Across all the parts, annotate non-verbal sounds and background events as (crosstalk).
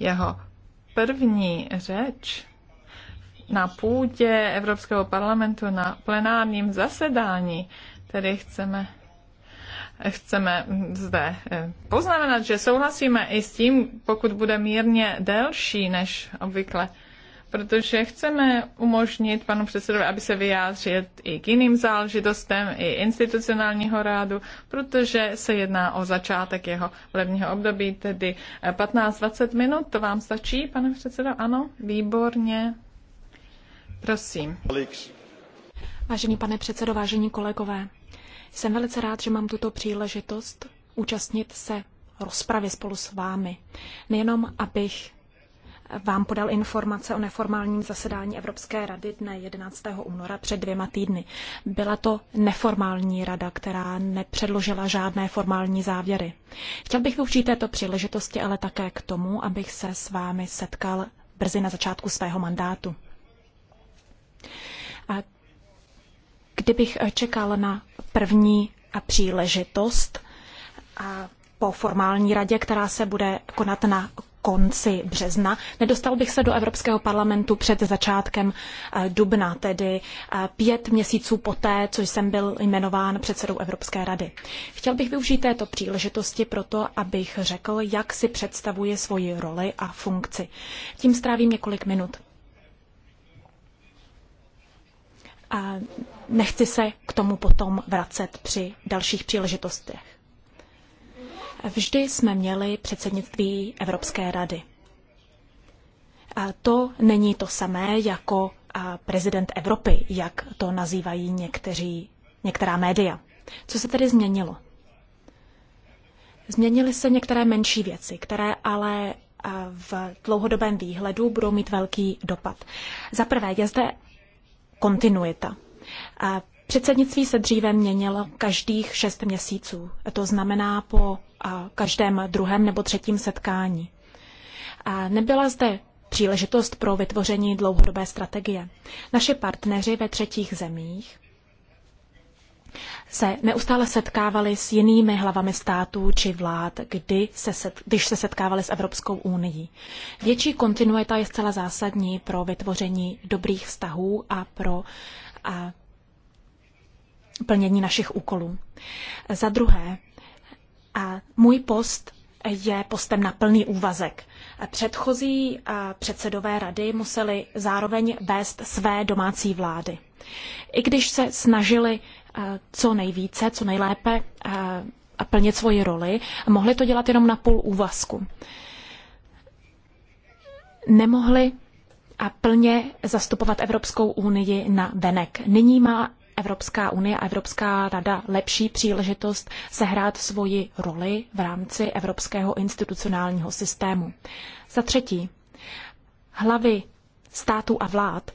Jeho první řeč na půdě Evropského parlamentu na plenárním zasedání, tedy chceme chceme zde eh, poznamenat, že souhlasíme i s tím, pokud bude mírně delší než obvykle protože chceme umožnit panu předsedovi, aby se vyjádřil i k jiným záležitostem, i institucionálního rádu, protože se jedná o začátek jeho volebního období, tedy 15-20 minut, to vám stačí, pane předsedo? Ano, výborně. Prosím. Vážený pane předsedo, vážení kolegové, jsem velice rád, že mám tuto příležitost účastnit se rozpravy spolu s vámi. Nejenom, abych vám podal informace o neformálním zasedání Evropské rady dne 11. února před dvěma týdny. Byla to neformální rada, která nepředložila žádné formální závěry. Chtěl bych využít této příležitosti ale také k tomu, abych se s vámi setkal brzy na začátku svého mandátu. A kdybych eh, čekal na první a eh, příležitost a po formální radě, která se bude konat na konci března. Nedostal bych se do Evropského parlamentu před začátkem eh, dubna, tedy eh, pět měsíců poté, co jsem byl jmenován předsedou Evropské rady. Chtěl bych využít této příležitosti proto, abych řekl, jak si představuje svoji roli a funkci. Tím strávím několik minut. A nechci se k tomu potom vracet při dalších příležitostech. Vždy jsme měli předsednictví Evropské rady. A to není to samé jako prezident Evropy, jak to nazývají někteří, některá média. Co se tedy změnilo? Změnily se některé menší věci, které ale v dlouhodobém výhledu budou mít velký dopad. Za prvé je zde kontinuita. Předsednictví se dříve měnilo každých šest měsíců, to znamená po každém druhém nebo třetím setkání. A nebyla zde příležitost pro vytvoření dlouhodobé strategie. Naši partneři ve třetích zemích se neustále setkávali s jinými hlavami států či vlád, kdy se set, když se setkávali s Evropskou unii. Větší kontinuita je zcela zásadní pro vytvoření dobrých vztahů a pro a plnění našich úkolů. Za druhé, a můj post je postem na plný úvazek. Předchozí předsedové rady museli zároveň vést své domácí vlády. I když se snažili co nejvíce, co nejlépe a plnit svoji roli, mohli to dělat jenom na půl úvazku. Nemohli a plně zastupovat Evropskou unii na venek. Nyní má Evropská unie a Evropská rada lepší příležitost sehrát svoji roli v rámci evropského institucionálního systému. Za třetí, hlavy států a vlád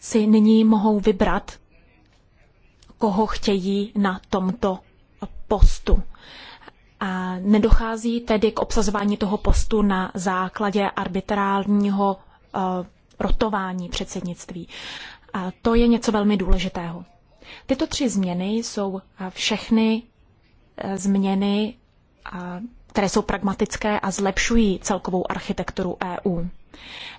si nyní mohou vybrat, koho chtějí na tomto postu. A nedochází tedy k obsazování toho postu na základě arbitrálního eh, rotování předsednictví. A to je něco velmi důležitého. Tyto tři změny jsou všechny e, změny, které jsou pragmatické a zlepšují celkovou architekturu EU.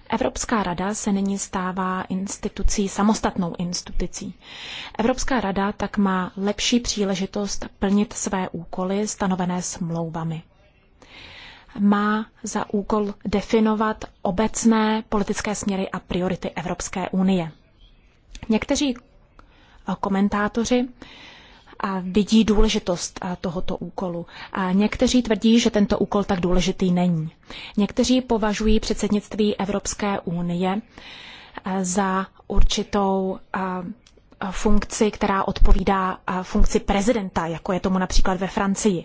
Evropská rada se nyní stává institucí, samostatnou institucí. Evropská rada tak má lepší příležitost plnit své úkoly stanovené smlouvami. Má za úkol definovat obecné politické směry a priority Evropské unie. Někteří eh, komentátoři vidí důležitost eh, tohoto úkolu. A někteří tvrdí, že tento úkol tak důležitý není. Někteří považují předsednictví Evropské unie eh, za určitou funkci, která odpovídá funkci prezidenta, jako je tomu například ve Francii.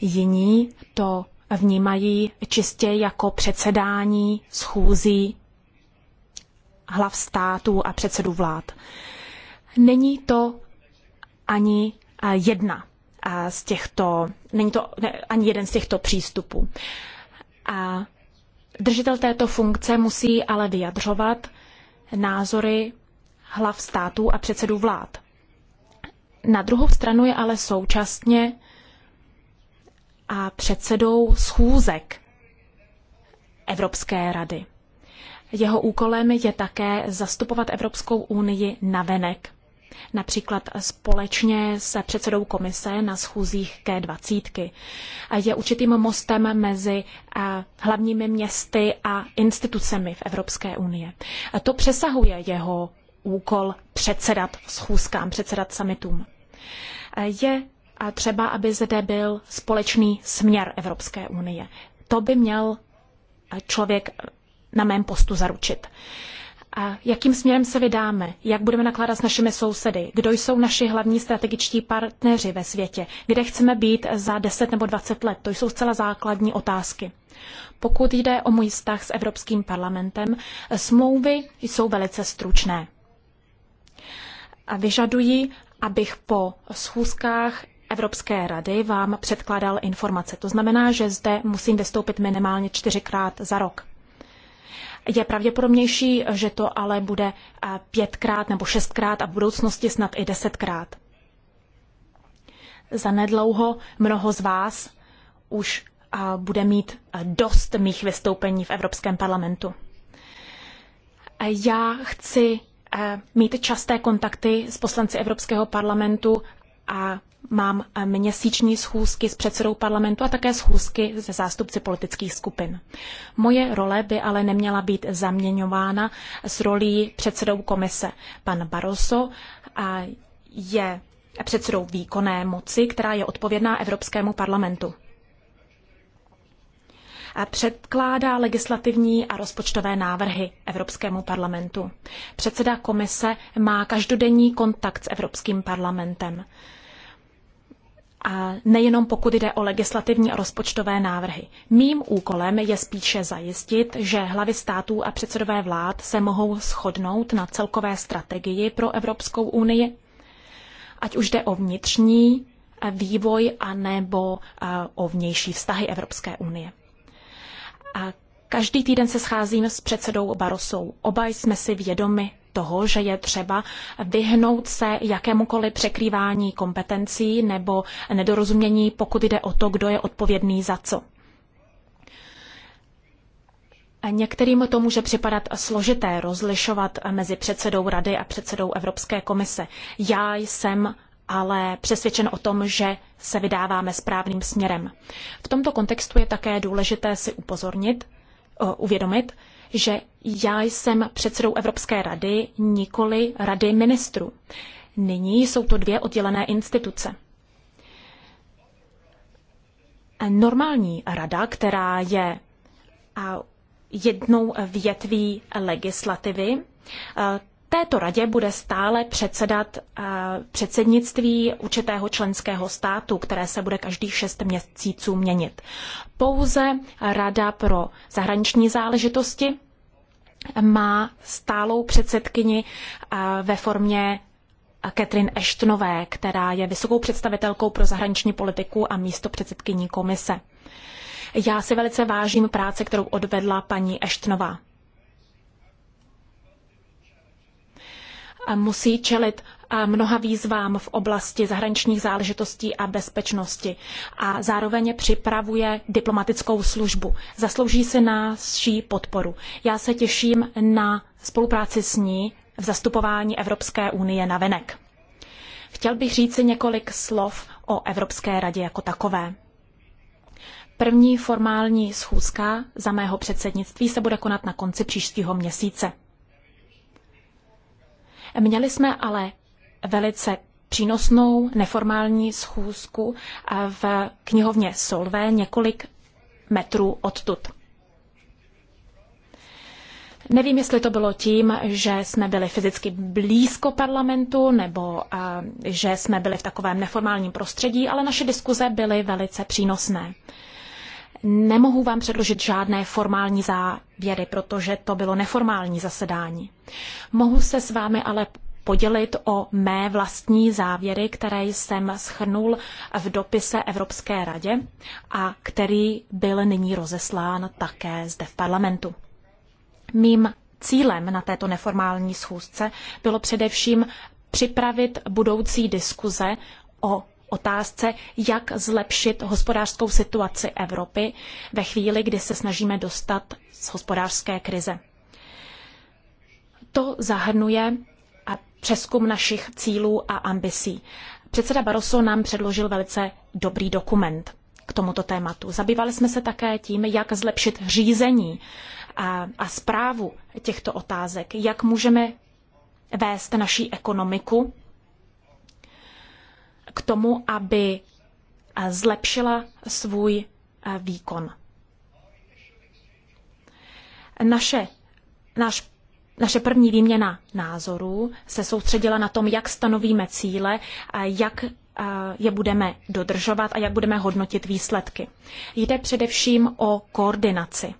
Jiní to vnímají čistě jako předsedání schůzí hlav států a předsedů vlád. Není to ani eh, jedna eh, z těchto, není to ani jeden z těchto přístupů. A držitel této funkce musí ale vyjadřovat názory hlav států a předsedů vlád. Na druhou stranu je ale současně a předsedou schůzek Evropské rady. Jeho úkolem je také zastupovat Evropskou unii navenek. Například společně se předsedou komise na schůzích k 20 Je určitým mostem mezi hlavními městy a institucemi v Evropské unii. To přesahuje jeho úkol předsedat schůzkám, předsedat summitům. Je třeba, aby zde byl společný směr Evropské unie. To by měl člověk na mém postu zaručit. A jakým směrem se vydáme, jak budeme nakládat s našimi sousedy, kdo jsou naši hlavní strategičtí partneři ve světě, kde chceme být za 10 nebo 20 let, to jsou zcela základní otázky. Pokud jde o můj vztah s Evropským parlamentem, smlouvy jsou velice stručné. A vyžadují, abych po schůzkách Evropské rady vám předkládal informace. To znamená, že zde musím vystoupit minimálně čtyřikrát za rok. Je pravděpodobnější, že to ale bude eh, pětkrát nebo šestkrát a v budoucnosti snad i desetkrát. Zanedlouho mnoho z vás už eh, bude mít eh, dost mých vystoupení v Evropském parlamentu. Já chci mít časté kontakty s poslanci Evropského parlamentu a mám eh, měsíční schůzky s předsedou parlamentu a také schůzky se zástupci politických skupin. Moje role by ale neměla být zaměňována s rolí předsedou komise. Pan Barroso eh, je předsedou výkonné moci, která je odpovědná Evropskému parlamentu. A předkládá legislativní a rozpočtové návrhy Evropskému parlamentu. Předseda komise má každodenní kontakt s Evropským parlamentem a nejenom pokud jde o legislativní a rozpočtové návrhy. Mým úkolem je spíše zajistit, že hlavy států a předsedové vlád se mohou shodnout na celkové strategii pro Evropskou unii, ať už jde o vnitřní eh, vývoj a nebo eh, o vnější vztahy Evropské unie. A každý týden se scházím s předsedou Barosou. Oba jsme si vědomi toho, že je třeba vyhnout se jakémukoliv překrývání kompetencí nebo nedorozumění, pokud jde o to, kdo je odpovědný za co. Některým to může připadat složité rozlišovat mezi předsedou Rady a předsedou Evropské komise. Já jsem ale přesvědčen o tom, že se vydáváme správným směrem. V tomto kontextu je také důležité si upozornit, uvědomit, že já jsem předsedou Evropské rady, nikoli rady ministrů. Nyní jsou to dvě oddělené instituce. Normální rada, která je jednou větví legislativy, této radě bude stále předsedat eh, předsednictví určitého členského státu, které se bude každých šest měsíců měnit. Pouze Rada pro zahraniční záležitosti má stálou předsedkyni eh, ve formě Catherine Ashtonové, která je vysokou představitelkou pro zahraniční politiku a místo předsedkyní komise. Já si velice vážím práce, kterou odvedla paní Ashtonová. musí čelit mnoha výzvám v oblasti zahraničních záležitostí a bezpečnosti a zároveň připravuje diplomatickou službu. Zaslouží si naší podporu. Já se těším na spolupráci s ní v zastupování Evropské unie na venek. Chtěl bych říci několik slov o Evropské radě jako takové. První formální schůzka za mého předsednictví se bude konat na konci příštího měsíce. Měli jsme ale velice přínosnou neformální schůzku eh, v knihovně Solvé několik metrů odtud. Nevím, jestli to bylo tím, že jsme byli fyzicky blízko parlamentu nebo a, eh, že jsme byli v takovém neformálním prostředí, ale naše diskuze byly velice přínosné. Nemohu vám předložit žádné formální závěry, protože to bylo neformální zasedání. Mohu se s vámi ale podělit o mé vlastní závěry, které jsem schrnul v dopise Evropské radě a který byl nyní rozeslán také zde v parlamentu. Mým cílem na této neformální schůzce bylo především připravit budoucí diskuze o otázce, jak zlepšit hospodářskou situaci Evropy ve chvíli, kdy se snažíme dostat z hospodářské krize. To zahrnuje přeskum našich cílů a ambicí. Předseda Barroso nám předložil velice dobrý dokument k tomuto tématu. Zabývali jsme se také tím, jak zlepšit řízení a, a zprávu těchto otázek, jak můžeme vést naší ekonomiku k tomu, aby eh, zlepšila svůj eh, výkon. Naše, naš naše první výměna názorů se soustředila na tom, jak stanovíme cíle, jak eh, je budeme dodržovat a jak budeme hodnotit výsledky. Jde především o koordinaci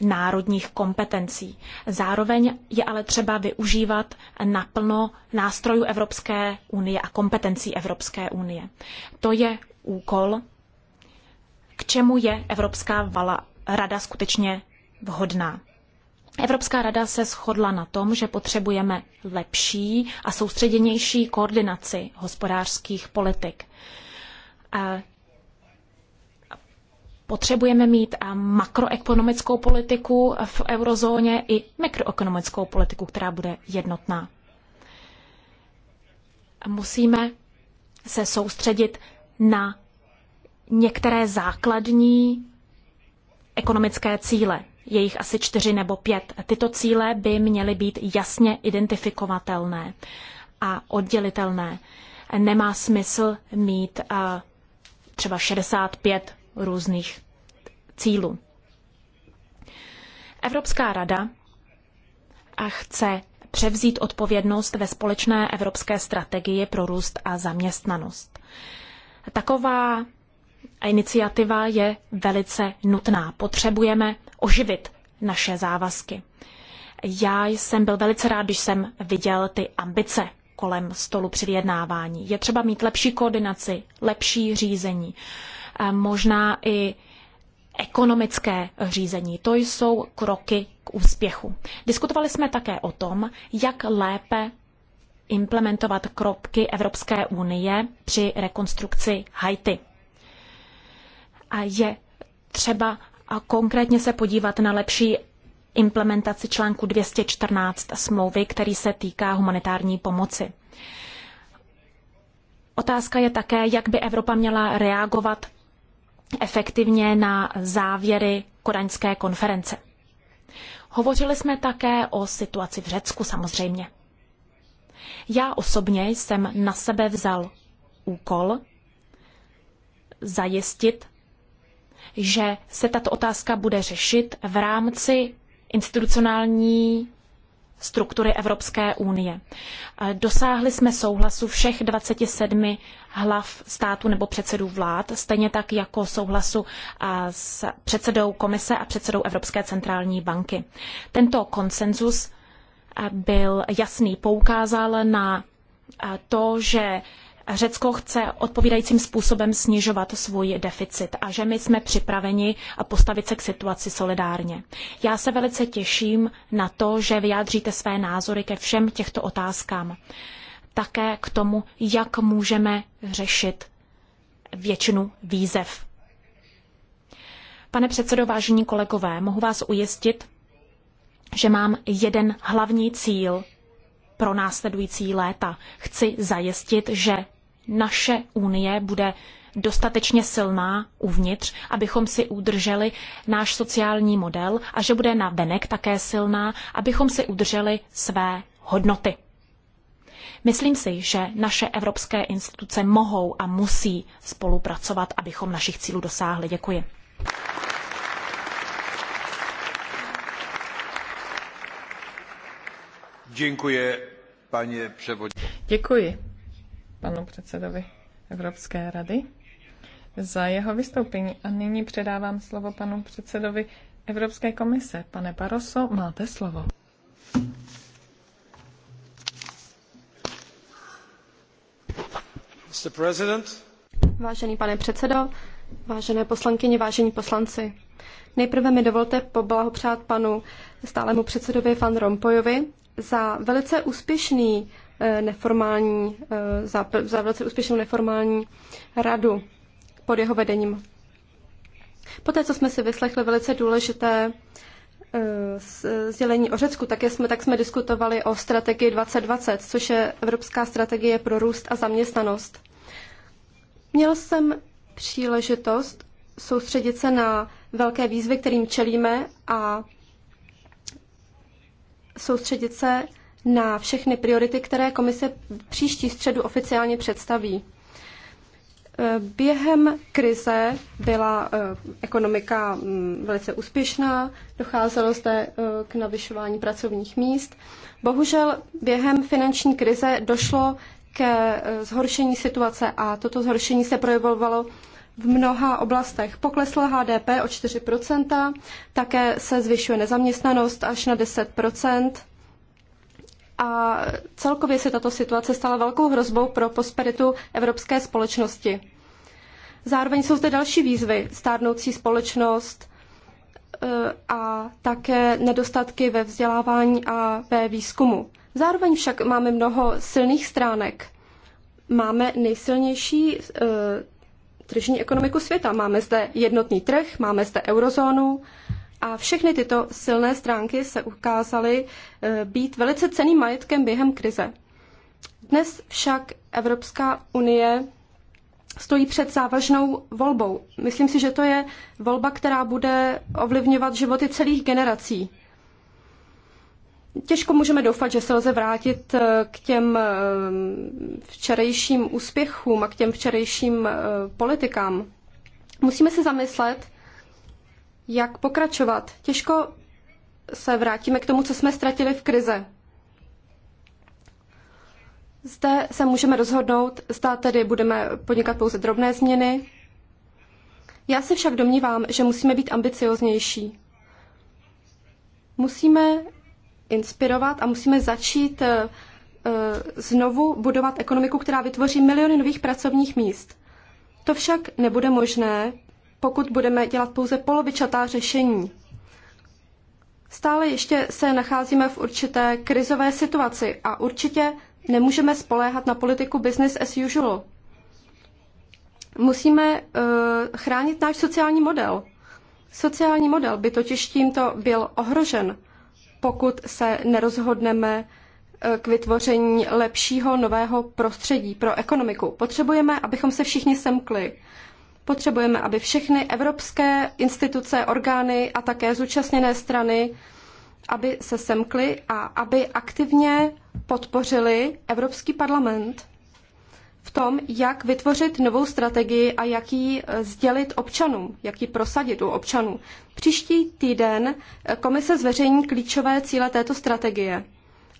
národních kompetencí. Zároveň je ale třeba využívat naplno nástrojů Evropské unie a kompetencí Evropské unie. To je úkol, k čemu je Evropská vala, rada skutečně vhodná. Evropská rada se shodla na tom, že potřebujeme lepší a soustředěnější koordinaci hospodářských politik. Potřebujeme mít eh, makroekonomickou politiku v eurozóně i mikroekonomickou politiku, která bude jednotná. Musíme se soustředit na některé základní ekonomické cíle. Je jich asi čtyři nebo pět. Tyto cíle by měly být jasně identifikovatelné a oddělitelné. Nemá smysl mít eh, třeba 65 různých cílů. Evropská rada a chce převzít odpovědnost ve společné evropské strategii pro růst a zaměstnanost. Taková iniciativa je velice nutná. Potřebujeme oživit naše závazky. Já jsem byl velice rád, když jsem viděl ty ambice kolem stolu při vyjednávání. Je třeba mít lepší koordinaci, lepší řízení možná i ekonomické řízení. To jsou kroky k úspěchu. Diskutovali jsme také o tom, jak lépe implementovat kroky Evropské unie při rekonstrukci Haiti. A je třeba konkrétně se podívat na lepší implementaci článku 214 smlouvy, který se týká humanitární pomoci. Otázka je také, jak by Evropa měla reagovat efektivně na závěry kodaňské konference. Hovořili jsme také o situaci v Řecku samozřejmě. Já osobně jsem na sebe vzal úkol zajistit, že se tato otázka bude řešit v rámci institucionální struktury Evropské unie. Eh, dosáhli jsme souhlasu všech 27 hlav státu nebo předsedů vlád, stejně tak jako souhlasu eh, s předsedou komise a předsedou Evropské centrální banky. Tento konsenzus eh, byl jasný, poukázal na to, že Řecko chce odpovídajícím způsobem snižovat svůj deficit a že my jsme připraveni postavit se k situaci solidárně. Já se velice těším na to, že vyjádříte své názory ke všem těchto otázkám. Také k tomu, jak můžeme řešit většinu výzev. Pane předsedo, vážení kolegové, mohu vás ujistit, že mám jeden hlavní cíl pro následující léta. Chci zajistit, že naše unie bude dostatečně silná uvnitř, abychom si udrželi náš sociální model a že bude na venek také silná, abychom si udrželi své hodnoty. Myslím si, že naše evropské instituce mohou a musí spolupracovat, abychom našich cílů dosáhli. Děkuji. Děkuji, paní převodní. Děkuji panu předsedovi Evropské rady za jeho vystoupení. A nyní předávám slovo panu předsedovi Evropské komise. Pane Barroso, máte slovo. Vážený pane předsedo, vážené poslankyně, vážení poslanci, nejprve mi dovolte poblahopřát panu stálemu předsedovi Van Rompojovi za velice úspěšný Eh, neformální, eh, za, za velice úspěšnou neformální radu pod jeho vedením. Poté, co jsme si vyslechli velice důležité eh, sdělení o Řecku, tak jsme, tak jsme diskutovali o strategii 2020, což je Evropská strategie pro růst a zaměstnanost. Měl jsem příležitost soustředit se na velké výzvy, kterým čelíme a soustředit se na všechny priority, které komise příští středu oficiálně představí. E, během krize byla e, ekonomika mm, velice úspěšná, docházelo zde e, k navyšování pracovních míst. Bohužel během finanční krize došlo ke zhoršení situace a toto zhoršení se projevovalo v mnoha oblastech. Poklesl HDP o 4%, také se zvyšuje nezaměstnanost až na 10% a celkově se tato situace stala velkou hrozbou pro prosperitu evropské společnosti. Zároveň jsou zde další výzvy, stárnoucí společnost eh, a také nedostatky ve vzdělávání a ve výzkumu. Zároveň však máme mnoho silných stránek. Máme nejsilnější eh, tržní ekonomiku světa. Máme zde jednotný trh, máme zde eurozónu, a všechny tyto silné stránky se ukázaly eh, být velice ceným majetkem během krize. Dnes však Evropská unie stojí před závažnou volbou. Myslím si, že to je volba, která bude ovlivňovat životy celých generací. Těžko můžeme doufat, že se lze vrátit eh, k těm eh, včerejším úspěchům a k těm včerejším politikám. Musíme se zamyslet, jak pokračovat. Těžko se vrátíme k tomu, co jsme ztratili v krize. Zde se můžeme rozhodnout, zda tedy budeme podnikat pouze drobné změny. Já se však domnívám, že musíme být ambicioznější. Musíme inspirovat a musíme začít eh, znovu budovat ekonomiku, která vytvoří miliony nových pracovních míst. To však nebude možné, pokud budeme dělat pouze polovičatá řešení. Stále ještě se nacházíme v určité krizové situaci a určitě nemůžeme spoléhat na politiku business as usual. Musíme uh, chránit náš sociální model. Sociální model by totiž tímto byl ohrožen, pokud se nerozhodneme eh, k vytvoření lepšího nového prostředí pro ekonomiku. Potřebujeme, abychom se všichni semkli. Potřebujeme, aby všechny evropské instituce, orgány a také zúčastněné strany aby se semkli a aby aktivně podpořili Evropský parlament v tom, jak vytvořit novou strategii a jak ji eh, sdělit občanům, jak ji prosadit u občanů. Příští týden eh, komise zveřejní klíčové cíle této strategie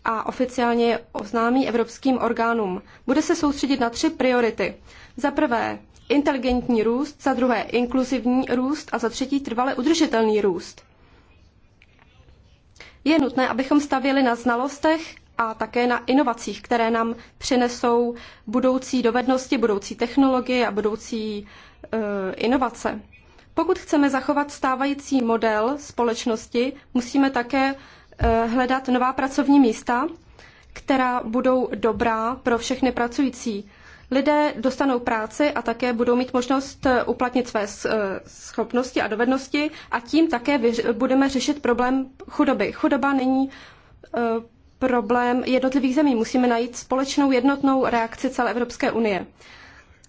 a oficiálně je oznámí evropským orgánům. Bude se soustředit na tři priority. Za prvé inteligentní růst, za druhé inkluzivní růst a za třetí trvale udržitelný růst. Je nutné, abychom stavěli na znalostech a také na inovacích, které nám přinesou budoucí dovednosti, budoucí technologie a budoucí e, inovace. Pokud chceme zachovat stávající model společnosti, musíme také e, hledat nová pracovní místa, která budou dobrá pro všechny pracující. Lidé dostanou práci a také budou mít možnost eh, uplatnit své eh, schopnosti a dovednosti a tím také budeme řešit problém chudoby. Chudoba není eh, problém jednotlivých zemí. Musíme najít společnou jednotnou reakci celé Evropské unie.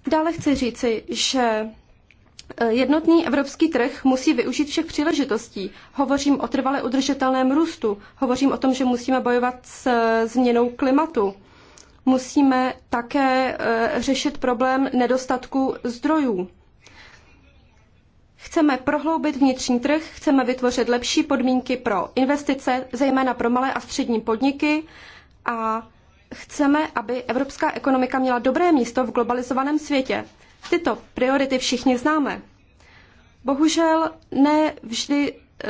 Dále chci říci, že Jednotný evropský trh musí využít všech příležitostí. Hovořím o trvale udržitelném růstu, hovořím o tom, že musíme bojovat s změnou klimatu musíme také e, řešit problém nedostatku zdrojů. Chceme prohloubit vnitřní trh, chceme vytvořit lepší podmínky pro investice, zejména pro malé a střední podniky a chceme, aby evropská ekonomika měla dobré místo v globalizovaném světě. Tyto priority všichni známe. Bohužel ne vždy uh,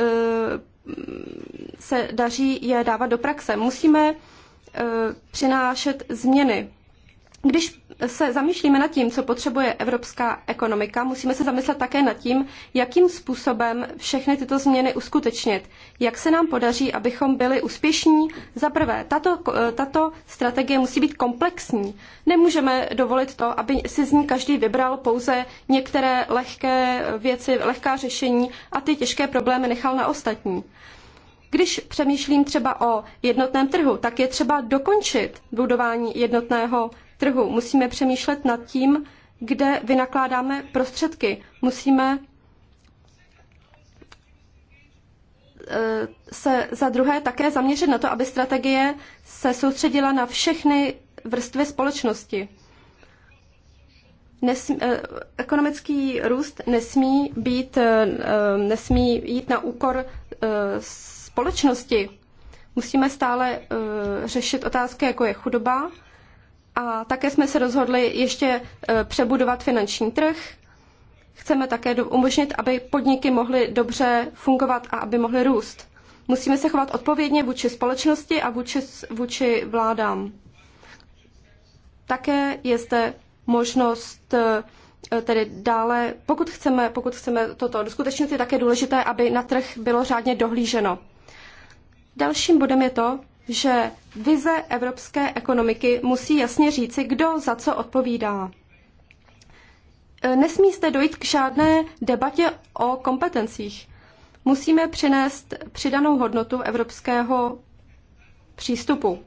se daří je dávat do praxe. Musíme Eh, přinášet změny. Když se zamýšlíme nad tím, co potřebuje evropská ekonomika, musíme se zamyslet také nad tím, jakým způsobem všechny tyto změny uskutečnit. Jak se nám podaří, abychom byli úspěšní? Za prvé, tato, eh, tato strategie musí být komplexní. Nemůžeme dovolit to, aby si z ní každý vybral pouze některé lehké věci, lehká řešení a ty těžké problémy nechal na ostatní. Když přemýšlím třeba o jednotném trhu, tak je třeba dokončit budování jednotného trhu. Musíme přemýšlet nad tím, kde vynakládáme prostředky. Musíme eh, se za druhé také zaměřit na to, aby strategie se soustředila na všechny vrstvy společnosti. Nesmí, eh, ekonomický růst nesmí, být, eh, nesmí jít na úkor společnosti. Musíme stále eh, řešit otázky, jako je chudoba. A také jsme se rozhodli ještě eh, přebudovat finanční trh. Chceme také umožnit, aby podniky mohly dobře fungovat a aby mohly růst. Musíme se chovat odpovědně vůči společnosti a vůči, vůči vládám. Také je zde možnost eh, tedy dále, pokud chceme, pokud chceme toto doskutečnit, je také důležité, aby na trh bylo řádně dohlíženo. Dalším bodem je to, že vize evropské ekonomiky musí jasně říci, kdo za co odpovídá. E, nesmí zde dojít k žádné debatě o kompetencích. Musíme přinést přidanou hodnotu evropského přístupu.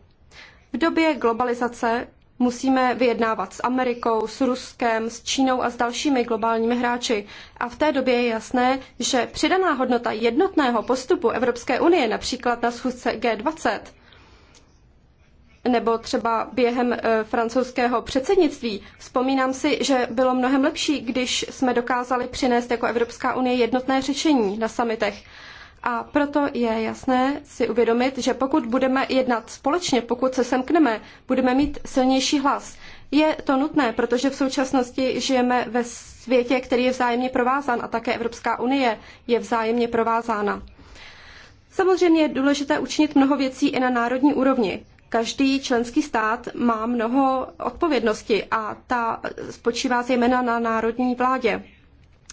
V době globalizace Musíme vyjednávat s Amerikou, s Ruskem, s Čínou a s dalšími globálními hráči. A v té době je jasné, že přidaná hodnota jednotného postupu Evropské unie, například na schůzce G20, nebo třeba během eh, francouzského předsednictví. Vzpomínám si, že bylo mnohem lepší, když jsme dokázali přinést jako Evropská unie jednotné řešení na samitech. A proto je jasné si uvědomit, že pokud budeme jednat společně, pokud se semkneme, budeme mít silnější hlas. Je to nutné, protože v současnosti žijeme ve světě, který je vzájemně provázán a také Evropská unie je vzájemně provázána. Samozřejmě je důležité učinit mnoho věcí i na národní úrovni. Každý členský stát má mnoho odpovědnosti a ta spočívá zejména na národní vládě.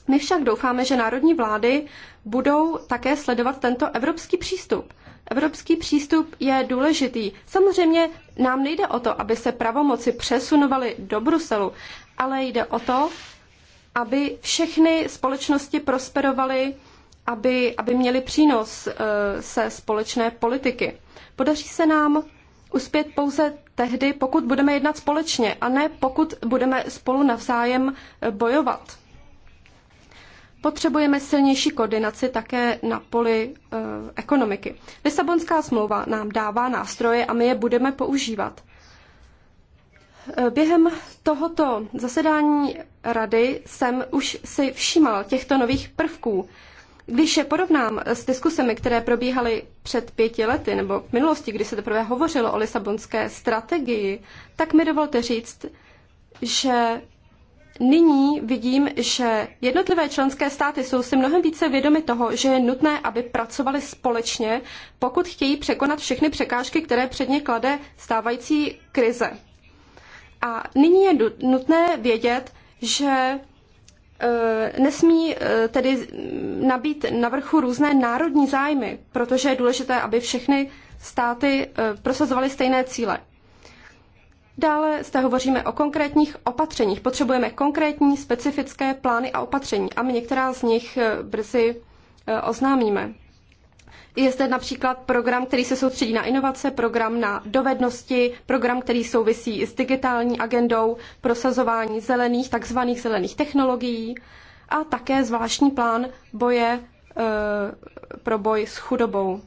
My však doufáme, že národní vlády budou také sledovat tento evropský přístup. Evropský přístup je důležitý. Samozřejmě nám nejde o to, aby se pravomoci přesunovaly do Bruselu, ale jde o to, aby všechny společnosti prosperovaly, aby, aby měly přínos eh, se společné politiky. Podaří se nám uspět pouze tehdy, pokud budeme jednat společně, a ne pokud budeme spolu navzájem bojovat. Potřebujeme silnější koordinaci také na poli e, ekonomiky. Lisabonská smlouva nám dává nástroje a my je budeme používat. Eh, během tohoto zasedání rady jsem už si všímal těchto nových prvků. Když je porovnám s diskusemi, které probíhaly před pěti lety nebo v minulosti, kdy se teprve hovořilo o lisabonské strategii, tak mi dovolte říct, že Nyní vidím, že jednotlivé členské státy jsou si mnohem více vědomy toho, že je nutné, aby pracovali společně, pokud chtějí překonat všechny překážky, které před ně klade stávající krize. A nyní je nutné vědět, že eh, nesmí eh, tedy nabít na vrchu různé národní zájmy, protože je důležité, aby všechny státy eh, prosazovaly stejné cíle. Dále zde hovoříme o konkrétních opatřeních. Potřebujeme konkrétní, specifické plány a opatření a my některá z nich eh, brzy eh, oznámíme. Je zde například program, který se soustředí na inovace, program na dovednosti, program, který souvisí s digitální agendou, prosazování zelených, takzvaných zelených technologií a také zvláštní plán boje e, pro boj s chudobou.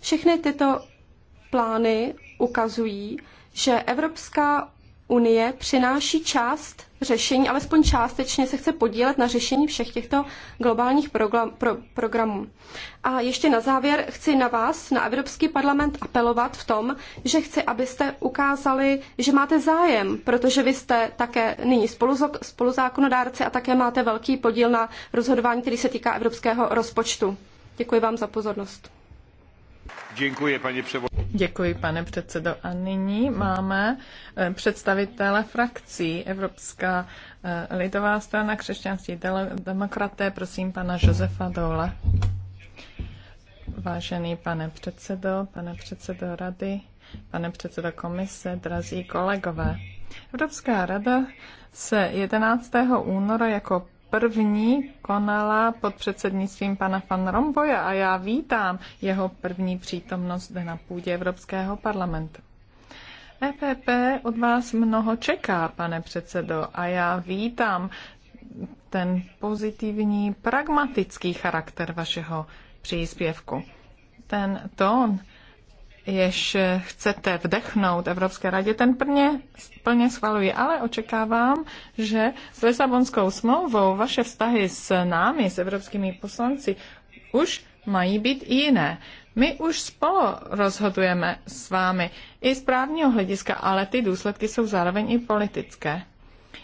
Všechny tyto plány ukazují, že Evropská unie přináší část řešení, alespoň částečně se chce podílet na řešení všech těchto globálních program, pro, programů. A ještě na závěr chci na vás, na Evropský parlament, apelovat v tom, že chci, abyste ukázali, že máte zájem, protože vy jste také nyní spoluzákonodárci a také máte velký podíl na rozhodování, který se týká evropského rozpočtu. Děkuji vám za pozornost. Děkuji, pane předsedo. A nyní máme eh, představitele frakcí Evropská eh, lidová strana křesťanství demokraté. Prosím pana Josefa Dole. Vážený pane předsedo, pane předsedo rady, pane předsedo komise, drazí kolegové. Evropská rada se 11. února jako první konala pod předsednictvím pana Van Romboja a já vítám jeho první přítomnost zde na půdě Evropského parlamentu. EPP od vás mnoho čeká, pane předsedo, a já vítám ten pozitivní, pragmatický charakter vašeho příspěvku. Ten tón, jež chcete vdechnout Evropské radě, ten plně, plně schvaluji, ale očekávám, že s Lisabonskou smlouvou vaše vztahy s námi, s evropskými poslanci, už mají být jiné. My už spolu rozhodujeme s vámi i z právního hlediska, ale ty důsledky jsou zároveň i politické.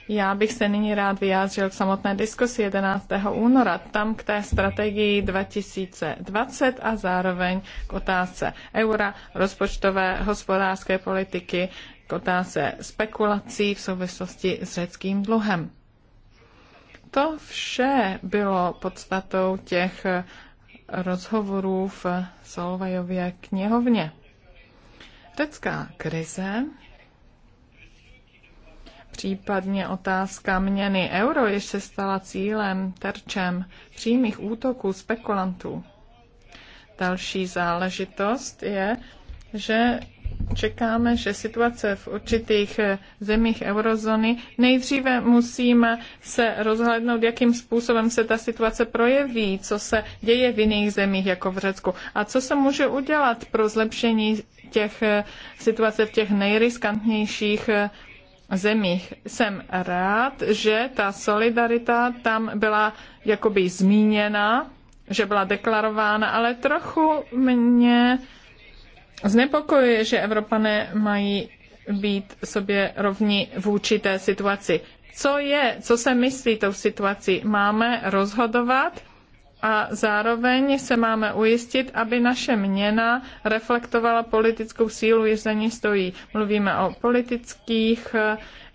Já bych se nyní rád vyjádřil k samotné diskusi 11. února, tam k té strategii 2020 a zároveň k otázce eura, rozpočtové hospodářské politiky, k otázce spekulací v souvislosti s řeckým dluhem. To vše bylo podstatou těch rozhovorů v Solvajově knihovně. Řecká krize případně otázka měny euro, ještě stala cílem, terčem přímých útoků spekulantů. Další záležitost je, že čekáme, že situace v určitých zemích eurozóny nejdříve musíme se rozhlednout, jakým způsobem se ta situace projeví, co se děje v jiných zemích, jako v Řecku. A co se může udělat pro zlepšení těch eh, situace v těch nejriskantnějších eh, zemích. Jsem rád, že ta solidarita tam byla jakoby zmíněna, že byla deklarována, ale trochu mě znepokojuje, že Evropané mají být sobě rovni vůči té situaci. Co je, co se myslí tou situací? Máme rozhodovat a zároveň se máme ujistit, aby naše měna reflektovala politickou sílu, jež za ní stojí. Mluvíme o politických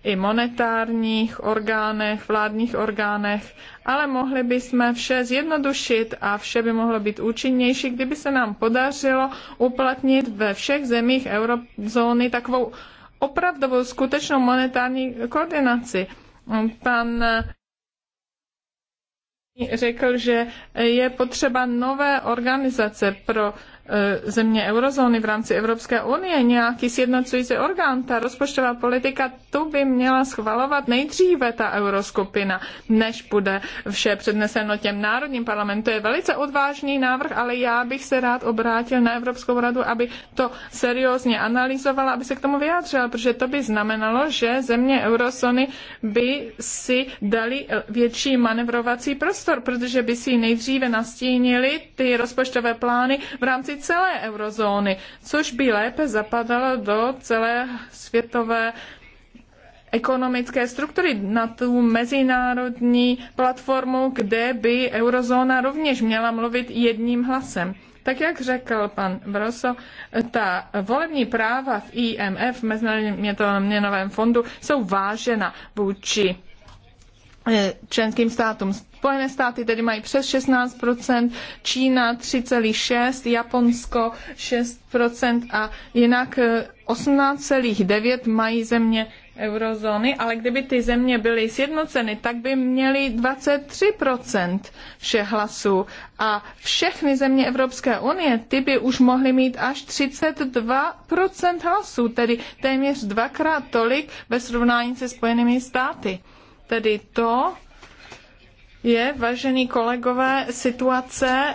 i monetárních orgánech, vládních orgánech, ale mohli bychom vše zjednodušit a vše by mohlo být účinnější, kdyby se nám podařilo uplatnit ve všech zemích eurozóny takovou opravdovou skutečnou monetární koordinaci. Pan řekl, že je potřeba nové organizace pro E, země eurozóny v rámci Evropské unie, nějaký sjednocující orgán, ta rozpočtová politika, tu by měla schvalovat nejdříve ta euroskupina, než bude vše předneseno těm národním parlamentům. To je velice odvážný návrh, ale já bych se rád obrátil na Evropskou radu, aby to seriózně analyzovala, aby se k tomu vyjádřila, protože to by znamenalo, že země eurozóny by si dali větší manevrovací prostor, protože by si nejdříve nastínili ty rozpočtové plány v rámci celé eurozóny, což by lépe zapadalo do celé světové ekonomické struktury na tu mezinárodní platformu, kde by eurozóna rovněž měla mluvit jedním hlasem. Tak jak řekl pan Broso, ta volební práva v IMF, v Mezinárodním měnovém fondu, jsou vážena vůči eh, členským státům. Spojené státy tedy mají přes 16%, Čína 3,6%, Japonsko 6% a jinak 18,9% eh, mají země eurozóny, ale kdyby ty země byly sjednoceny, tak by měly 23% všech hlasů a všechny země Evropské unie, ty by už mohly mít až 32% hlasů, tedy téměř dvakrát tolik ve srovnání se Spojenými státy. Tedy to, je, vážení kolegové, situace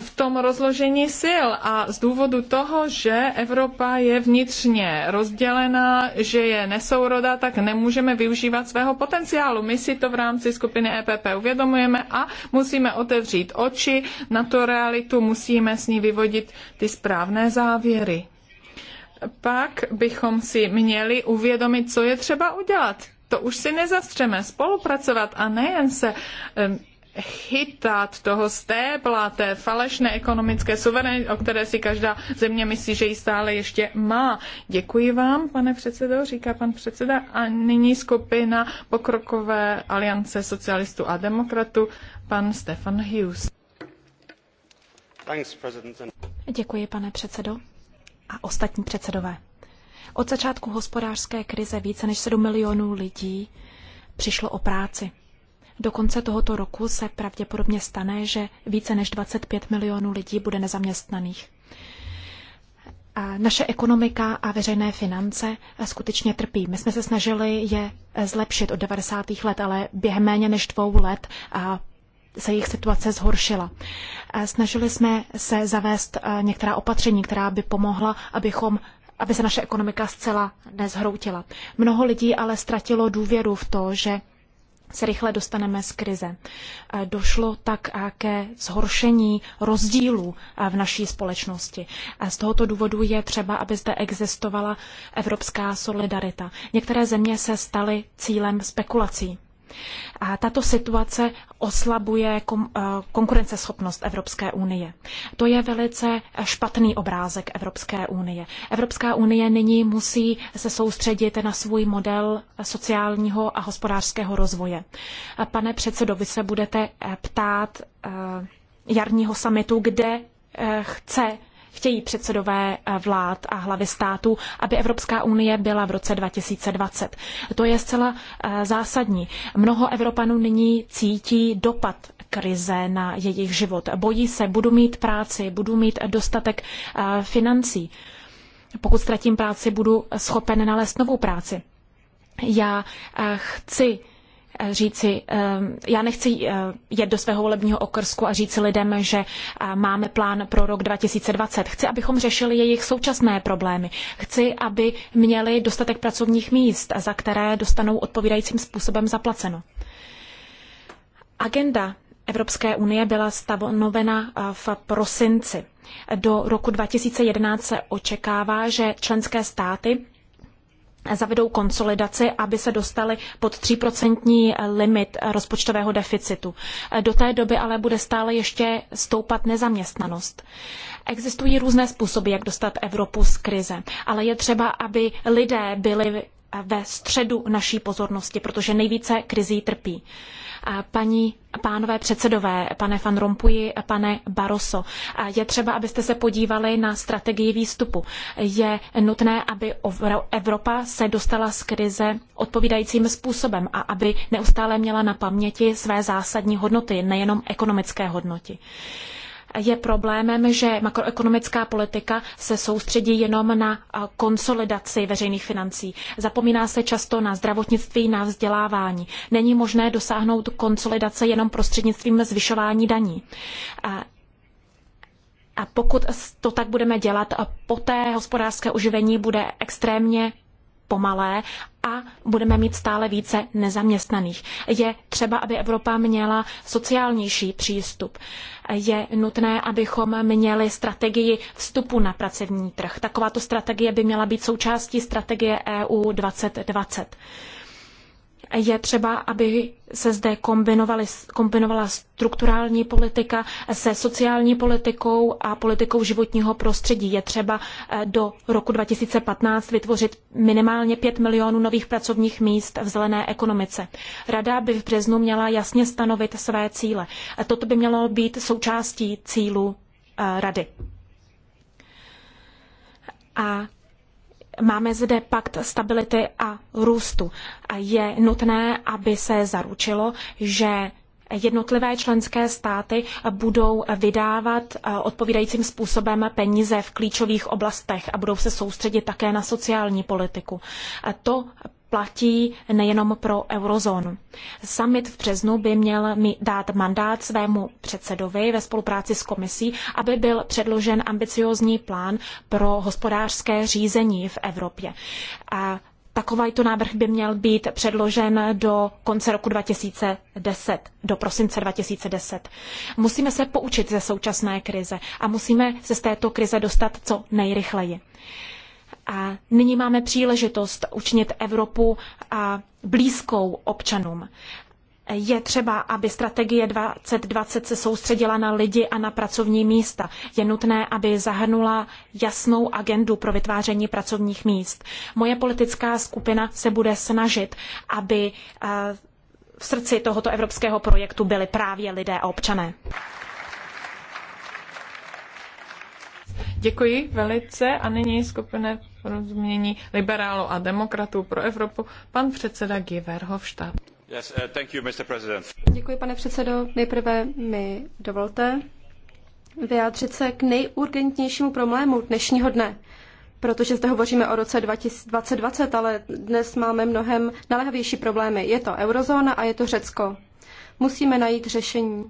v tom rozložení sil a z důvodu toho, že Evropa je vnitřně rozdělená, že je nesourodá, tak nemůžeme využívat svého potenciálu. My si to v rámci skupiny EPP uvědomujeme a musíme otevřít oči na tu realitu, musíme s ní vyvodit ty správné závěry. Pak bychom si měli uvědomit, co je třeba udělat to už si nezastřeme, spolupracovat a nejen se chytat toho stébla té falešné ekonomické suverenity, o které si každá země myslí, že ji stále ještě má. Děkuji vám, pane předsedo, říká pan předseda. A nyní skupina Pokrokové aliance socialistů a demokratů, pan Stefan Hughes. Děkuji, pane předsedo a ostatní předsedové. Od začátku hospodářské krize více než 7 milionů lidí přišlo o práci. Do konce tohoto roku se pravděpodobně stane, že více než 25 milionů lidí bude nezaměstnaných. A naše ekonomika a veřejné finance skutečně trpí. My jsme se snažili je zlepšit od 90. let, ale během méně než dvou let a se jejich situace zhoršila. Snažili jsme se zavést některá opatření, která by pomohla, abychom aby se naše ekonomika zcela nezhroutila. Mnoho lidí ale ztratilo důvěru v to, že se rychle dostaneme z krize. Eh, došlo tak a ke zhoršení rozdílů eh, v naší společnosti. Z tohoto důvodu je třeba, aby zde existovala evropská solidarita. Některé země se staly cílem spekulací. A tato situace oslabuje kom, eh, konkurenceschopnost Evropské unie. To je velice špatný obrázek Evropské unie. Evropská unie nyní musí se soustředit na svůj model sociálního a hospodářského rozvoje. Pane předsedo, vy se budete eh, ptát eh, jarního samitu, kde chce chtějí předsedové eh, vlád a hlavy států, aby Evropská unie byla v roce 2020. To je zcela eh, zásadní. Mnoho Evropanů nyní cítí dopad krize na jejich život. Bojí se, budu mít práci, budu mít dostatek eh, financí. Pokud ztratím práci, budu schopen nalézt novou práci. Já chci Eh, říci, eh, já nechci eh, jet do svého volebního okrsku a říci lidem, že máme plán pro rok 2020. Chci, abychom řešili jejich současné problémy. Chci, aby měli dostatek pracovních míst, za které dostanou odpovídajícím způsobem zaplaceno. Agenda Evropské unie byla stanovena v prosinci. Do roku 2011 se očekává, že členské státy zavedou konsolidaci, aby se dostali pod 3% limit rozpočtového deficitu. Do té doby ale bude stále ještě stoupat nezaměstnanost. Existují různé způsoby, jak dostat Evropu z krize, ale je třeba, aby lidé byli ve středu naší pozornosti, protože nejvíce krizí trpí. Paní pánové předsedové, pane Van Rompuyi, pane Barroso, je třeba, abyste se podívali na strategii výstupu. Je nutné, aby Evropa se dostala z krize odpovídajícím způsobem a aby neustále měla na paměti své zásadní hodnoty, nejenom ekonomické hodnoty je problémem, že makroekonomická politika se soustředí jenom na konsolidaci veřejných financí. Zapomíná se často na zdravotnictví, na vzdělávání. Není možné dosáhnout konsolidace jenom prostřednictvím zvyšování daní. A pokud to tak budeme dělat, poté hospodářské oživení bude extrémně pomalé a budeme mít stále více nezaměstnaných. Je třeba, aby Evropa měla sociálnější přístup. Je nutné, abychom měli strategii vstupu na pracovní trh. Takováto strategie by měla být součástí strategie EU 2020 je třeba, aby se zde kombinovala strukturální politika se sociální politikou a politikou životního prostředí. Je třeba eh, do roku 2015 vytvořit minimálně 5 milionů nových pracovních míst v zelené ekonomice. Rada by v březnu měla jasně stanovit své cíle. Toto by mělo být součástí cílů eh, rady. A Máme zde pakt stability a růstu. A je nutné, aby se zaručilo, že jednotlivé členské státy budou vydávat eh, odpovídajícím způsobem peníze v klíčových oblastech a budou se soustředit také na sociální politiku. To platí nejenom pro eurozónu. Summit v březnu by měl mi dát mandát svému předsedovi ve spolupráci s komisí, aby byl předložen ambiciózní plán pro hospodářské řízení v Evropě. A Takovýto návrh by měl být předložen do konce roku 2010, do prosince 2010. Musíme se poučit ze současné krize a musíme se z této krize dostat co nejrychleji. A nyní máme příležitost učinit Evropu blízkou občanům. Je třeba, aby strategie 2020 se soustředila na lidi a na pracovní místa. Je nutné, aby zahrnula jasnou agendu pro vytváření pracovních míst. Moje politická skupina se bude snažit, aby v srdci tohoto evropského projektu byli právě lidé a občané. Děkuji velice a nyní skupina porozumění liberálů a demokratů pro Evropu, pan předseda Guy Verhofstadt. Yes, uh, you, Děkuji, pane předsedo. Nejprve mi dovolte vyjádřit se k nejurgentnějšímu problému dnešního dne, protože zde hovoříme o roce 2020, ale dnes máme mnohem naléhavější problémy. Je to eurozóna a je to Řecko. Musíme najít řešení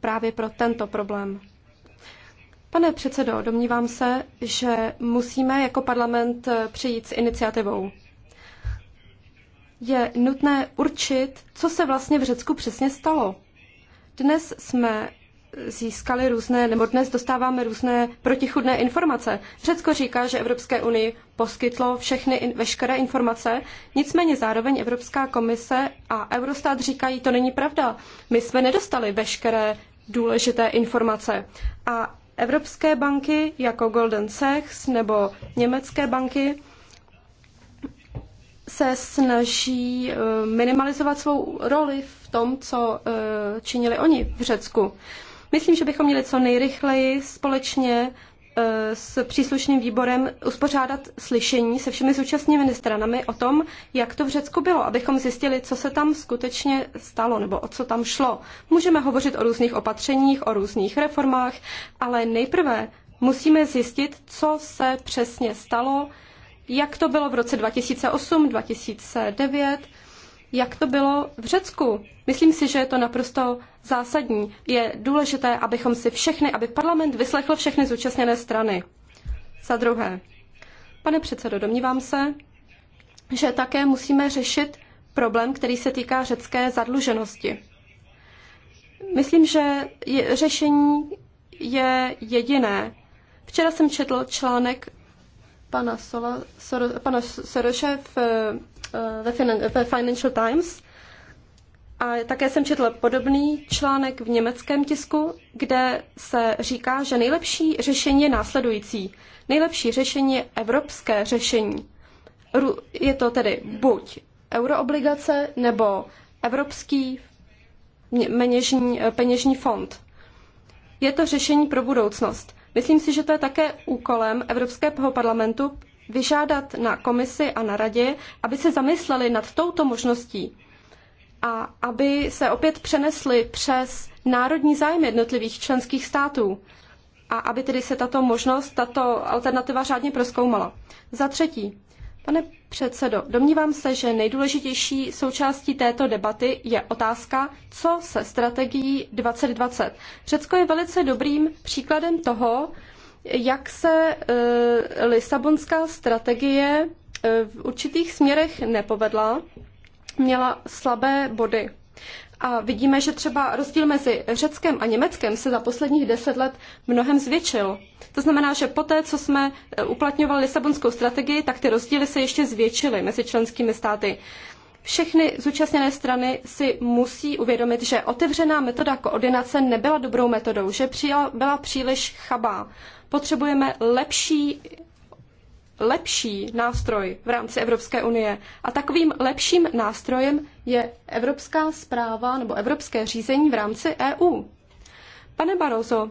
právě pro tento problém. Pane předsedo, domnívám se, že musíme jako parlament eh, přijít s iniciativou. Je nutné určit, co se vlastně v Řecku přesně stalo. Dnes jsme získali různé, nebo dnes dostáváme různé protichudné informace. Řecko říká, že Evropské unii poskytlo všechny, veškeré informace, nicméně zároveň Evropská komise a Eurostat říkají, to není pravda. My jsme nedostali veškeré důležité informace. A Evropské banky jako Golden Sachs nebo německé banky se snaží eh, minimalizovat svou roli v tom, co eh, činili oni v Řecku. Myslím, že bychom měli co nejrychleji společně Eh, s příslušným výborem uspořádat slyšení se všemi zúčastněnými stranami o tom, jak to v Řecku bylo, abychom zjistili, co se tam skutečně stalo nebo o co tam šlo. Můžeme hovořit o různých opatřeních, o různých reformách, ale nejprve musíme zjistit, co se přesně stalo, jak to bylo v roce 2008, 2009, jak to bylo v Řecku. Myslím si, že je to naprosto zásadní. Je důležité, abychom si všechny, aby parlament vyslechl všechny zúčastněné strany. Za druhé, pane předsedo, domnívám se, že také musíme řešit problém, který se týká řecké zadluženosti. Myslím, že je, řešení je jediné. Včera jsem četl článek pana, Sola, Soro, pana Soroše v, eh, ve, Financial Times, a také jsem četl podobný článek v německém tisku, kde se říká, že nejlepší řešení je následující. Nejlepší řešení je evropské řešení. Je to tedy buď euroobligace nebo evropský peněžní, peněžní fond. Je to řešení pro budoucnost. Myslím si, že to je také úkolem Evropského parlamentu vyžádat na komisi a na radě, aby se zamysleli nad touto možností a aby se opět přenesly přes národní zájmy jednotlivých členských států a aby tedy se tato možnost, tato alternativa řádně proskoumala. Za třetí, pane předsedo, domnívám se, že nejdůležitější součástí této debaty je otázka, co se strategií 2020. Řecko je velice dobrým příkladem toho, jak se e, Lisabonská strategie e, v určitých směrech nepovedla měla slabé body. A vidíme, že třeba rozdíl mezi Řeckem a Německem se za posledních deset let mnohem zvětšil. To znamená, že poté, co jsme eh, uplatňovali Lisabonskou strategii, tak ty rozdíly se ještě zvětšily mezi členskými státy. Všechny zúčastněné strany si musí uvědomit, že otevřená metoda koordinace nebyla dobrou metodou, že byla příliš chabá. Potřebujeme lepší lepší nástroj v rámci Evropské unie. A takovým lepším nástrojem je evropská zpráva nebo evropské řízení v rámci EU. Pane Barozo, eh,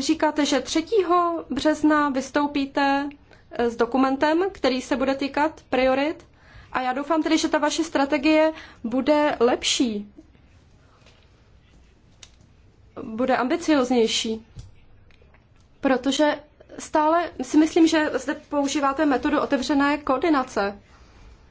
říkáte, že 3. března vystoupíte s dokumentem, který se bude týkat priorit. A já doufám tedy, že ta vaše strategie bude lepší, bude ambicioznější, protože stále si myslím, že zde používáte metodu otevřené koordinace.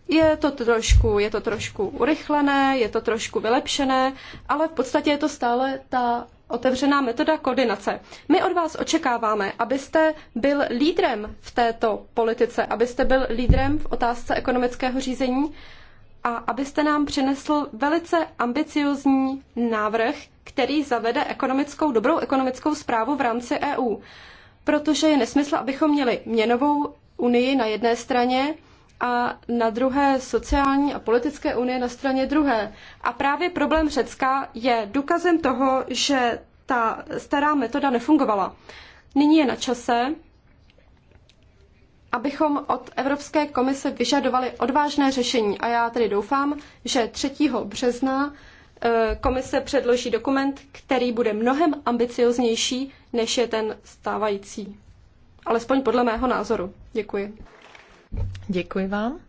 Je to trošku, je to trošku urychlené, je to trošku vylepšené, ale v podstatě je to stále ta otevřená metoda koordinace. My od vás očekáváme, abyste byl lídrem v této politice, abyste byl lídrem v otázce ekonomického řízení a abyste nám přinesl velice ambiciozní návrh, který zavede ekonomickou, dobrou ekonomickou zprávu v rámci EU protože je nesmysl, abychom měli měnovou unii na jedné straně a na druhé sociální a politické unie na straně druhé. A právě problém Řecka je důkazem toho, že ta stará metoda nefungovala. Nyní je na čase, abychom od Evropské komise vyžadovali odvážné řešení. A já tedy doufám, že 3. března Eh, komise předloží dokument, který bude mnohem ambicioznější, než je ten stávající. Alespoň podle mého názoru. Děkuji. Děkuji vám.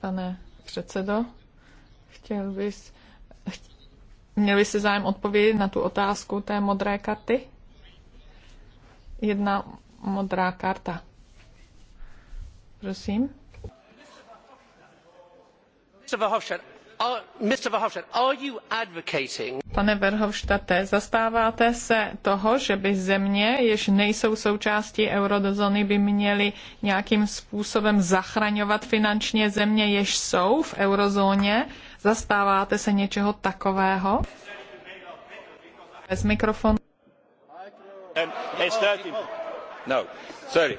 Pane předsedo, chtěl bys, měli se zájem odpovědět na tu otázku té modré karty? Jedna modrá karta. Prosím. Mr. Pane Verhofstadte, zastáváte se toho, že by země, jež nejsou součástí eurozóny, by měly nějakým způsobem zachraňovat finančně země, jež jsou v eurozóně? Zastáváte se něčeho takového? Bez mikrofonu. Um, no, sorry.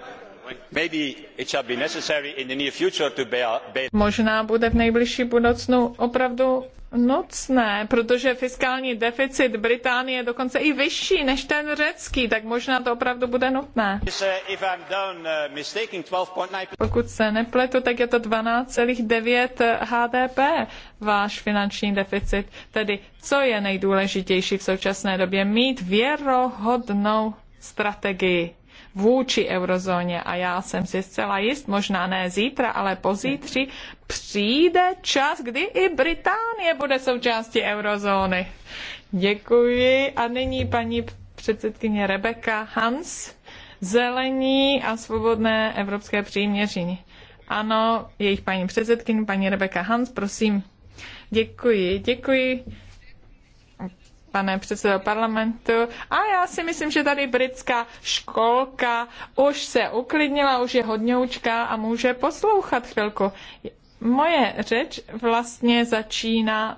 Možná bude v nejbližší budoucnu opravdu nocné, protože fiskální deficit Británie je dokonce i vyšší než ten řecký, tak možná to opravdu bude nutné. Uh, Pokud se nepletu, tak je to 12,9 HDP, váš finanční deficit. Tedy co je nejdůležitější v současné době? Mít věrohodnou strategii vůči eurozóně. A já jsem si zcela jist, možná ne zítra, ale pozítří, přijde čas, kdy i Británie bude součástí eurozóny. Děkuji. A nyní paní předsedkyně Rebeka Hans, Zelení a svobodné evropské příměření. Ano, jejich paní předsedkyně, paní Rebeka Hans, prosím. Děkuji, děkuji pane předsedo parlamentu. A já si myslím, že tady britská školka už se uklidnila, už je hodňoučka a může poslouchat chvilku. Moje řeč vlastně začíná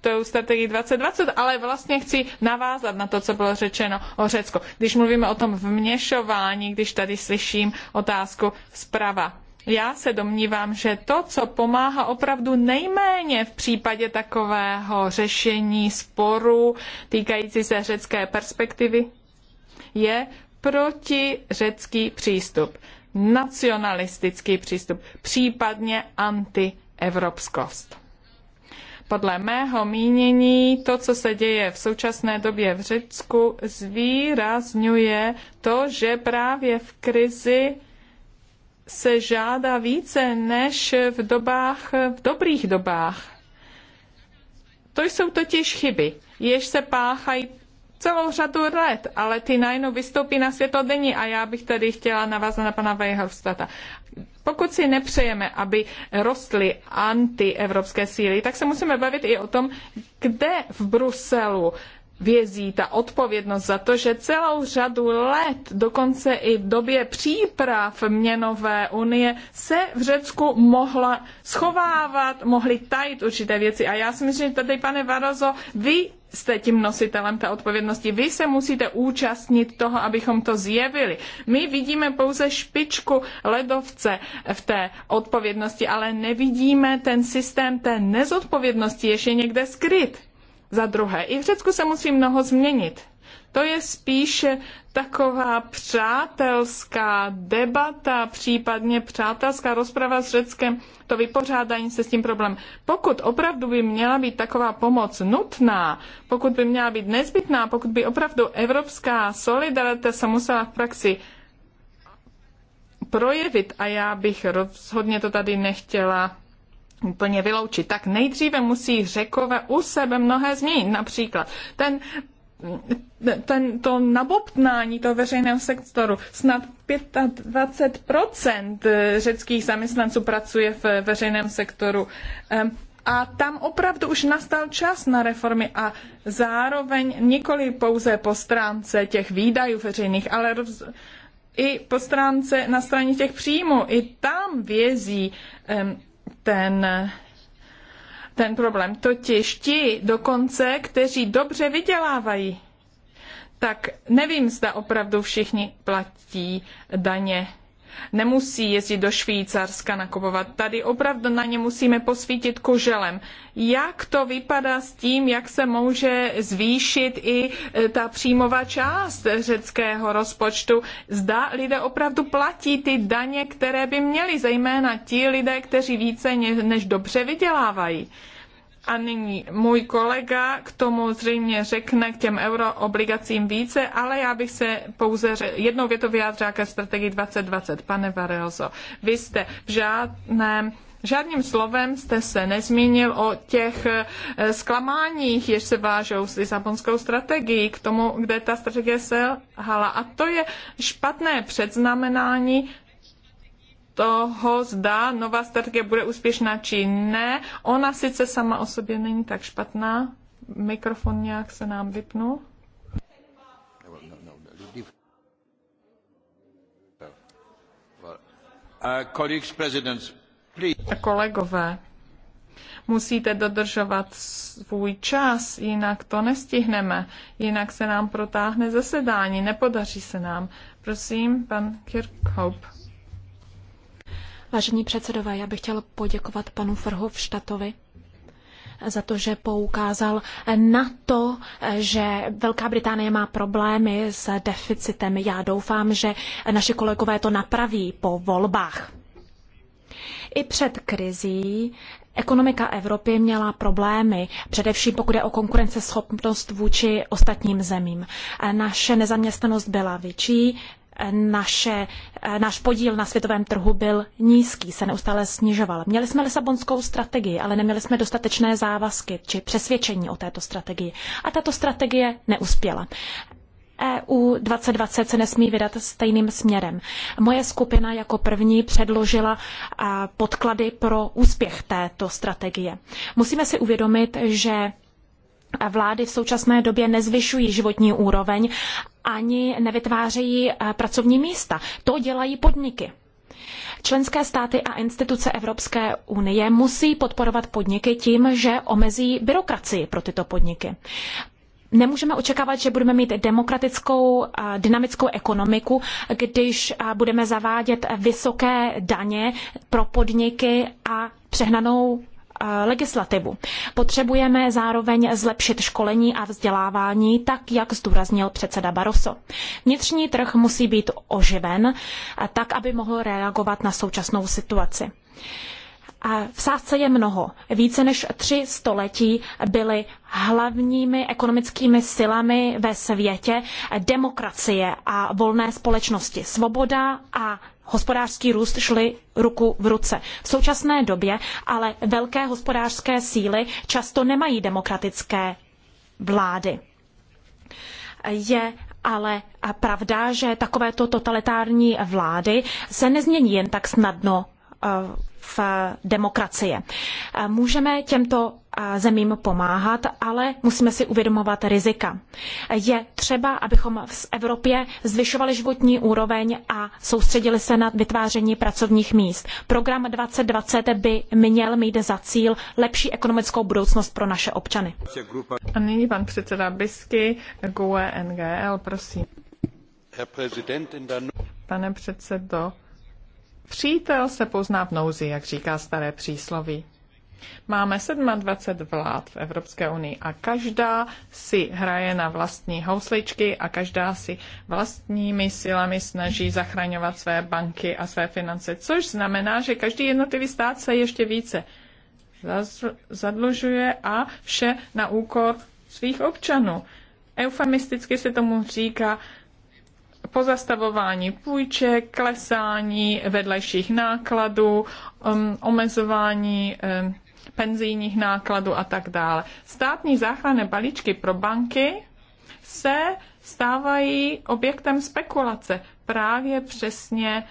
tou strategii 2020, ale vlastně chci navázat na to, co bylo řečeno o Řecku. Když mluvíme o tom vměšování, když tady slyším otázku zprava já se domnívám, že to, co pomáhá opravdu nejméně v případě takového řešení sporu týkající se řecké perspektivy, je protiřecký přístup, nacionalistický přístup, případně antievropskost. Podle mého mínění to, co se děje v současné době v Řecku, zvýrazňuje to, že právě v krizi se žádá více než v dobách, v dobrých dobách. To jsou totiž chyby, jež se páchají celou řadu let, ale ty najednou vystoupí na světlo denní a já bych tady chtěla navázat na pana Weyhofstata. Pokud si nepřejeme, aby rostly antievropské síly, tak se musíme bavit i o tom, kde v Bruselu uh, vězí ta odpovědnost za to, že celou řadu let, dokonce i v době příprav měnové unie, se v Řecku mohla schovávat, mohly tajit určité věci. A já si myslím, že tady, pane Varozo, vy jste tím nositelem té odpovědnosti. Vy se musíte účastnit toho, abychom to zjevili. My vidíme pouze špičku ledovce v té odpovědnosti, ale nevidíme ten systém té nezodpovědnosti, ještě někde skryt za druhé, i v Řecku se musí mnoho změnit. To je spíše taková přátelská debata, případně přátelská rozprava s Řeckem, to vypořádání se s tím problém. Pokud opravdu by měla být taková pomoc nutná, pokud by měla být nezbytná, pokud by opravdu evropská solidarita se musela v praxi projevit, a já bych rozhodně to tady nechtěla úplně vyloučit. Tak nejdříve musí řekové u sebe mnohé změnit. Například ten ten, to nabobtnání toho veřejného sektoru. Snad 25% eh, řeckých zaměstnanců pracuje v veřejném sektoru. A tam opravdu už nastal čas na reformy a zároveň nikoli pouze po stránce těch výdajů veřejných, ale i po stránce na straně těch příjmů. I tam vězí um, ten ten problém. Totiž ti dokonce, kteří dobře vydělávají, tak nevím, zda opravdu všichni platí daně Nemusí jezdit do Švýcarska nakupovat. Tady opravdu na ně musíme posvítit kuželem. Jak to vypadá s tím, jak se může zvýšit i e, ta příjmová část řeckého rozpočtu? Zda lidé opravdu platí ty daně, které by měli, zejména ti lidé, kteří více než dobře vydělávají. A nyní můj kolega k tomu zřejmě řekne k těm euroobligacím více, ale já bych se pouze jednou větou vyjádřila ke strategii 2020. Pane Vareozo, vy jste v žádném Žádným slovem jste se nezmínil o těch eh, zklamáních, jež se vážou s Lisabonskou strategií, k tomu, kde ta strategie selhala. A to je špatné předznamenání toho, zda nová strategie bude úspěšná či ne. Ona sice sama o sobě není tak špatná. Mikrofon nějak se nám vypnul. Uh, kolegové, musíte dodržovat svůj čas, jinak to nestihneme, jinak se nám protáhne zasedání, nepodaří se nám. Prosím, pan Kirkhope. Vážení předsedové, já bych chtěl poděkovat panu Frhovštatovi za to, že poukázal na to, že Velká Británie má problémy s deficitem. Já doufám, že naše kolegové to napraví po volbách. I před krizí ekonomika Evropy měla problémy, především pokud je o konkurenceschopnost vůči ostatním zemím. Naše nezaměstnanost byla větší, naše, eh, náš podíl na světovém trhu byl nízký, se neustále snižoval. Měli jsme Lisabonskou strategii, ale neměli jsme dostatečné závazky či přesvědčení o této strategii. A tato strategie neuspěla. EU 2020 se nesmí vydat stejným směrem. Moje skupina jako první předložila eh, podklady pro úspěch této strategie. Musíme si uvědomit, že vlády v současné době nezvyšují životní úroveň ani nevytvářejí eh, pracovní místa. To dělají podniky. Členské státy a instituce Evropské unie musí podporovat podniky tím, že omezí byrokracii pro tyto podniky. Nemůžeme očekávat, že budeme mít demokratickou, eh, dynamickou ekonomiku, když eh, budeme zavádět vysoké daně pro podniky a přehnanou legislativu. Potřebujeme zároveň zlepšit školení a vzdělávání, tak jak zdůraznil předseda Barroso. Vnitřní trh musí být oživen, tak aby mohl reagovat na současnou situaci. A v sázce je mnoho. Více než tři století byly hlavními ekonomickými silami ve světě demokracie a volné společnosti. Svoboda a hospodářský růst šly ruku v ruce. V současné době ale velké hospodářské síly často nemají demokratické vlády. Je ale pravda, že takovéto totalitární vlády se nezmění jen tak snadno eh, v eh, demokracie. Eh, můžeme těmto eh, zemím pomáhat, ale musíme si uvědomovat rizika. Je třeba, abychom v Evropě zvyšovali životní úroveň a soustředili se na vytváření pracovních míst. Program 2020 by měl mít za cíl lepší ekonomickou budoucnost pro naše občany. A nyní pan předseda Bisky, GUE NGL, prosím. Pane předsedo, Přítel se pozná v nouzi, jak říká staré přísloví. Máme 27 vlád v Evropské unii a každá si hraje na vlastní housličky a každá si vlastními silami snaží zachraňovat své banky a své finance, což znamená, že každý jednotlivý stát se ještě více zadlužuje a vše na úkor svých občanů. Eufemisticky se tomu říká pozastavování půjček, klesání vedlejších nákladů, um, omezování um, penzijních nákladů a tak dále. Státní záchranné balíčky pro banky se stávají objektem spekulace. Právě přesně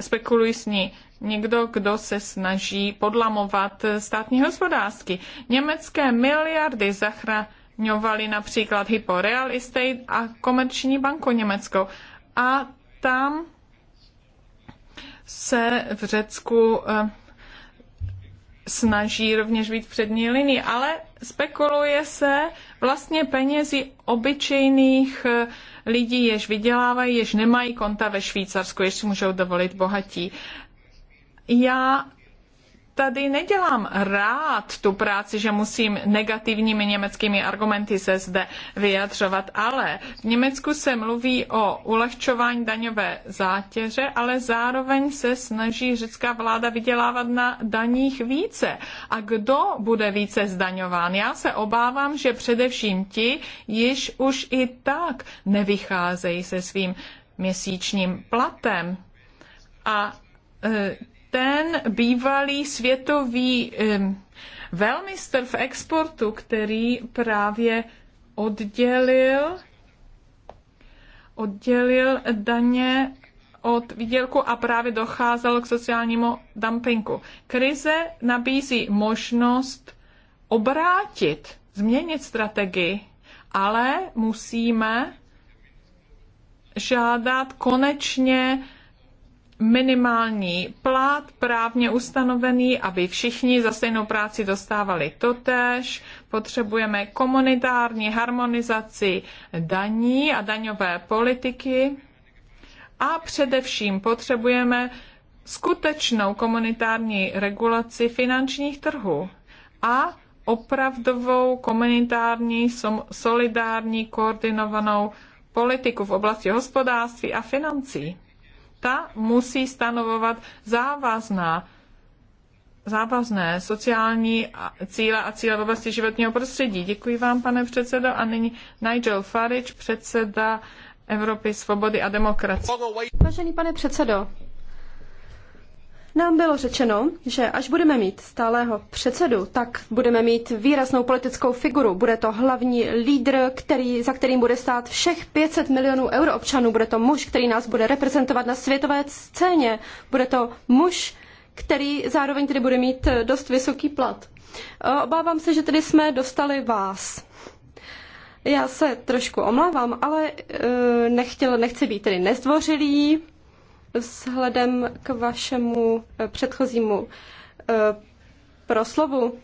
spekulují s ní někdo, kdo se snaží podlamovat státní hospodářsky. Německé miliardy zachraňovaly například Hypo Real Estate a Komerční banku německou a tam se v Řecku eh, snaží rovněž být v přední linii, ale spekuluje se vlastně penězi obyčejných eh, lidí, jež vydělávají, jež nemají konta ve Švýcarsku, jež si můžou dovolit bohatí. Já tady nedělám rád tu práci, že musím negativními německými argumenty se zde vyjadřovat, ale v Německu se mluví o ulehčování daňové zátěže, ale zároveň se snaží řecká vláda vydělávat na daních více. A kdo bude více zdaňován? Já se obávám, že především ti již už i tak nevycházejí se svým měsíčním platem. A e, ten bývalý světový velmistr v exportu, který právě oddělil oddělil daně od výdělku a právě docházelo k sociálnímu dumpingu. Krize nabízí možnost obrátit, změnit strategii, ale musíme žádat konečně minimální plat právně ustanovený, aby všichni za stejnou práci dostávali totéž. Potřebujeme komunitární harmonizaci daní a daňové politiky. A především potřebujeme skutečnou komunitární regulaci finančních trhů a opravdovou komunitární, solidární, koordinovanou politiku v oblasti hospodářství a financí ta musí stanovovat závazná závazné sociální cíle a cíle v oblasti životního prostředí. Děkuji vám, pane předsedo. A nyní Nigel Farage, předseda Evropy svobody a demokracie. Vážený pane předsedo, nám bylo řečeno, že až budeme mít stálého předsedu, tak budeme mít výraznou politickou figuru. Bude to hlavní lídr, který, za kterým bude stát všech 500 milionů euroobčanů. Bude to muž, který nás bude reprezentovat na světové scéně. Bude to muž, který zároveň tedy bude mít eh, dost vysoký plat. Eh, obávám se, že tedy jsme dostali vás. Já se trošku omlávám, ale eh, nechtěl, nechci být tedy nezdvořilý, Vzhledem k vašemu eh, předchozímu eh, proslovu,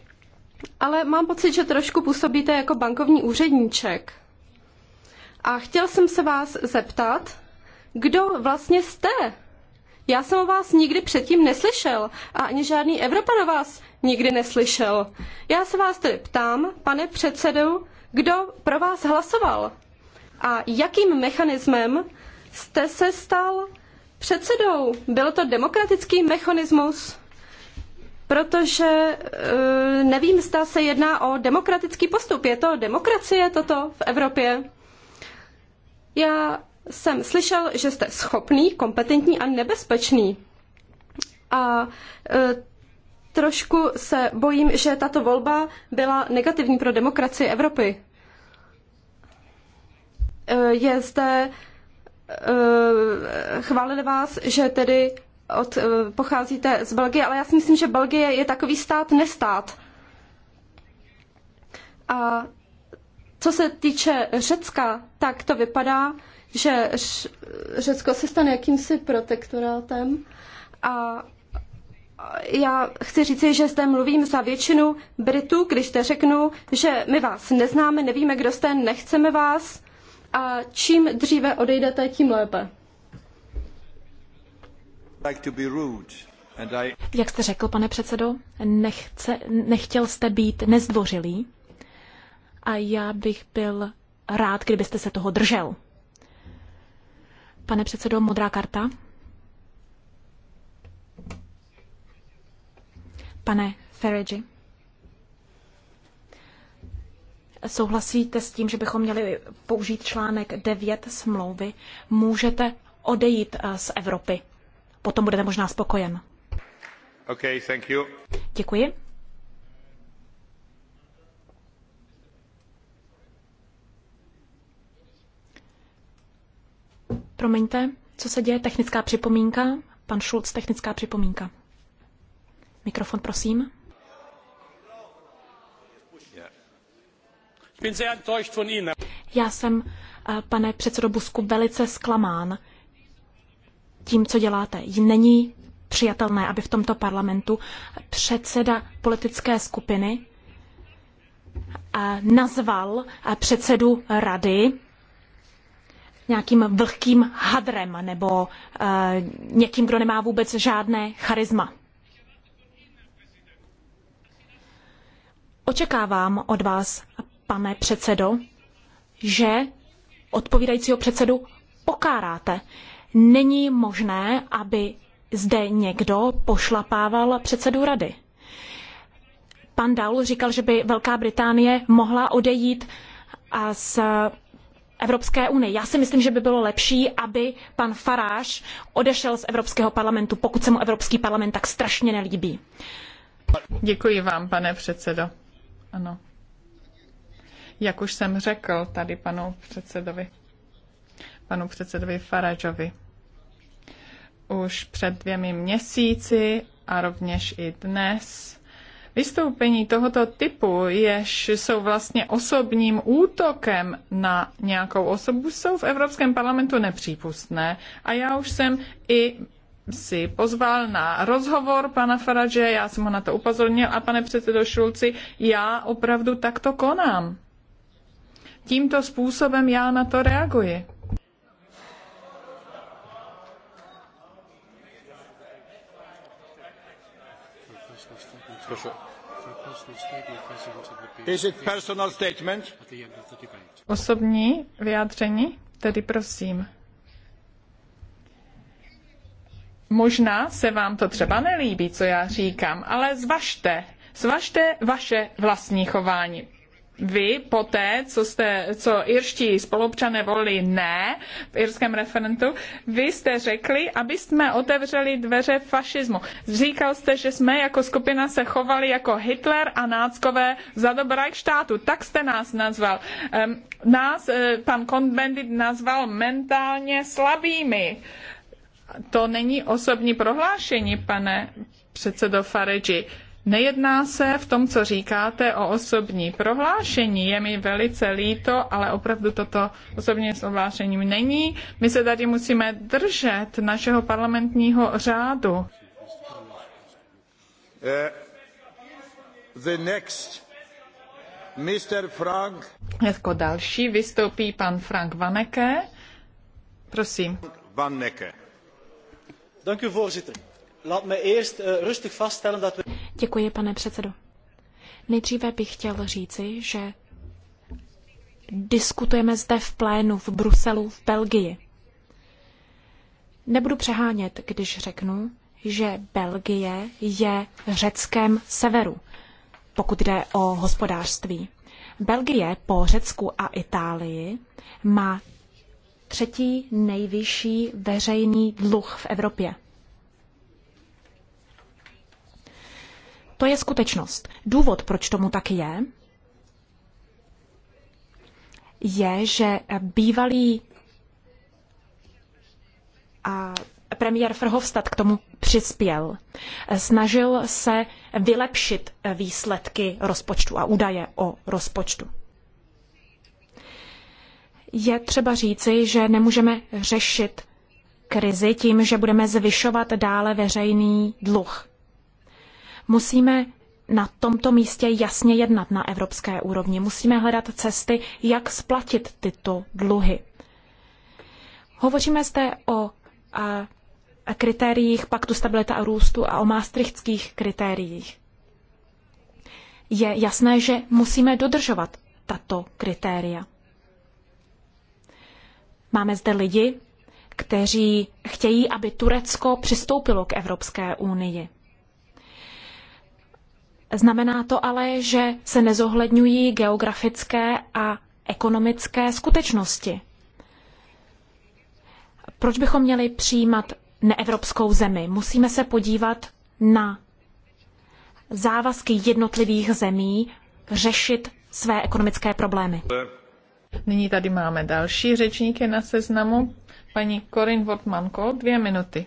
ale mám pocit, že trošku působíte jako bankovní úředníček. A chtěl jsem se vás zeptat, kdo vlastně jste? Já jsem o vás nikdy předtím neslyšel a ani žádný Evropan o vás nikdy neslyšel. Já se vás tedy ptám, pane předsedu, kdo pro vás hlasoval? A jakým mechanismem jste se stal předsedou. Bylo to demokratický mechanismus, protože e, nevím, zda se jedná o demokratický postup. Je to demokracie toto v Evropě? Já jsem slyšel, že jste schopný, kompetentní a nebezpečný. A e, trošku se bojím, že tato volba byla negativní pro demokracii Evropy. E, je zde Eh, chválili vás, že tedy od, eh, pocházíte z Belgie, ale já si myslím, že Belgie je takový stát nestát. A co se týče Řecka, tak to vypadá, že Řecko se stane jakýmsi protektorátem a já chci říci, že zde mluvím za většinu Britů, když te řeknu, že my vás neznáme, nevíme, kdo jste, nechceme vás, a čím dříve odejdete, tím lépe. Jak jste řekl, pane předsedo, nechce, nechtěl jste být nezdvořilý a já bych byl rád, kdybyste se toho držel. Pane předsedo, modrá karta. Pane Ferreggi souhlasíte s tím, že bychom měli použít článek 9 smlouvy, můžete odejít eh, z Evropy. Potom budete možná spokojen. Okay, thank you. Děkuji. Promiňte, co se děje? Technická připomínka. Pan Schulz, technická připomínka. Mikrofon, prosím. Já jsem, eh, pane předsedo Busku, velice zklamán tím, co děláte. Není přijatelné, aby v tomto parlamentu předseda politické skupiny eh, nazval eh, předsedu rady nějakým vlhkým hadrem nebo někým, kdo nemá vůbec žádné charisma. Očekávám od vás, pane předsedo, že odpovídajícího předsedu pokáráte. Není možné, aby zde někdo pošlapával předsedu rady. Pan Daul říkal, že by Velká Británie mohla odejít z Evropské unie. Já si myslím, že by bylo lepší, aby pan Farage odešel z Evropského parlamentu, pokud se mu Evropský parlament tak strašně nelíbí. Děkuji vám, pane předsedo. Ano jak už jsem řekl tady panu předsedovi, panu předsedovi Farajovi. Už před dvěmi měsíci a rovněž i dnes Vystoupení tohoto typu, jež jsou vlastně osobním útokem na nějakou osobu, jsou v Evropském parlamentu nepřípustné. A já už jsem i si pozval na rozhovor pana Faradže, já jsem ho na to upozornil a pane předsedo Šulci, já opravdu takto konám tímto způsobem já na to reaguji. Is it personal statement? Osobní vyjádření? Tedy prosím. Možná se vám to třeba nelíbí, co já říkám, ale zvažte, zvažte vaše vlastní chování vy poté, co, jste, co irští spolupčané volili ne v irském referentu, vy jste řekli, aby jsme otevřeli dveře fašismu. Říkal jste, že jsme jako skupina se chovali jako Hitler a náckové za dobrák štátu. Tak jste nás nazval. Nás e, pan Kondbendit nazval mentálně slabými. To není osobní prohlášení, pane předsedo Fareji Nejedná se v tom, co říkáte o osobní prohlášení. Je mi velice líto, ale opravdu toto osobní prohlášení není. My se tady musíme držet našeho parlamentního řádu. Uh, the next. Mr. Frank. Jako další vystoupí pan Frank Vaneke. Prosím. Vaneke. Dank u voorzitter. Laat me eerst uh, rustig vaststellen dat we... Děkuji, pane předsedo. Nejdříve bych chtěl říci, že diskutujeme zde v plénu v Bruselu v Belgii. Nebudu přehánět, když řeknu, že Belgie je řeckém severu, pokud jde o hospodářství. Belgie po Řecku a Itálii má třetí nejvyšší veřejný dluh v Evropě. To je skutečnost. Důvod, proč tomu tak je, je, že bývalý a premiér Frhovstad k tomu přispěl. Snažil se vylepšit výsledky rozpočtu a údaje o rozpočtu. Je třeba říci, že nemůžeme řešit krizi tím, že budeme zvyšovat dále veřejný dluh. Musíme na tomto místě jasně jednat na evropské úrovni. Musíme hledat cesty, jak splatit tyto dluhy. Hovoříme zde o a, a kritériích Paktu stabilita a růstu a o maastrichtských kritériích. Je jasné, že musíme dodržovat tato kritéria. Máme zde lidi, kteří chtějí, aby Turecko přistoupilo k Evropské unii. Znamená to ale, že se nezohledňují geografické a ekonomické skutečnosti. Proč bychom měli přijímat neevropskou zemi? Musíme se podívat na závazky jednotlivých zemí řešit své ekonomické problémy. Nyní tady máme další řečníky na seznamu. Paní Corin Wortmanko, dvě minuty.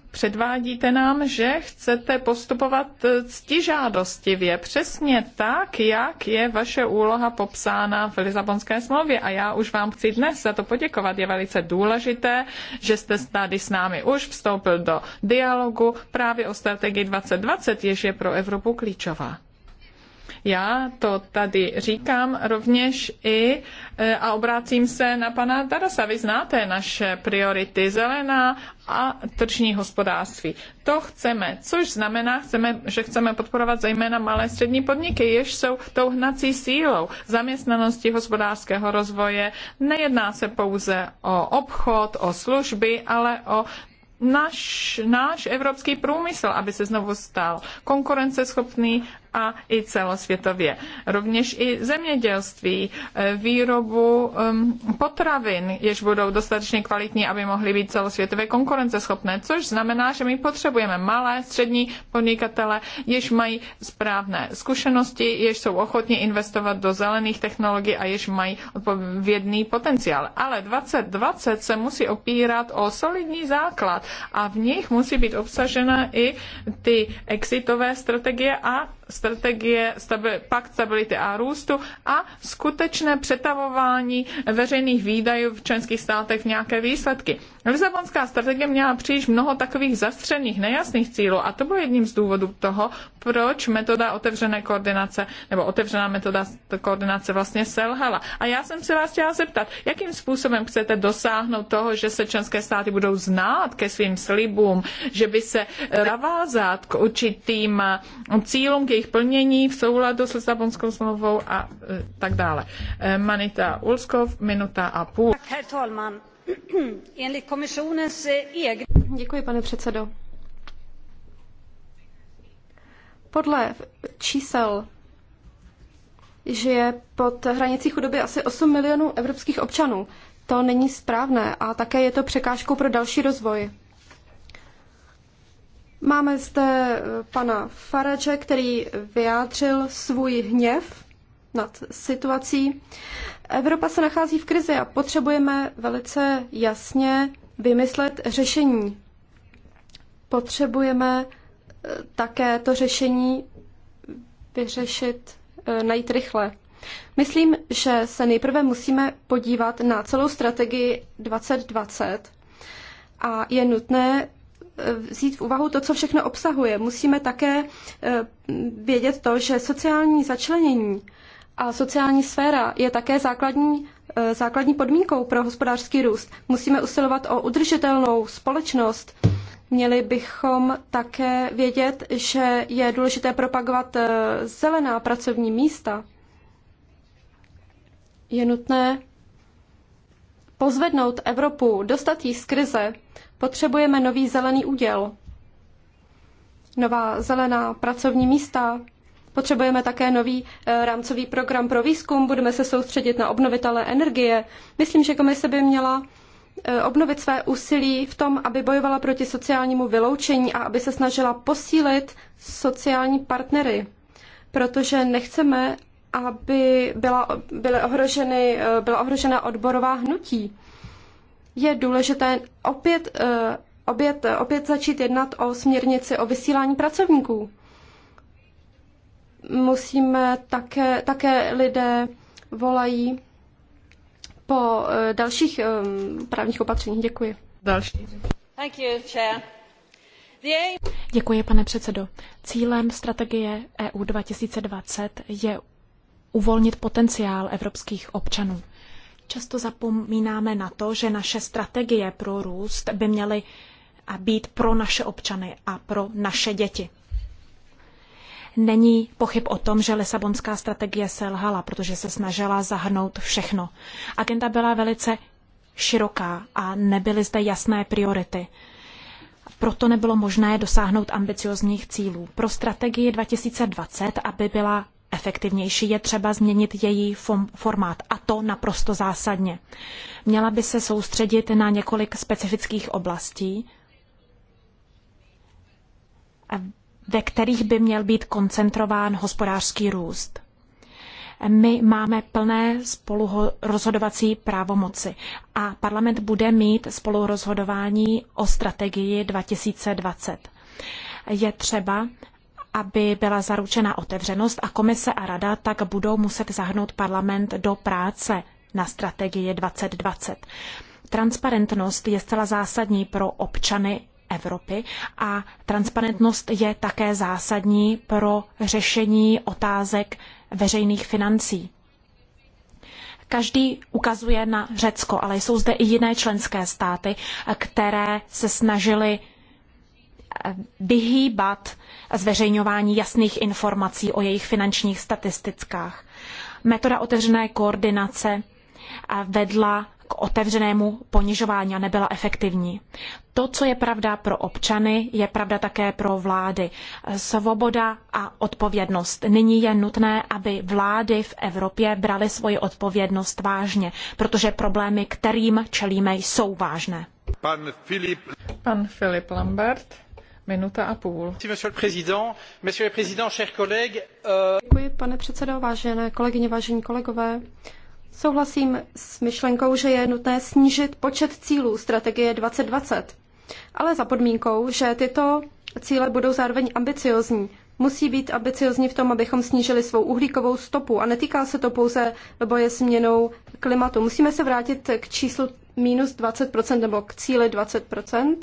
předvádíte nám, že chcete postupovat eh, ctižádostivě, přesně tak, jak je vaše úloha popsána v Lisabonské smlouvě. A já už vám chci dnes za to poděkovat. Je velice důležité, že jste tady s námi už vstoupil do dialogu právě o strategii 2020, jež je pro Evropu klíčová. Já to tady říkám rovněž i e, a obrácím se na pana Darasa. Vy znáte naše priority zelená a tržní hospodářství. To chceme, což znamená, chceme, že chceme podporovat zejména malé střední podniky, jež jsou tou hnací sílou zaměstnanosti hospodářského rozvoje. Nejedná se pouze o obchod, o služby, ale o náš, náš evropský průmysl, aby se znovu stal konkurenceschopný a i celosvětově. Rovněž i zemědělství, eh, výrobu ehm, potravin, jež budou dostatečně kvalitní, aby mohly být celosvětově konkurenceschopné, což znamená, že my potřebujeme malé, střední podnikatele, jež mají správné zkušenosti, jež jsou ochotni investovat do zelených technologií a jež mají odpovědný potenciál. Ale 2020 se musí opírat o solidní základ a v nich musí být obsažena i ty exitové strategie a strategie stabil, Pakt stability a růstu a skutečné přetavování veřejných výdajů v členských státech v nějaké výsledky. Lisabonská strategie měla příliš mnoho takových zastřených, nejasných cílů a to byl jedním z důvodů toho, proč metoda otevřené koordinace nebo otevřená metoda koordinace vlastně selhala. A já jsem se vás chtěla zeptat, jakým způsobem chcete dosáhnout toho, že se členské státy budou znát ke svým slibům, že by se zavázat k určitým cílům, k jejich plnění v souladu s Lisabonskou smlouvou a e, tak dále. E, Manita Ulskov, minuta a půl. Tak, herr Tolman. (clears throat) Eh, pane předsedající Podle čísel žije pod hranicí chudoby asi 8 milionů evropských občanů. To není správné a také je to překážkou pro další rozvoj. Máme zde eh, pana Farage, který vyjádřil svůj hněv nad situací. Evropa se nachází v krizi a potřebujeme velice jasně vymyslet řešení. Potřebujeme eh, také to řešení vyřešit, eh, najít rychle. Myslím, že se nejprve musíme podívat na celou strategii 2020 a je nutné eh, vzít v úvahu to, co všechno obsahuje. Musíme také vědět to, že sociální začlenění a sociální sféra je také základní, eh, základní podmínkou pro hospodářský růst. Musíme usilovat o udržitelnou společnost. Měli bychom také vědět, že je důležité propagovat eh, zelená pracovní místa. Je nutné pozvednout Evropu, dostat ji z krize. Potřebujeme nový zelený úděl, nová zelená pracovní místa, Potřebujeme také nový eh, rámcový program pro výzkum, budeme se soustředit na obnovitelné energie. Myslím, že komise by měla eh, obnovit své úsilí v tom, aby bojovala proti sociálnímu vyloučení a aby se snažila posílit sociální partnery, protože nechceme, aby byla, byly ohroženy, eh, byla ohrožena odborová hnutí. Je důležité opět, opět, opět začít jednat o směrnici o vysílání pracovníků musíme také, také lidé volají po eh, dalších eh, právních opatřeních. Děkuji. Další. Thank you, chair. Děkuji, pane předsedo. Cílem strategie EU 2020 je uvolnit potenciál evropských občanů. Často zapomínáme na to, že naše strategie pro růst by měly být pro naše občany a pro naše děti. Není pochyb o tom, že Lisabonská strategie selhala, protože se snažila zahrnout všechno. Agenda byla velice široká a nebyly zde jasné priority. Proto nebylo možné dosáhnout ambiciozních cílů. Pro strategii 2020, aby byla efektivnější, je třeba změnit její formát a to naprosto zásadně. Měla by se soustředit na několik specifických oblastí, ve kterých by měl být koncentrován hospodářský růst. My máme plné spolurozhodovací právomoci a parlament bude mít spolurozhodování o strategii 2020. Je třeba, aby byla zaručena otevřenost a komise a rada tak budou muset zahrnout parlament do práce na strategii 2020. Transparentnost je zcela zásadní pro občany Evropy a transparentnost je také zásadní pro řešení otázek veřejných financí. Každý ukazuje na Řecko, ale jsou zde i jiné členské státy, které se snažily eh, vyhýbat zveřejňování jasných informací o jejich finančních statistikách. Metoda otevřené koordinace eh, vedla k otevřenému ponižování a nebyla efektivní. To, co je pravda pro občany, je pravda také pro vlády. Svoboda a odpovědnost. Nyní je nutné, aby vlády v Evropě braly svoji odpovědnost vážně, protože problémy, kterým čelíme, jsou vážné. Pan Filip, Pan Filip Lambert. Minuta a půl. Euh- Děkuji, pane předsedo, vážené kolegyně, vážení kolegové. Souhlasím s myšlenkou, že je nutné snížit počet cílů strategie 2020, ale za podmínkou, že tyto cíle budou zároveň ambiciozní. Musí být ambiciozní v tom, abychom snížili svou uhlíkovou stopu. A netýká se to pouze boje s měnou klimatu. Musíme se vrátit k číslu minus 20% nebo k cíli 20%.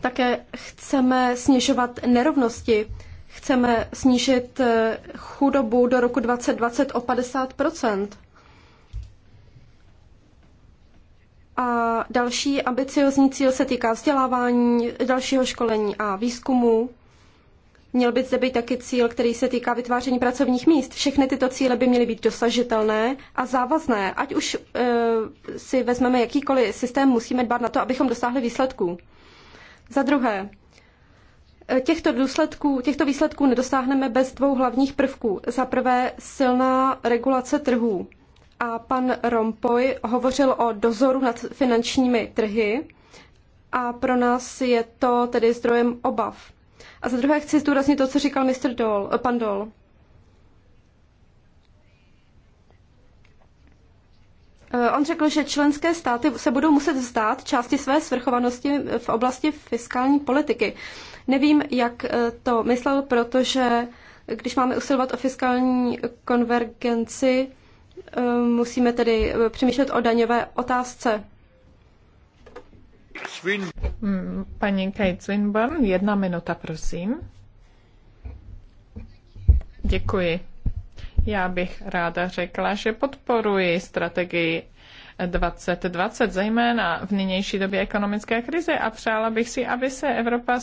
Také chceme snižovat nerovnosti Chceme snížit eh, chudobu do roku 2020 o 50 A další ambiciozní cíl se týká vzdělávání, dalšího školení a výzkumu. Měl by zde být taky cíl, který se týká vytváření pracovních míst. Všechny tyto cíle by měly být dosažitelné a závazné. Ať už e, si vezmeme jakýkoliv systém, musíme dbát na to, abychom dosáhli výsledků. Za druhé, Těchto, důsledků, těchto výsledků nedosáhneme bez dvou hlavních prvků. Za prvé silná regulace trhů. A pan Rompoy hovořil o dozoru nad finančními trhy a pro nás je to tedy zdrojem obav. A za druhé chci zdůraznit to, co říkal Dol, pan Dol. Eh, on řekl, že členské státy se budou muset vzdát části své svrchovanosti v oblasti fiskální politiky. Nevím, jak eh, to myslel, protože když máme usilovat o fiskální konvergenci, eh, musíme tedy přemýšlet o daňové otázce. Paní Kate Swinburne, jedna minuta, prosím. Děkuji. Já bych ráda řekla, že podporuji strategii 2020, zejména v nynější době ekonomické krize a přála bych si, aby se Evropa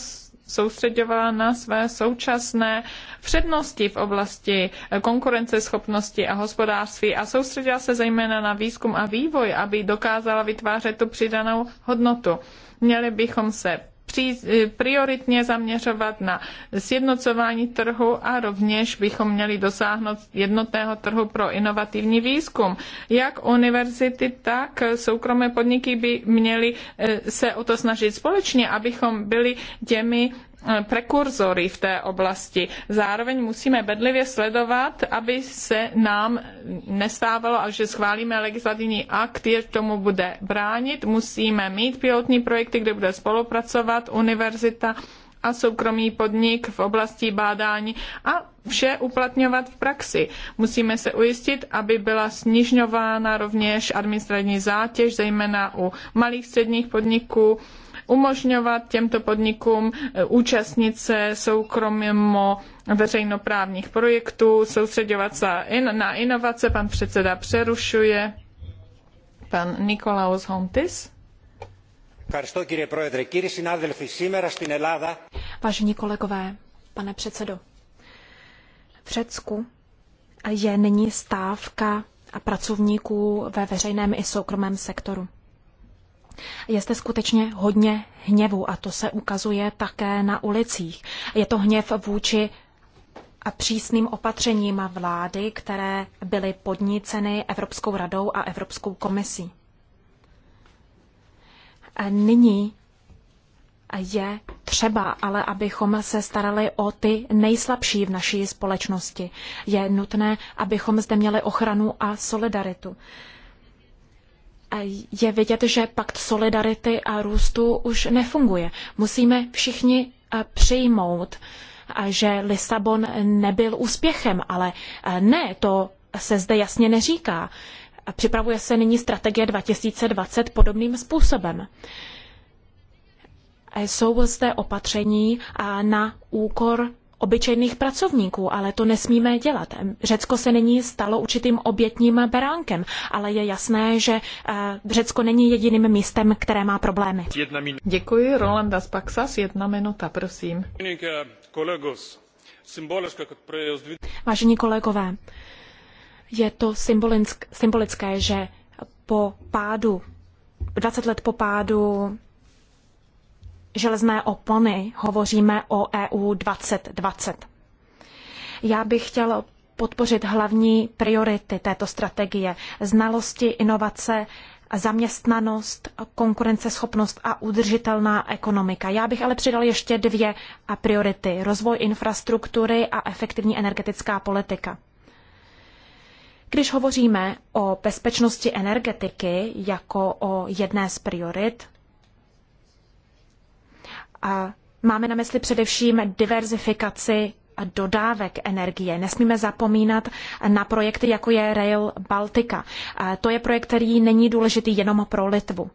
soustředovala na své současné přednosti v oblasti konkurenceschopnosti a hospodářství a soustředila se zejména na výzkum a vývoj, aby dokázala vytvářet tu přidanou hodnotu. Měli bychom se Eh, prioritně zaměřovat na sjednocování trhu a rovněž bychom měli dosáhnout jednotného trhu pro inovativní výzkum. Jak univerzity, tak soukromé podniky by měly eh, se o to snažit společně, abychom byli těmi Eh, prekurzory v té oblasti. Zároveň musíme bedlivě sledovat, aby se nám nestávalo, až že schválíme legislativní akt, jež tomu bude bránit. Musíme mít pilotní projekty, kde bude spolupracovat univerzita a soukromý podnik v oblasti bádání a vše uplatňovat v praxi. Musíme se ujistit, aby byla snižována rovněž administrativní zátěž, zejména u malých středních podniků, umožňovat těmto podnikům eh, účastnit se soukromimo veřejnoprávních projektů, soustředovat se na inovace. Pan předseda přerušuje. Pan Nikolaos Hontis. Vážení kolegové, pane předsedo, v Řecku je nyní stávka pracovníků ve veřejném i soukromém sektoru. Je zde skutečně hodně hněvu a to se ukazuje také na ulicích. Je to hněv vůči a přísným opatřením vlády, které byly podníceny Evropskou radou a Evropskou komisí. A nyní je třeba ale, abychom se starali o ty nejslabší v naší společnosti. Je nutné, abychom zde měli ochranu a solidaritu je vidět, že pakt solidarity a růstu už nefunguje. Musíme všichni eh, přijmout, eh, že Lisabon nebyl úspěchem, ale eh, ne, to se zde jasně neříká. Připravuje se nyní strategie 2020 podobným způsobem. Jsou zde opatření na úkor obyčejných pracovníků, ale to nesmíme dělat. Řecko se není stalo určitým obětním beránkem, ale je jasné, že eh, Řecko není jediným místem, které má problémy. Děkuji, Rolanda Spaxas, jedna minuta, prosím. Vážení kolegové, je to symbolické, že po pádu, 20 let po pádu železné opony hovoříme o EU 2020. Já bych chtěl podpořit hlavní priority této strategie. Znalosti, inovace, zaměstnanost, konkurenceschopnost a udržitelná ekonomika. Já bych ale přidal ještě dvě priority. Rozvoj infrastruktury a efektivní energetická politika. Když hovoříme o bezpečnosti energetiky jako o jedné z priorit, Máme na mysli především diverzifikaci dodávek energie. Nesmíme zapomínat na projekty, jako je Rail Baltica. To je projekt, který není důležitý jenom pro Litvu.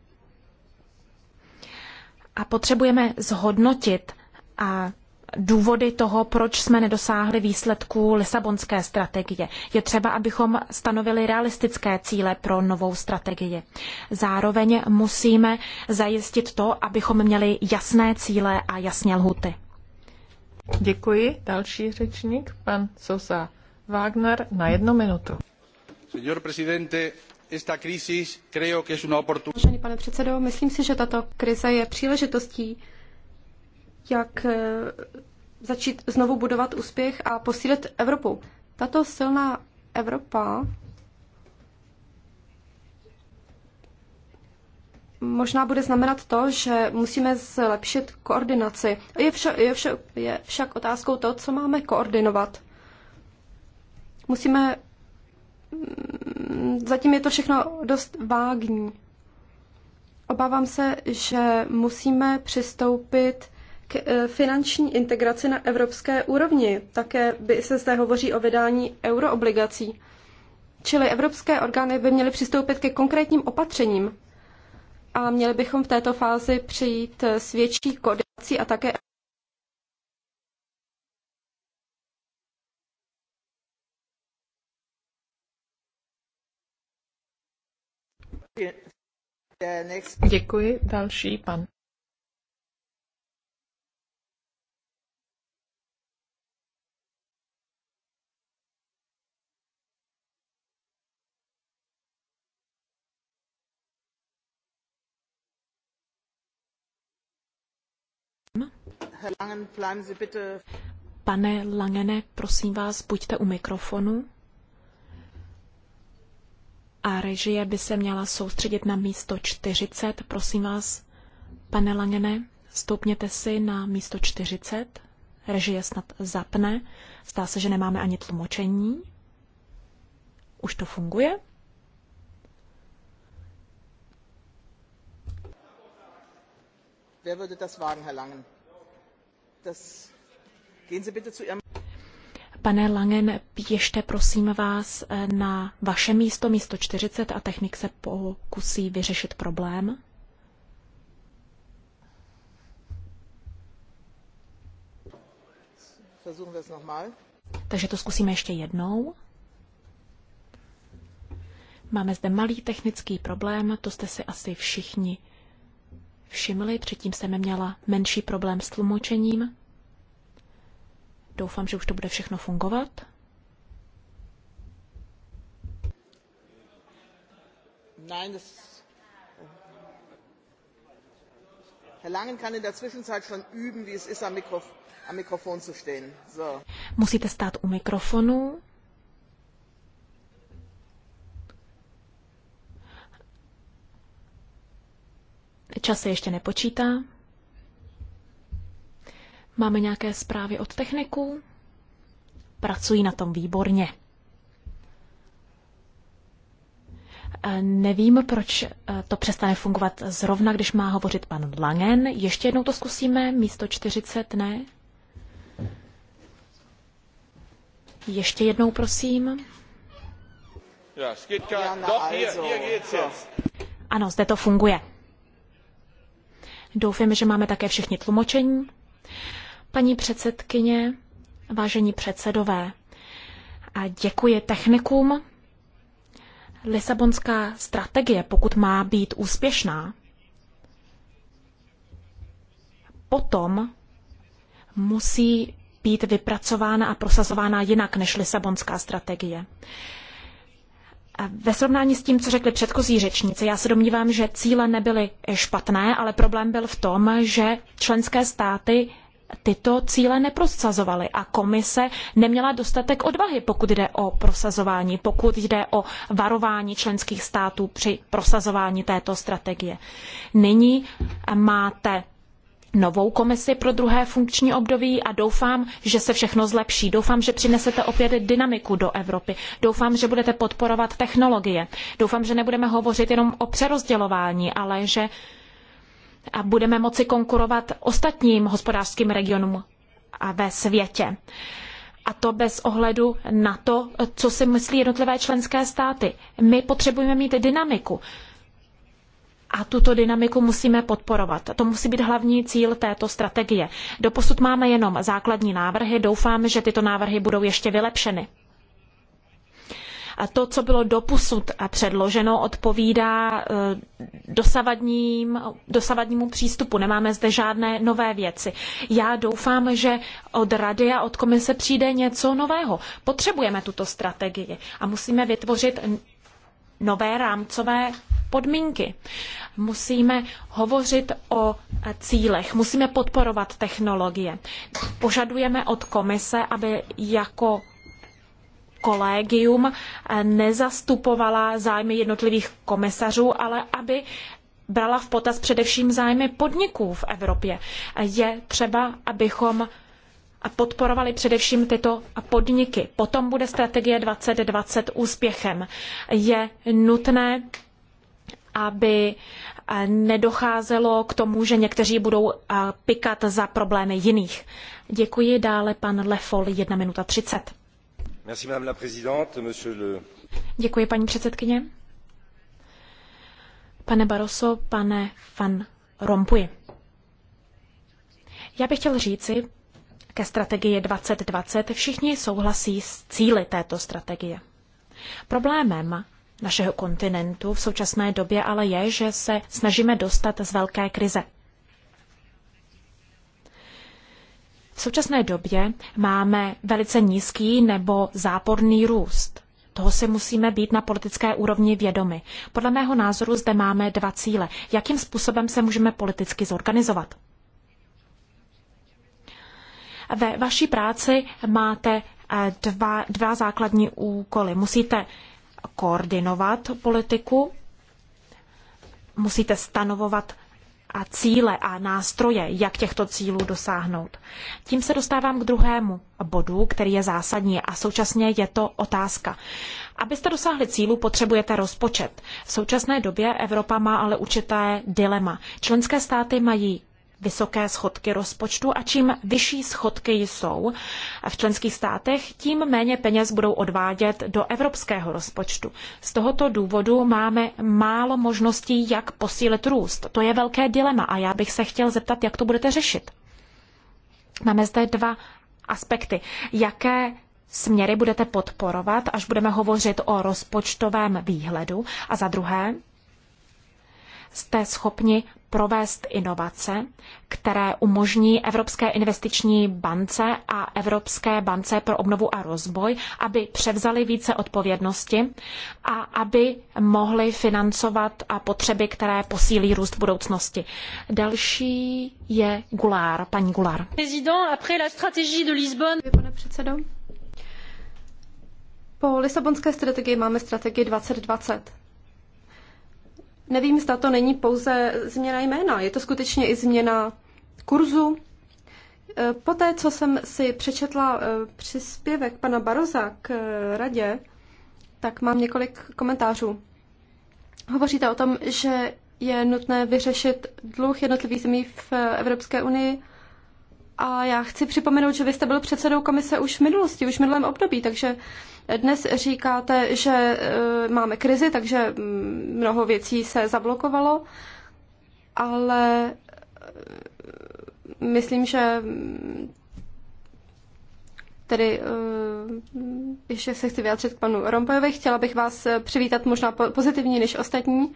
A potřebujeme zhodnotit a důvody toho, proč jsme nedosáhli výsledků Lisabonské strategie. Je třeba, abychom stanovili realistické cíle pro novou strategii. Zároveň musíme zajistit to, abychom měli jasné cíle a jasně lhuty. Děkuji. Další řečník, pan Sosa Wagner, na jednu minutu. Señor presidente, esta crisis creo que es una oportunidad. pane předsedo, myslím si, že tato krize je příležitostí jak eh, začít znovu budovat úspěch a posílit Evropu. Tato silná Evropa možná bude znamenat to, že musíme zlepšit koordinaci. Je, vša, je, vša, je však otázkou to, co máme koordinovat. Musíme. Mm, zatím je to všechno dost vágní. Obávám se, že musíme přistoupit k eh, finanční integraci na evropské úrovni. Také by se zde hovoří o vydání euroobligací. Čili evropské orgány by měly přistoupit ke konkrétním opatřením a měli bychom v této fázi přijít eh, s větší koordinací a také Děkuji. Další pan Pane Langene, prosím vás, buďte u mikrofonu. A režie by se měla soustředit na místo 40. Prosím vás, pane Langene, stoupněte si na místo 40. Režie snad zapne. Zdá se, že nemáme ani tlumočení. Už to funguje? Wer würde das wagen, Herr Langen? das gehen Sie bitte zu Ihrem Pane Langen, běžte prosím vás eh, na vaše místo, místo 40 a technik se pokusí vyřešit problém. Takže to zkusíme ještě jednou. Máme zde malý technický problém, to jste si asi všichni všimli. Předtím jsem měla menší problém s tlumočením. Doufám, že už to bude všechno fungovat. Nein, das Herr Langen kann in der Zwischenzeit schon üben, wie es ist, am, Mikrof am Mikrofon zu stehen. So. Musíte stát u mikrofonu. Čas se ještě nepočítá. Máme nějaké zprávy od techniků? Pracují na tom výborně. E, nevím, proč e, to přestane fungovat zrovna, když má hovořit pan Langen. Ještě jednou to zkusíme, místo 40, ne? Ještě jednou, prosím. Ano, zde to funguje. Doufujeme, že máme také všichni tlumočení. Paní předsedkyně, vážení předsedové, a děkuji technikům. Lisabonská strategie, pokud má být úspěšná, potom musí být vypracována a prosazována jinak než Lisabonská strategie. Ve srovnání s tím, co řekli předchozí řečníci, já se domnívám, že cíle nebyly špatné, ale problém byl v tom, že členské státy tyto cíle neprosazovaly a komise neměla dostatek odvahy, pokud jde o prosazování, pokud jde o varování členských států při prosazování této strategie. Nyní máte novou komisi pro druhé funkční období a doufám, že se všechno zlepší. Doufám, že přinesete opět dynamiku do Evropy. Doufám, že budete podporovat technologie. Doufám, že nebudeme hovořit jenom o přerozdělování, ale že a budeme moci konkurovat ostatním hospodářským regionům a ve světě. A to bez ohledu na to, co si myslí jednotlivé členské státy. My potřebujeme mít dynamiku a tuto dynamiku musíme podporovat. To musí být hlavní cíl této strategie. Doposud máme jenom základní návrhy, doufám, že tyto návrhy budou ještě vylepšeny. A to, co bylo doposud předloženo, odpovídá e, dosavadním, dosavadnímu přístupu. Nemáme zde žádné nové věci. Já doufám, že od rady a od komise přijde něco nového. Potřebujeme tuto strategii a musíme vytvořit nové rámcové podmínky musíme hovořit o cílech, musíme podporovat technologie. Požadujeme od komise, aby jako kolegium nezastupovala zájmy jednotlivých komisařů, ale aby brala v potaz především zájmy podniků v Evropě. Je třeba, abychom podporovali především tyto podniky. Potom bude strategie 2020 úspěchem. Je nutné aby eh, nedocházelo k tomu, že někteří budou eh, pikat za problémy jiných. Děkuji dále pan Lefol, 1 minuta 30. Merci, madame la le... Děkuji, paní předsedkyně. Pane Baroso, pane Van Rompuy. Já bych chtěl říci ke strategii 2020, všichni souhlasí s cíly této strategie. Problémem našeho kontinentu v současné době ale je, že se snažíme dostat z velké krize. V současné době máme velice nízký nebo záporný růst. Toho si musíme být na politické úrovni vědomi. Podle mého názoru zde máme dva cíle. Jakým způsobem se můžeme politicky zorganizovat? Ve vaší práci máte eh, dva, dva základní úkoly. Musíte koordinovat politiku, musíte stanovovat a cíle a nástroje, jak těchto cílů dosáhnout. Tím se dostávám k druhému bodu, který je zásadní a současně je to otázka. Abyste dosáhli cílu, potřebujete rozpočet. V současné době Evropa má ale určité dilema. Členské státy mají vysoké schodky rozpočtu a čím vyšší schodky jsou v členských státech, tím méně peněz budou odvádět do evropského rozpočtu. Z tohoto důvodu máme málo možností, jak posílit růst. To je velké dilema a já bych se chtěl zeptat, jak to budete řešit. Máme zde dva aspekty. Jaké směry budete podporovat, až budeme hovořit o rozpočtovém výhledu? A za druhé, jste schopni provést inovace, které umožní Evropské investiční bance a Evropské bance pro obnovu a rozvoj, aby převzali více odpovědnosti a aby mohli financovat a potřeby, které posílí růst budoucnosti. Další je Gulár, paní Gulár. Pane předsedo, po Lisabonské strategii máme strategii 2020. Nevím, zda to není pouze změna jména, je to skutečně i změna kurzu. E, poté, co jsem si přečetla e, příspěvek pana Baroza k e, radě, tak mám několik komentářů. Hovoříte o tom, že je nutné vyřešit dluh jednotlivých zemí v Evropské unii. A já chci připomenout, že vy jste byl předsedou komise už v minulosti, už v minulém období, takže dnes říkáte, že eh, máme krizi, takže mm, mnoho věcí se zablokovalo, ale eh, myslím, že mm, tedy eh, ještě se chci vyjádřit k panu Rompojovi. Chtěla bych vás přivítat možná pozitivní než ostatní.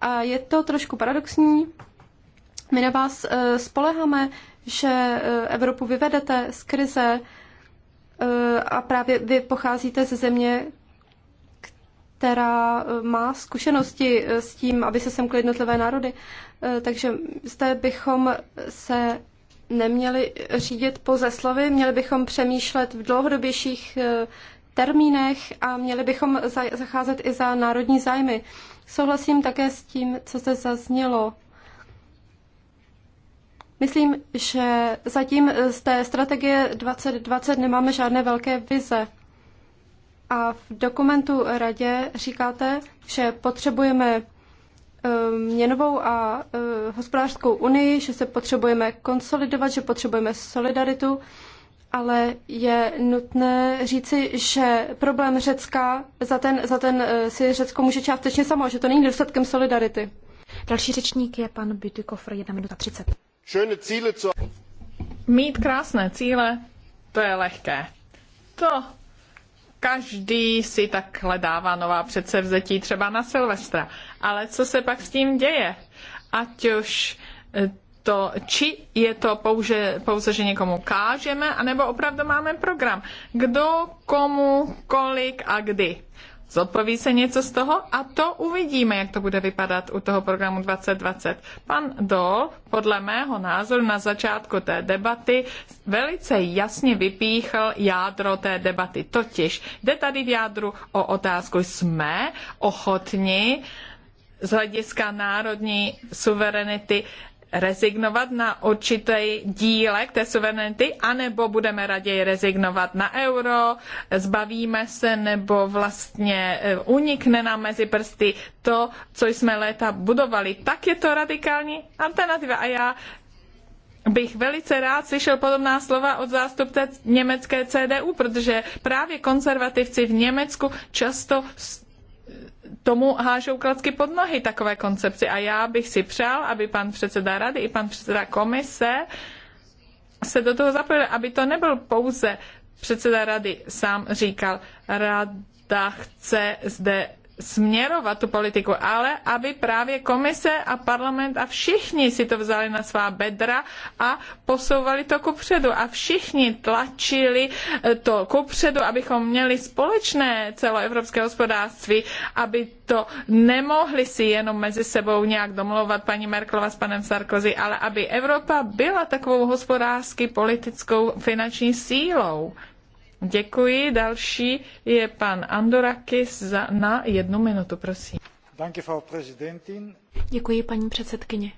A je to trošku paradoxní. My na vás spoleháme, že Evropu vyvedete z krize, Eh, a právě vy pocházíte ze země, která eh, má zkušenosti eh, s tím, aby se semkly jednotlivé národy. Takže zde bychom se neměli řídit pouze slovy, měli bychom přemýšlet v dlouhodobějších termínech a měli bychom zacházet i za národní zájmy. Souhlasím také s tím, co se zaznělo Myslím, že zatím z té strategie 2020 nemáme žádné velké vize. A v dokumentu radě říkáte, že potřebujeme ehm, měnovou a eh, hospodářskou unii, že se potřebujeme konsolidovat, že potřebujeme solidaritu, ale je nutné říci, že problém Řecka za ten, za ten eh, si Řecko může částečně samo, že to není důsledkem solidarity. Další řečník je pan Koffer, 1 minuta 30. Mít krásné cíle, to je lehké. To každý si takhle dává nová předsevzetí, třeba na Silvestra. Ale co se pak s tím děje? Ať už eh, to, či je to pouze, pouze, že někomu kážeme, anebo opravdu máme program. Kdo, komu, kolik a kdy. Zodpoví se něco z toho a to uvidíme, jak to bude vypadat u toho programu 2020. Pan Dol, podle mého názoru na začátku té debaty, velice jasně vypíchl jádro té debaty. Totiž jde tady v jádru o otázku, jsme ochotni z hlediska národní suverenity rezignovat na určitý dílek té suverenity, anebo budeme raději rezignovat na euro, zbavíme se nebo vlastně e, unikne nám mezi prsty to, co jsme léta budovali. Tak je to radikální alternativa a já bych velice rád slyšel podobná slova od zástupce německé CDU, protože právě konzervativci v Německu často tomu hážou klacky pod nohy takové koncepci. A já bych si přál, aby pan předseda rady i pan předseda komise se do toho zapojili, aby to nebyl pouze předseda rady sám říkal, rada chce zde směrovat tu politiku, ale aby právě komise a parlament a všichni si to vzali na svá bedra a posouvali to kupředu a všichni tlačili eh, to kupředu, abychom měli společné celoevropské hospodářství, aby to nemohli si jenom mezi sebou nějak domlouvat paní Merklova s panem Sarkozy, ale aby Evropa byla takovou hospodářsky, politickou, finanční sílou Děkuji. Další je pan Andorakis za, na jednu minutu, prosím. Děkuji, paní předsedkyně.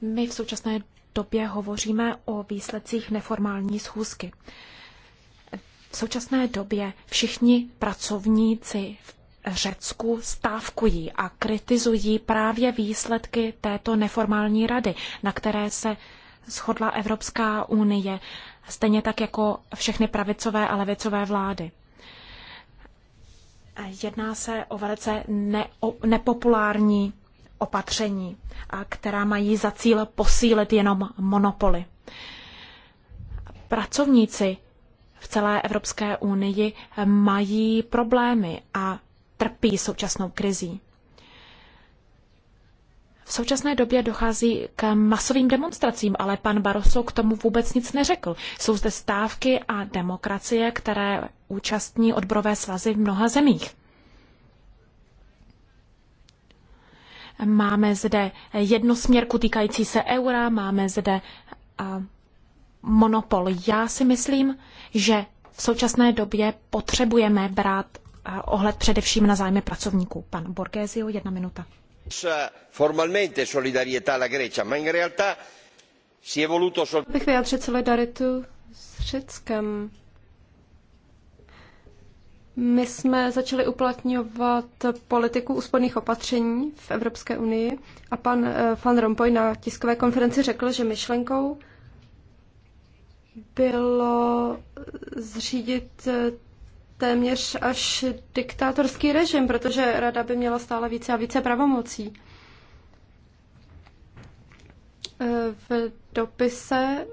My v současné době hovoříme o výsledcích neformální schůzky. V současné době všichni pracovníci v Řecku stávkují a kritizují právě výsledky této neformální rady, na které se shodla Evropská unie, stejně tak jako všechny pravicové a levicové vlády. Jedná se o velice ne- o nepopulární opatření, která mají za cíl posílit jenom monopoly. Pracovníci v celé Evropské unii mají problémy a trpí současnou krizí. V současné době dochází k masovým demonstracím, ale pan Barroso k tomu vůbec nic neřekl. Jsou zde stávky a demokracie, které účastní odborové svazy v mnoha zemích. Máme zde jednosměrku týkající se eura, máme zde monopol. Já si myslím, že v současné době potřebujeme brát ohled především na zájmy pracovníků. Pan Borgesio, jedna minuta. Formalmente solidarietà alla Grecia, ma in realtà si è voluto... Bych solidaritu s Řeckem. My jsme začali uplatňovat politiku úsporných opatření v Evropské unii a pan eh, Van Rompuy na tiskové konferenci řekl, že myšlenkou bylo zřídit eh, téměř až diktátorský režim, protože rada by měla stále více a více pravomocí. V dopise,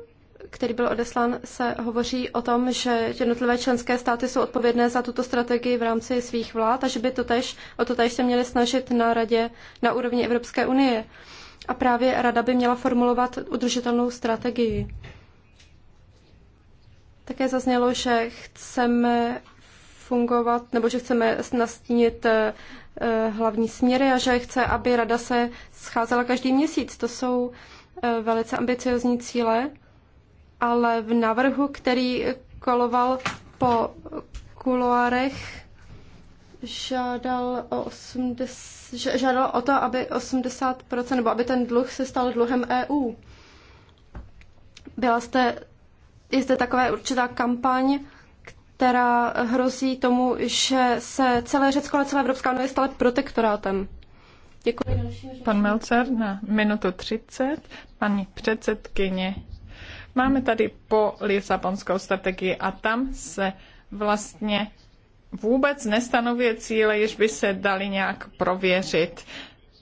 který byl odeslán, se hovoří o tom, že jednotlivé členské státy jsou odpovědné za tuto strategii v rámci svých vlád a že by to tež, o to tež se měli snažit na radě na úrovni Evropské unie. A právě rada by měla formulovat udržitelnou strategii. Také zaznělo, že chceme fungovat, nebo že chceme nastínit eh, eh, hlavní směry a že chce, aby rada se scházela každý měsíc. To jsou eh, velice ambiciozní cíle, ale v návrhu, který koloval po kuloárech, žádal o, 80, žádal o to, aby 80%, nebo aby ten dluh se stal dluhem EU. Byla jste, je zde taková určitá kampaň, která hrozí tomu, že se celé Řecko a celá Evropská unie stala protektorátem. Děkuji. Pan Melcer na minutu 30. Paní předsedkyně, máme tady po Lisabonskou strategii a tam se vlastně vůbec nestanovuje cíle, jež by se dali nějak prověřit.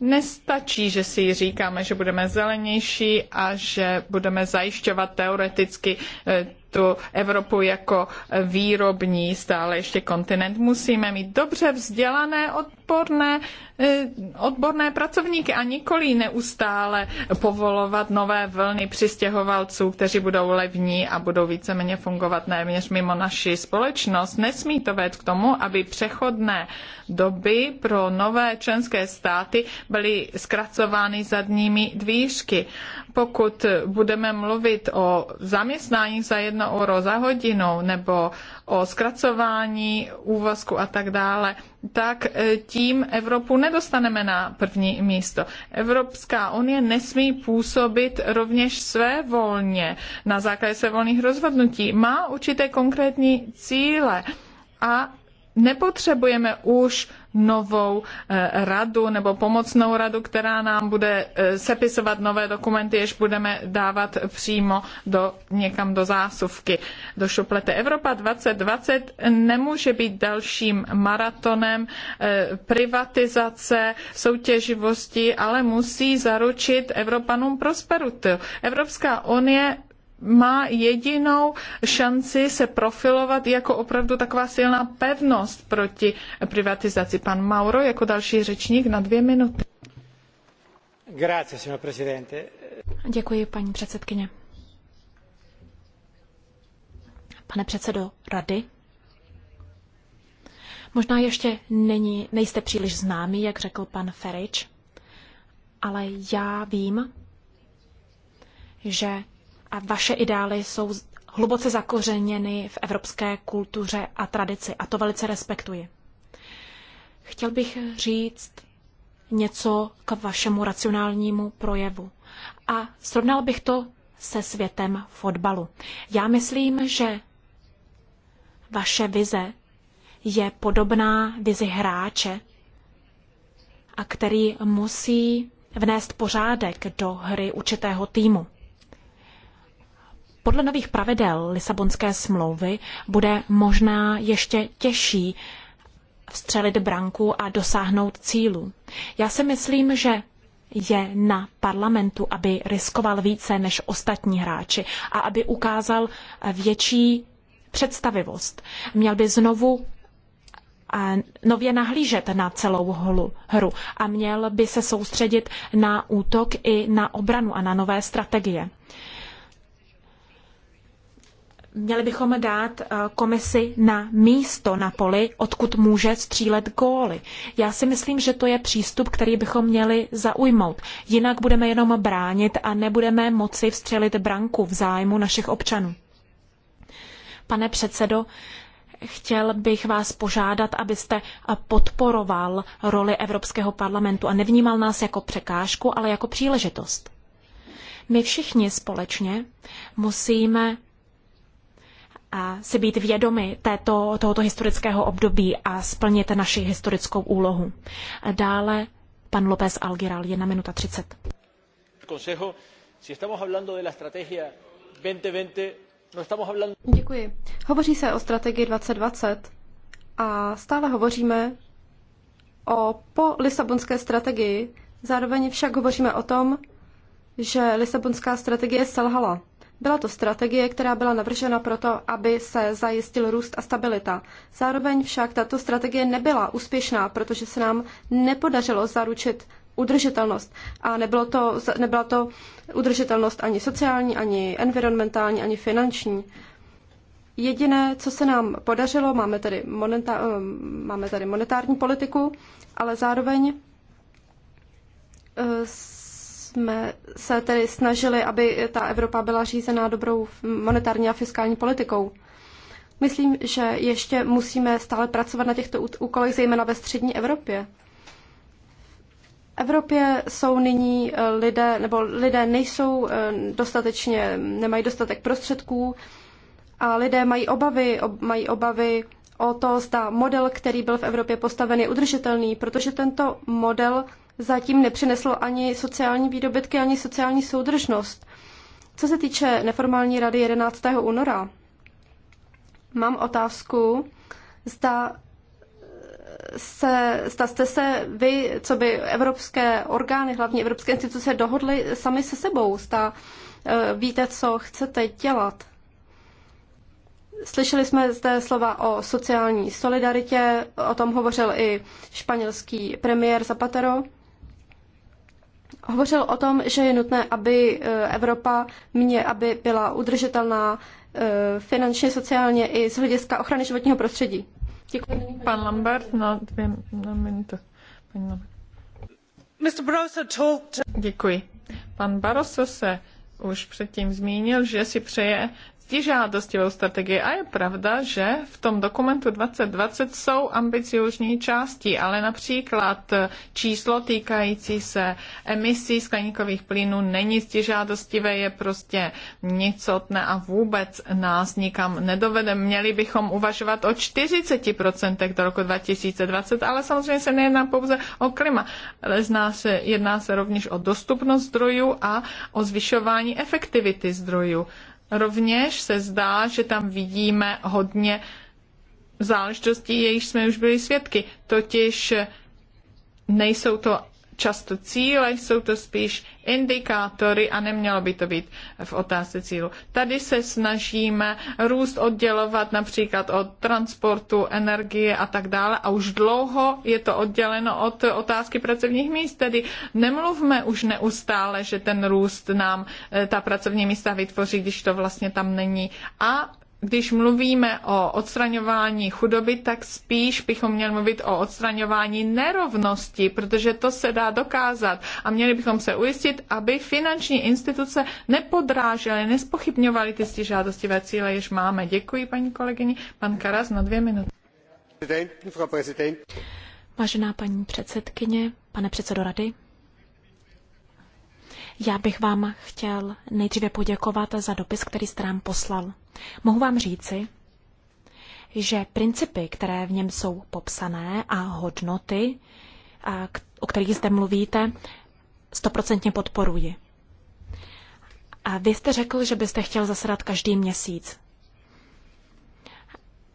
Nestačí, že si říkáme, že budeme zelenější a že budeme zajišťovat teoreticky eh, tu Evropu jako výrobní stále ještě kontinent, musíme mít dobře vzdělané od odborné, eh, odborné pracovníky a nikoli neustále povolovat nové vlny přistěhovalců, kteří budou levní a budou víceméně fungovat téměř mimo naši společnost. Nesmí to vést k tomu, aby přechodné doby pro nové členské státy byly zkracovány zadními dvířky. Pokud budeme mluvit o zaměstnání za jedno euro za hodinu nebo o zkracování úvazku a tak dále, tak e, tím Evropu nedostaneme na první místo. Evropská unie nesmí působit rovněž své volně na základě své volných rozhodnutí. Má určité konkrétní cíle a nepotřebujeme už novou eh, radu nebo pomocnou radu, která nám bude eh, sepisovat nové dokumenty, jež budeme dávat přímo do, někam do zásuvky, do šuplete. Evropa 2020 nemůže být dalším maratonem eh, privatizace, soutěživosti, ale musí zaručit Evropanům prosperitu. Evropská unie má jedinou šanci se profilovat jako opravdu taková silná pevnost proti privatizaci. Pan Mauro jako další řečník na dvě minuty. Děkuji, paní předsedkyně. Pane předsedo rady, možná ještě není, nejste příliš známý, jak řekl pan Ferič, ale já vím, že a vaše ideály jsou hluboce zakořeněny v evropské kultuře a tradici a to velice respektuji. Chtěl bych říct něco k vašemu racionálnímu projevu a srovnal bych to se světem fotbalu. Já myslím, že vaše vize je podobná vizi hráče, a který musí vnést pořádek do hry určitého týmu. Podle nových pravidel Lisabonské smlouvy bude možná ještě těžší vstřelit branku a dosáhnout cílu. Já si myslím, že je na parlamentu, aby riskoval více než ostatní hráči a aby ukázal větší představivost. Měl by znovu a nově nahlížet na celou hru a měl by se soustředit na útok i na obranu a na nové strategie. Měli bychom dát eh, komisi na místo na poli, odkud může střílet góly. Já si myslím, že to je přístup, který bychom měli zaujmout. Jinak budeme jenom bránit a nebudeme moci vstřelit branku v zájmu našich občanů. Pane předsedo, chtěl bych vás požádat, abyste eh, podporoval roli Evropského parlamentu a nevnímal nás jako překážku, ale jako příležitost. My všichni společně musíme si být vědomi této, tohoto historického období a splnit naši historickou úlohu. Dále pan López Algiral, 1 minuta 30. Consejo, si estamos hablando de la estrategia 2020, no estamos hablando... Děkuji. Hovoří se o strategii 2020 a stále hovoříme o po Lisabonské strategii. Zároveň však hovoříme o tom, že Lisabonská strategie selhala. Byla to strategie, která byla navržena proto, aby se zajistil růst a stabilita. Zároveň však tato strategie nebyla úspěšná, protože se nám nepodařilo zaručit udržitelnost. A nebylo to, nebyla to udržitelnost ani sociální, ani environmentální, ani finanční. Jediné, co se nám podařilo, máme tady, moneta, ehm, máme tady monetární politiku, ale zároveň eh, jsme se tedy snažili, aby ta Evropa byla řízená dobrou monetární a fiskální politikou. Myslím, že ještě musíme stále pracovat na těchto úkolech, zejména ve střední Evropě. V Evropě jsou nyní eh, lidé, nebo lidé nejsou eh, dostatečně, nemají dostatek prostředků a lidé mají obavy, mají obavy o to, zda model, který byl v Evropě postaven, je udržitelný, protože tento model zatím nepřineslo ani sociální výdobytky, ani sociální soudržnost. Co se týče neformální rady 11. února, mám otázku, zda se, zda jste se vy, co by evropské orgány, hlavně evropské instituce, dohodli sami se sebou, zda e, víte, co chcete dělat. Slyšeli jsme zde slova o sociální solidaritě, o tom hovořil i španělský premiér Zapatero hovořil o tom, že je nutné, aby e, Evropa mě, aby byla udržitelná e, finančně, sociálně i z hlediska ochrany životního prostředí. Děkuji. Pan Lambert na dvě na minuty. Pani Lambert. Mr. Barroso talked... Děkuji. Pan Barroso se už předtím zmínil, že si přeje stižádostivou strategii. A je pravda, že v tom dokumentu 2020 jsou ambiciozní části, ale například číslo týkající se emisí skleníkových plynů není stižádostivé, je prostě nicotné a vůbec nás nikam nedovede. Měli bychom uvažovat o 40% do roku 2020, ale samozřejmě se nejedná pouze o klima, ale zná se, jedná se rovněž o dostupnost zdrojů a o zvyšování efektivity zdrojů Rovněž se zdá, že tam vidíme hodně záležitostí, jejíž jsme už byli svědky. Totiž nejsou to často cíle, jsou to spíš indikátory a nemělo by to být v otázce cílu. Tady se snažíme růst oddělovat například od transportu, energie a tak dále a už dlouho je to odděleno od otázky pracovních míst, tedy nemluvme už neustále, že ten růst nám eh, ta pracovní místa vytvoří, když to vlastně tam není a když mluvíme o odstraňování chudoby, tak spíš bychom měli mluvit o odstraňování nerovnosti, protože to se dá dokázat a měli bychom se ujistit, aby finanční instituce nepodrážely, nespochybňovaly ty stižádostivé cíle, jež máme. Děkuji, paní kolegyni. Pan Karas na dvě minuty. Vážená paní předsedkyně, pane předsedo rady, já bych vám chtěl nejdříve poděkovat za dopis, který jste nám poslal. Mohu vám říci, že principy, které v něm jsou popsané a hodnoty, a o kterých zde mluvíte, stoprocentně podporuji. A vy jste řekl, že byste chtěl zasedat každý měsíc.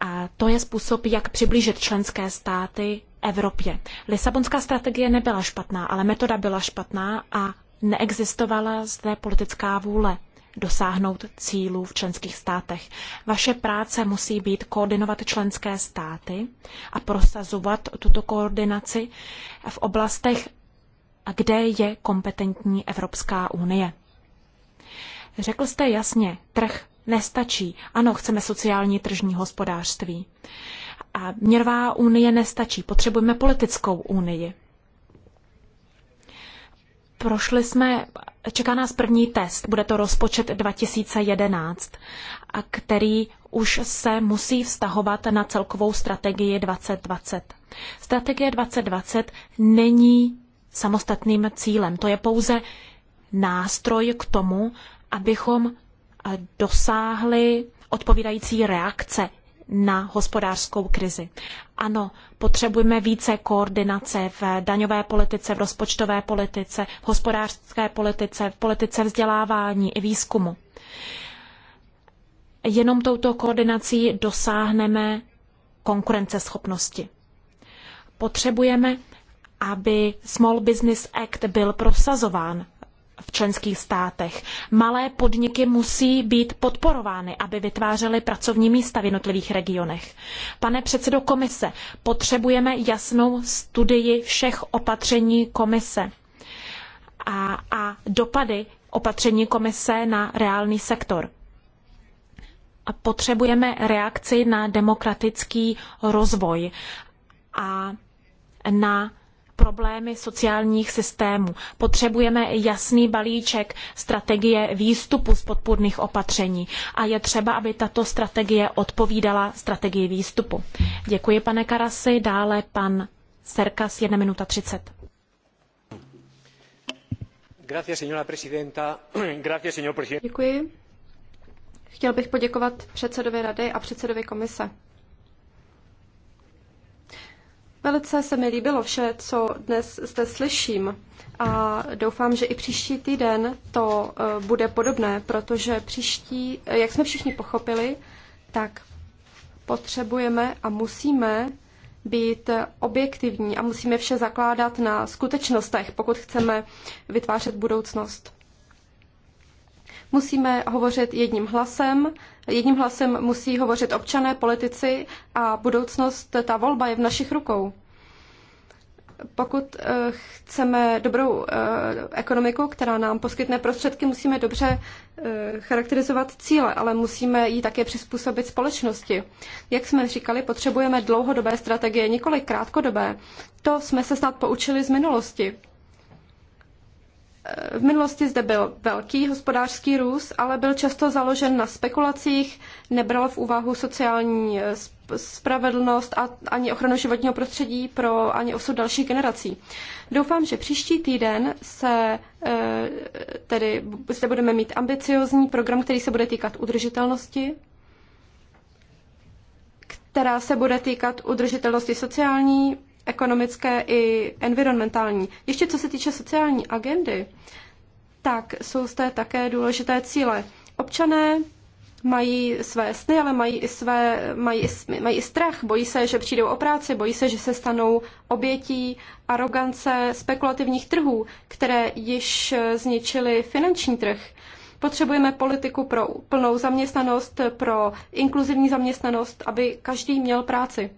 A to je způsob, jak přiblížit členské státy Evropě. Lisabonská strategie nebyla špatná, ale metoda byla špatná a neexistovala zde politická vůle dosáhnout cílů v členských státech. Vaše práce musí být koordinovat členské státy a prosazovat tuto koordinaci v oblastech, kde je kompetentní Evropská unie. Řekl jste jasně, trh nestačí. Ano, chceme sociální tržní hospodářství. A měrová unie nestačí, potřebujeme politickou unii. Prošli jsme, čeká nás první test, bude to rozpočet 2011, a který už se musí vztahovat na celkovou strategii 2020. Strategie 2020 není samostatným cílem, to je pouze nástroj k tomu, abychom eh, dosáhli odpovídající reakce na hospodářskou krizi. Ano, potřebujeme více koordinace v daňové politice, v rozpočtové politice, v hospodářské politice, v politice vzdělávání i výzkumu. Jenom touto koordinací dosáhneme konkurenceschopnosti. Potřebujeme, aby Small Business Act byl prosazován v členských státech. Malé podniky musí být podporovány, aby vytvářely pracovní místa v jednotlivých regionech. Pane předsedo komise, potřebujeme jasnou studii všech opatření komise a, a dopady opatření komise na reálný sektor. A potřebujeme reakci na demokratický rozvoj a na problémy sociálních systémů. Potřebujeme jasný balíček strategie výstupu z podpůrných opatření a je třeba, aby tato strategie odpovídala strategii výstupu. Děkuji, pane Karasi. Dále pan Serkas, 1 minuta 30. Děkuji. Chtěl bych poděkovat předsedovi rady a předsedovi komise. Velice se mi líbilo vše, co dnes zde slyším a doufám, že i příští týden to e, bude podobné, protože příští, e, jak jsme všichni pochopili, tak potřebujeme a musíme být objektivní a musíme vše zakládat na skutečnostech, pokud chceme vytvářet budoucnost. Musíme hovořit jedním hlasem, jedním hlasem musí hovořit občané, politici a budoucnost, ta volba je v našich rukou. Pokud eh, chceme dobrou eh, ekonomiku, která nám poskytne prostředky, musíme dobře eh, charakterizovat cíle, ale musíme ji také přizpůsobit společnosti. Jak jsme říkali, potřebujeme dlouhodobé strategie, nikoli krátkodobé. To jsme se snad poučili z minulosti v minulosti zde byl velký hospodářský růst, ale byl často založen na spekulacích, nebral v úvahu sociální eh, spravedlnost a ani ochranu životního prostředí pro ani osud dalších generací. Doufám, že příští týden se eh, tedy zde budeme mít ambiciozní program, který se bude týkat udržitelnosti, která se bude týkat udržitelnosti sociální, ekonomické i environmentální. Ještě co se týče sociální agendy, tak jsou zde také důležité cíle. Občané mají své sny, ale mají i, své, mají, mají i strach, bojí se, že přijdou o práci, bojí se, že se stanou obětí arogance spekulativních trhů, které již zničily finanční trh. Potřebujeme politiku pro plnou zaměstnanost, pro inkluzivní zaměstnanost, aby každý měl práci.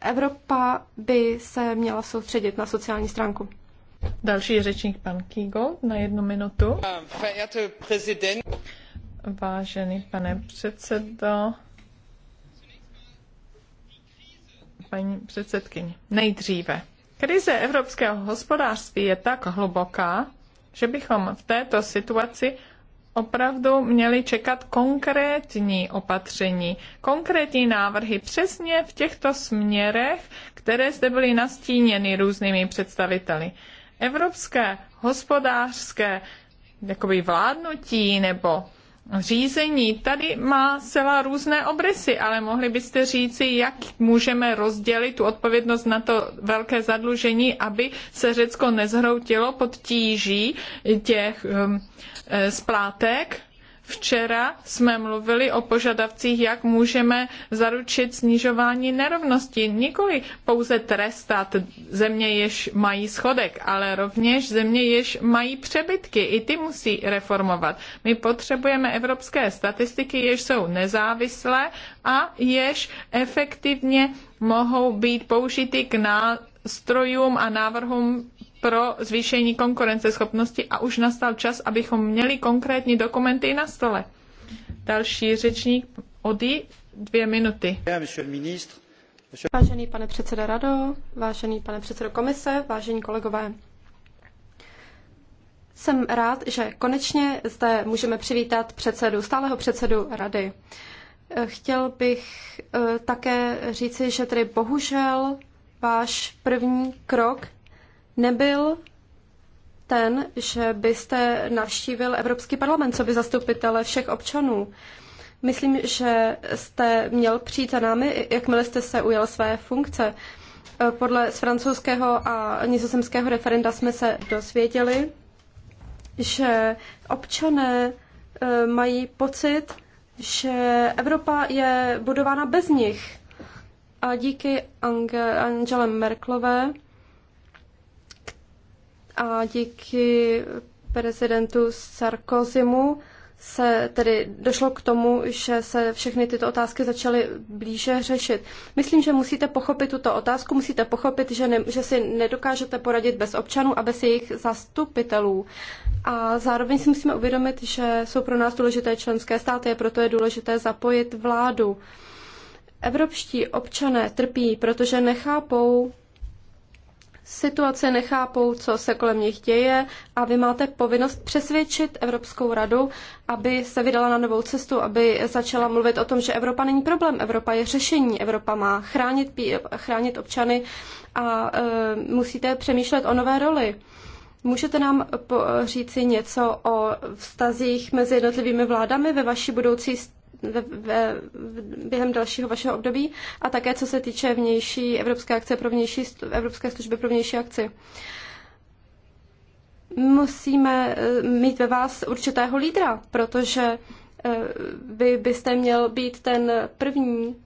Evropa by se měla soustředit na sociální stránku. Další řečník pan Kigo na jednu minutu. Vážený pane předsedo, paní předsedkyně, nejdříve. Krize evropského hospodářství je tak hluboká, že bychom v této situaci opravdu měli čekat konkrétní opatření, konkrétní návrhy přesně v těchto směrech, které zde byly nastíněny různými představiteli. Evropské hospodářské jakoby vládnutí nebo řízení. Tady má celá různé obrysy, ale mohli byste říci, jak můžeme rozdělit tu odpovědnost na to velké zadlužení, aby se Řecko nezhroutilo pod tíží těch um, eh, splátek Včera jsme mluvili o požadavcích, jak můžeme zaručit snižování nerovností. Nikoli pouze trestat země, jež mají schodek, ale rovněž země, jež mají přebytky. I ty musí reformovat. My potřebujeme evropské statistiky, jež jsou nezávislé a jež efektivně mohou být použity k nástrojům a návrhům pro zvýšení konkurenceschopnosti a už nastal čas, abychom měli konkrétní dokumenty na stole. Další řečník odí dvě minuty. Vážený pane předsedo Rado, vážený pane předsedo komise, vážení kolegové. Jsem rád, že konečně zde můžeme přivítat předsedu, stáleho předsedu Rady. Chtěl bych eh, také říci, že tedy bohužel váš první krok nebyl ten, že byste navštívil Evropský parlament, co by zastupitele všech občanů. Myslím, že jste měl přijít za námi, jakmile jste se ujel své funkce. Podle z francouzského a nizozemského referenda jsme se dozvěděli, že občané eh, mají pocit, že Evropa je budována bez nich. A díky Angele Merklové a díky prezidentu Sarkozymu se tedy došlo k tomu, že se všechny tyto otázky začaly blíže řešit. Myslím, že musíte pochopit tuto otázku, musíte pochopit, že, ne, že si nedokážete poradit bez občanů a bez jejich zastupitelů. A zároveň si musíme uvědomit, že jsou pro nás důležité členské státy a proto je důležité zapojit vládu. Evropští občané trpí, protože nechápou situaci, nechápou, co se kolem nich děje a vy máte povinnost přesvědčit Evropskou radu, aby se vydala na novou cestu, aby začala mluvit o tom, že Evropa není problém, Evropa je řešení, Evropa má chránit, chránit občany a e, musíte přemýšlet o nové roli. Můžete nám říci něco o vztazích mezi jednotlivými vládami ve vaší budoucí v, ve, během dalšího vašeho období a také co se týče vnější Evropské akce pro vnější, Evropské služby pro vnější akci. Musíme eh, mít ve vás určitého lídra, protože eh, vy byste měl být ten první,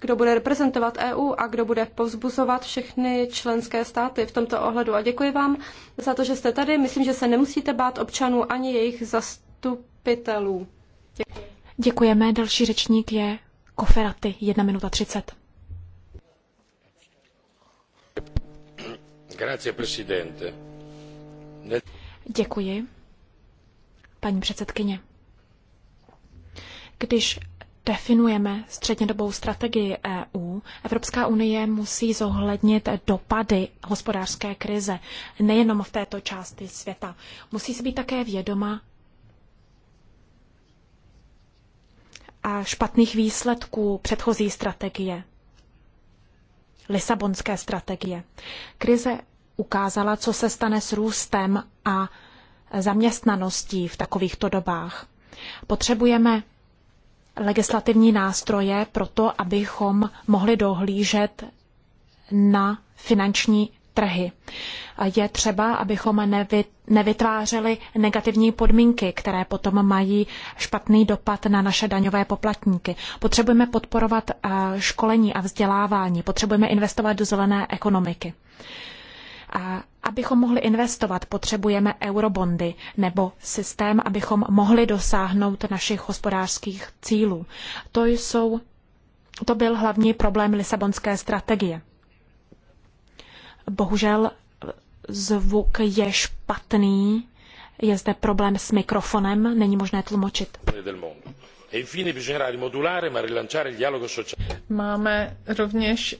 kdo bude reprezentovat EU a kdo bude povzbuzovat všechny členské státy v tomto ohledu. A děkuji vám za to, že jste tady. Myslím, že se nemusíte bát občanů ani jejich zastupitelů. Děkuji. Děkujeme. Další řečník je Koferaty, 1 minuta 30. Grazie, presidente. Ne... Děkuji, paní předsedkyně. Když definujeme střednědobou strategii EU, Evropská unie musí zohlednit dopady hospodářské krize nejenom v této části světa. Musí se být také vědoma a špatných výsledků předchozí strategie, Lisabonské strategie. Krize ukázala, co se stane s růstem a zaměstnaností v takovýchto dobách. Potřebujeme legislativní nástroje pro to, abychom mohli dohlížet na finanční trhy. Je třeba, abychom nevytvářeli negativní podmínky, které potom mají špatný dopad na naše daňové poplatníky. Potřebujeme podporovat eh, školení a vzdělávání, potřebujeme investovat do zelené ekonomiky. A abychom mohli investovat, potřebujeme eurobondy nebo systém, abychom mohli dosáhnout našich hospodářských cílů. To jsou to byl hlavní problém Lisabonské strategie. Bohužel zvuk je špatný, je zde problém s mikrofonem, není možné tlumočit. Máme rovněž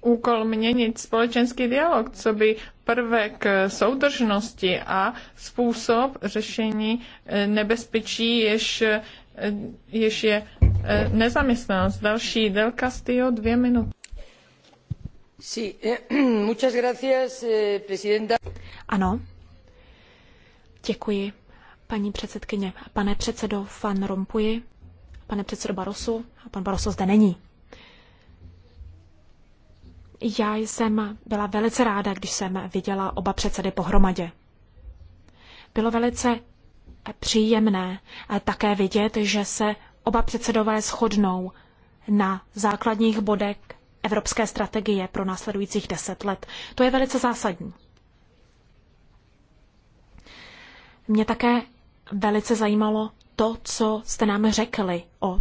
úkol měnit společenský dialog, co by prvek soudržnosti a způsob řešení eh, nebezpečí, jež, eh, jež je eh, nezaměstnanost. Další délka z dvě minuty. (clears throat) Eh, ano. Děkuji, paní předsedkyně. Pane předsedo Van Rompuy, pane předsedo Barosu, a pan Baroso zde není. Já jsem byla velice ráda, když jsem viděla oba předsedy pohromadě. Bylo velice příjemné eh, také vidět, že se oba předsedové shodnou na základních bodech evropské strategie pro následujících deset let. To je velice zásadní. Mě také velice zajímalo to, co jste nám řekli o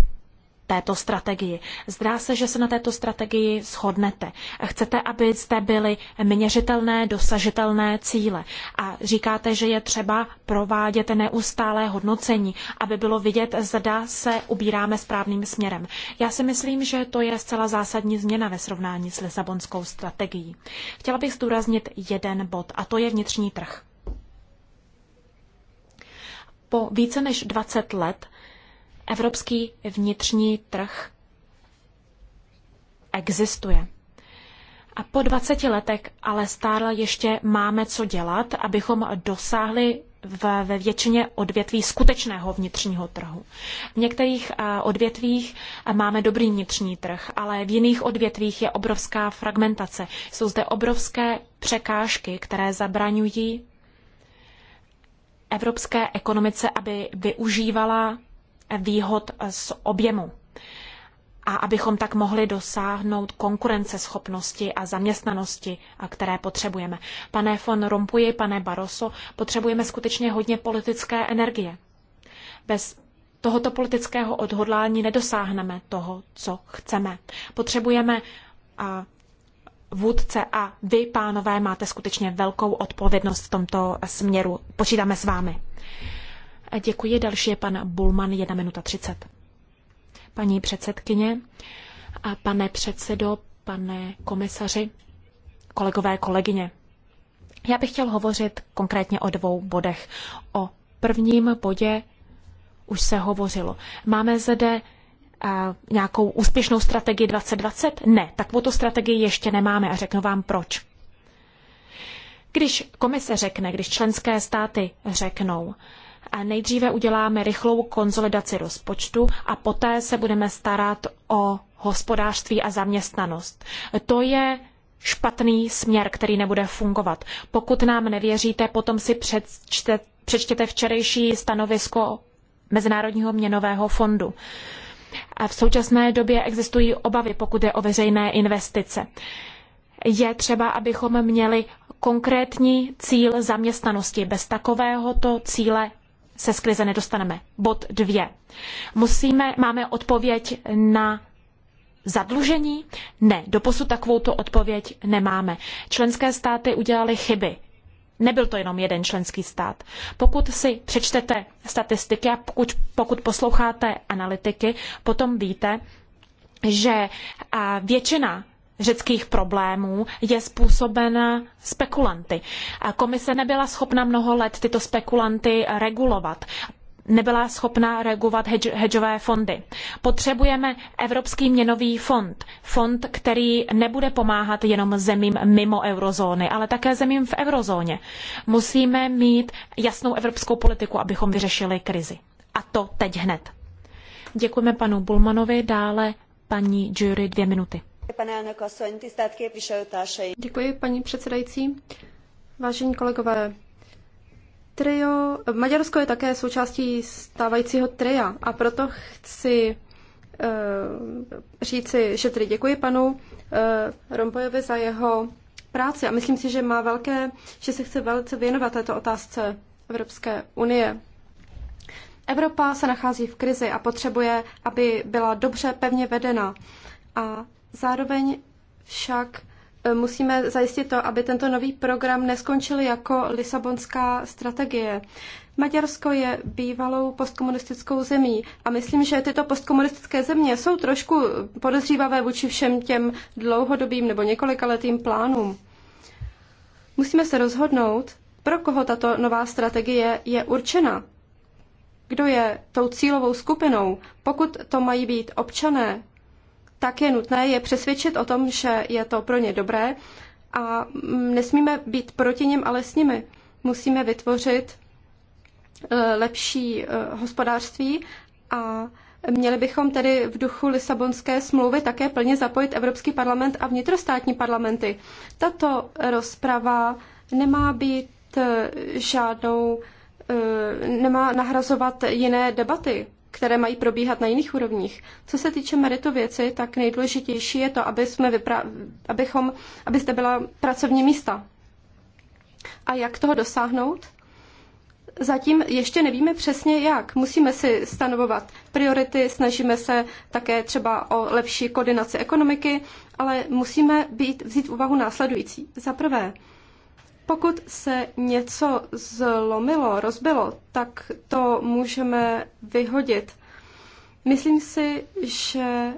této strategii. Zdá se, že se na této strategii shodnete. Chcete, aby zde byly měřitelné, dosažitelné cíle. A říkáte, že je třeba provádět neustálé hodnocení, aby bylo vidět, zda se ubíráme správným směrem. Já si myslím, že to je zcela zásadní změna ve srovnání s Lisabonskou strategií. Chtěla bych zdůraznit jeden bod, a to je vnitřní trh. Po více než 20 let evropský vnitřní trh existuje. A po 20 letech ale stále ještě máme co dělat, abychom dosáhli ve většině odvětví skutečného vnitřního trhu. V některých eh, odvětvích eh, máme dobrý vnitřní trh, ale v jiných odvětvích je obrovská fragmentace. Jsou zde obrovské překážky, které zabraňují evropské ekonomice, aby využívala výhod z objemu a abychom tak mohli dosáhnout konkurenceschopnosti a zaměstnanosti, které potřebujeme. Pane von Rompuji, pane Barroso, potřebujeme skutečně hodně politické energie. Bez tohoto politického odhodlání nedosáhneme toho, co chceme. Potřebujeme a, vůdce a vy, pánové, máte skutečně velkou odpovědnost v tomto směru. Počítáme s vámi děkuji. Další je pan Bulman, 1 minuta 30. Paní předsedkyně, a pane předsedo, pane komisaři, kolegové, kolegyně. Já bych chtěl hovořit konkrétně o dvou bodech. O prvním bodě už se hovořilo. Máme zde a, nějakou úspěšnou strategii 2020? Ne, takovou tu strategii ještě nemáme a řeknu vám proč. Když komise řekne, když členské státy řeknou, Nejdříve uděláme rychlou konsolidaci rozpočtu a poté se budeme starat o hospodářství a zaměstnanost. To je špatný směr, který nebude fungovat. Pokud nám nevěříte, potom si přečte, přečtěte včerejší stanovisko Mezinárodního měnového fondu. A v současné době existují obavy, pokud je o veřejné investice. Je třeba, abychom měli konkrétní cíl zaměstnanosti. Bez takovéhoto cíle se z krize nedostaneme. Bod dvě. Musíme, máme odpověď na zadlužení? Ne, doposud takovou tu odpověď nemáme. Členské státy udělaly chyby. Nebyl to jenom jeden členský stát. Pokud si přečtete statistiky a pokud, pokud posloucháte analytiky, potom víte, že většina řeckých problémů je způsobena spekulanty. Komise nebyla schopna mnoho let tyto spekulanty regulovat. Nebyla schopna regulovat hedžové fondy. Potřebujeme Evropský měnový fond. Fond, který nebude pomáhat jenom zemím mimo eurozóny, ale také zemím v eurozóně. Musíme mít jasnou evropskou politiku, abychom vyřešili krizi. A to teď hned. Děkujeme panu Bulmanovi, dále paní Jury dvě minuty. Děkuji, paní předsedající. Vážení kolegové, trio, Maďarsko je také součástí stávajícího tria a proto chci uh, říci, že tedy děkuji panu uh, za jeho práci a myslím si, že má velké, že se chce velice věnovat této otázce Evropské unie. Evropa se nachází v krizi a potřebuje, aby byla dobře pevně vedena. A Zároveň však e, musíme zajistit to, aby tento nový program neskončil jako Lisabonská strategie. Maďarsko je bývalou postkomunistickou zemí a myslím, že tyto postkomunistické země jsou trošku podezřívavé vůči všem těm dlouhodobým nebo několikaletým plánům. Musíme se rozhodnout, pro koho tato nová strategie je určena. Kdo je tou cílovou skupinou? Pokud to mají být občané, tak je nutné je přesvědčit o tom, že je to pro ně dobré a nesmíme být proti něm, ale s nimi. Musíme vytvořit eh, lepší eh, hospodářství a Měli bychom tedy v duchu Lisabonské smlouvy také plně zapojit Evropský parlament a vnitrostátní parlamenty. Tato rozprava nemá být eh, žádnou, nemá nahrazovat jiné debaty které mají probíhat na jiných úrovních. Co se týče meritu věci, tak nejdůležitější je to, aby jsme vypra- abychom, abyste byla pracovní místa. A jak toho dosáhnout? Zatím ještě nevíme přesně jak. Musíme si stanovovat priority, snažíme se také třeba o lepší koordinaci ekonomiky, ale musíme být, vzít v úvahu následující. Za prvé, pokud se něco zlomilo, rozbilo, tak to můžeme vyhodit. Myslím si, že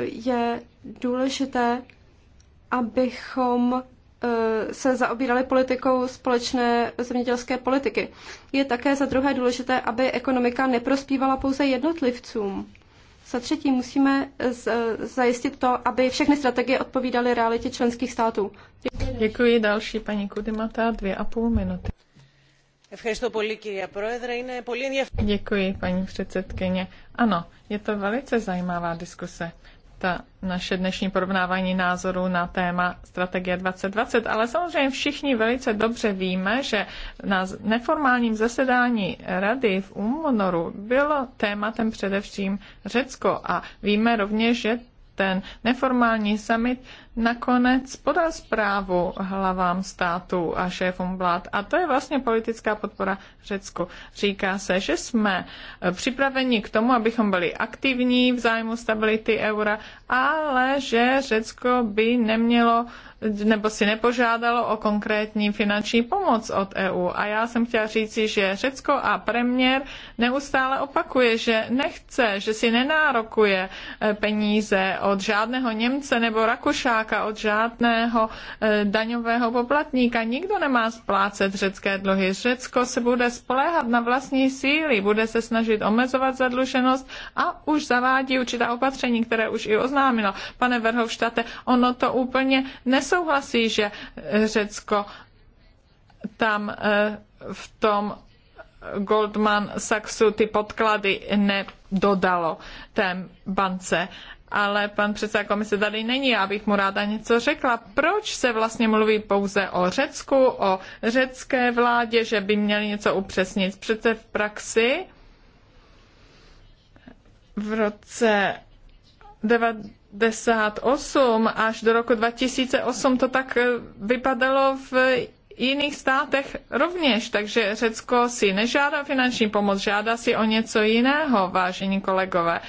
je důležité, abychom eh, se zaobírali politikou společné zemědělské politiky. Je také za druhé důležité, aby ekonomika neprospívala pouze jednotlivcům. Za třetí musíme eh, zajistit to, aby všechny strategie odpovídaly realitě členských států. Děkuji další paní Kudimata, dvě a půl minuty. Děkuji, paní předsedkyně. Ano, je to velice zajímavá diskuse ta naše dnešní porovnávání názorů na téma strategie 2020, ale samozřejmě všichni velice dobře víme, že na neformálním zasedání rady v únoru bylo tématem především Řecko a víme rovněž, že ten neformální summit nakonec podal zprávu hlavám států a šéfům vlád. A to je vlastně politická podpora Řecku. Říká se, že jsme eh, připraveni k tomu, abychom byli aktivní v zájmu stability eura, ale že Řecko by nemělo nebo si nepožádalo o konkrétní finanční pomoc od EU. A já jsem chtěla říci, že Řecko a premiér neustále opakuje, že nechce, že si nenárokuje eh, peníze od žádného Němce nebo Rakušáka, Slováka, od žádného eh, daňového poplatníka. Nikdo nemá splácet řecké dluhy. Řecko se bude spoléhat na vlastní síly, bude se snažit omezovat zadluženost a už zavádí určitá opatření, které už i oznámila. Pane Verhofštate, ono to úplně nesouhlasí, že Řecko tam eh, v tom Goldman Sachsu ty podklady nedodalo té bance ale pan předseda komise tady není, já bych mu ráda něco řekla. Proč se vlastně mluví pouze o Řecku, o řecké vládě, že by měli něco upřesnit? Přece v praxi v roce 98 až do roku 2008 to tak vypadalo v jiných státech rovněž, takže Řecko si nežádá finanční pomoc, žádá si o něco jiného, vážení kolegové.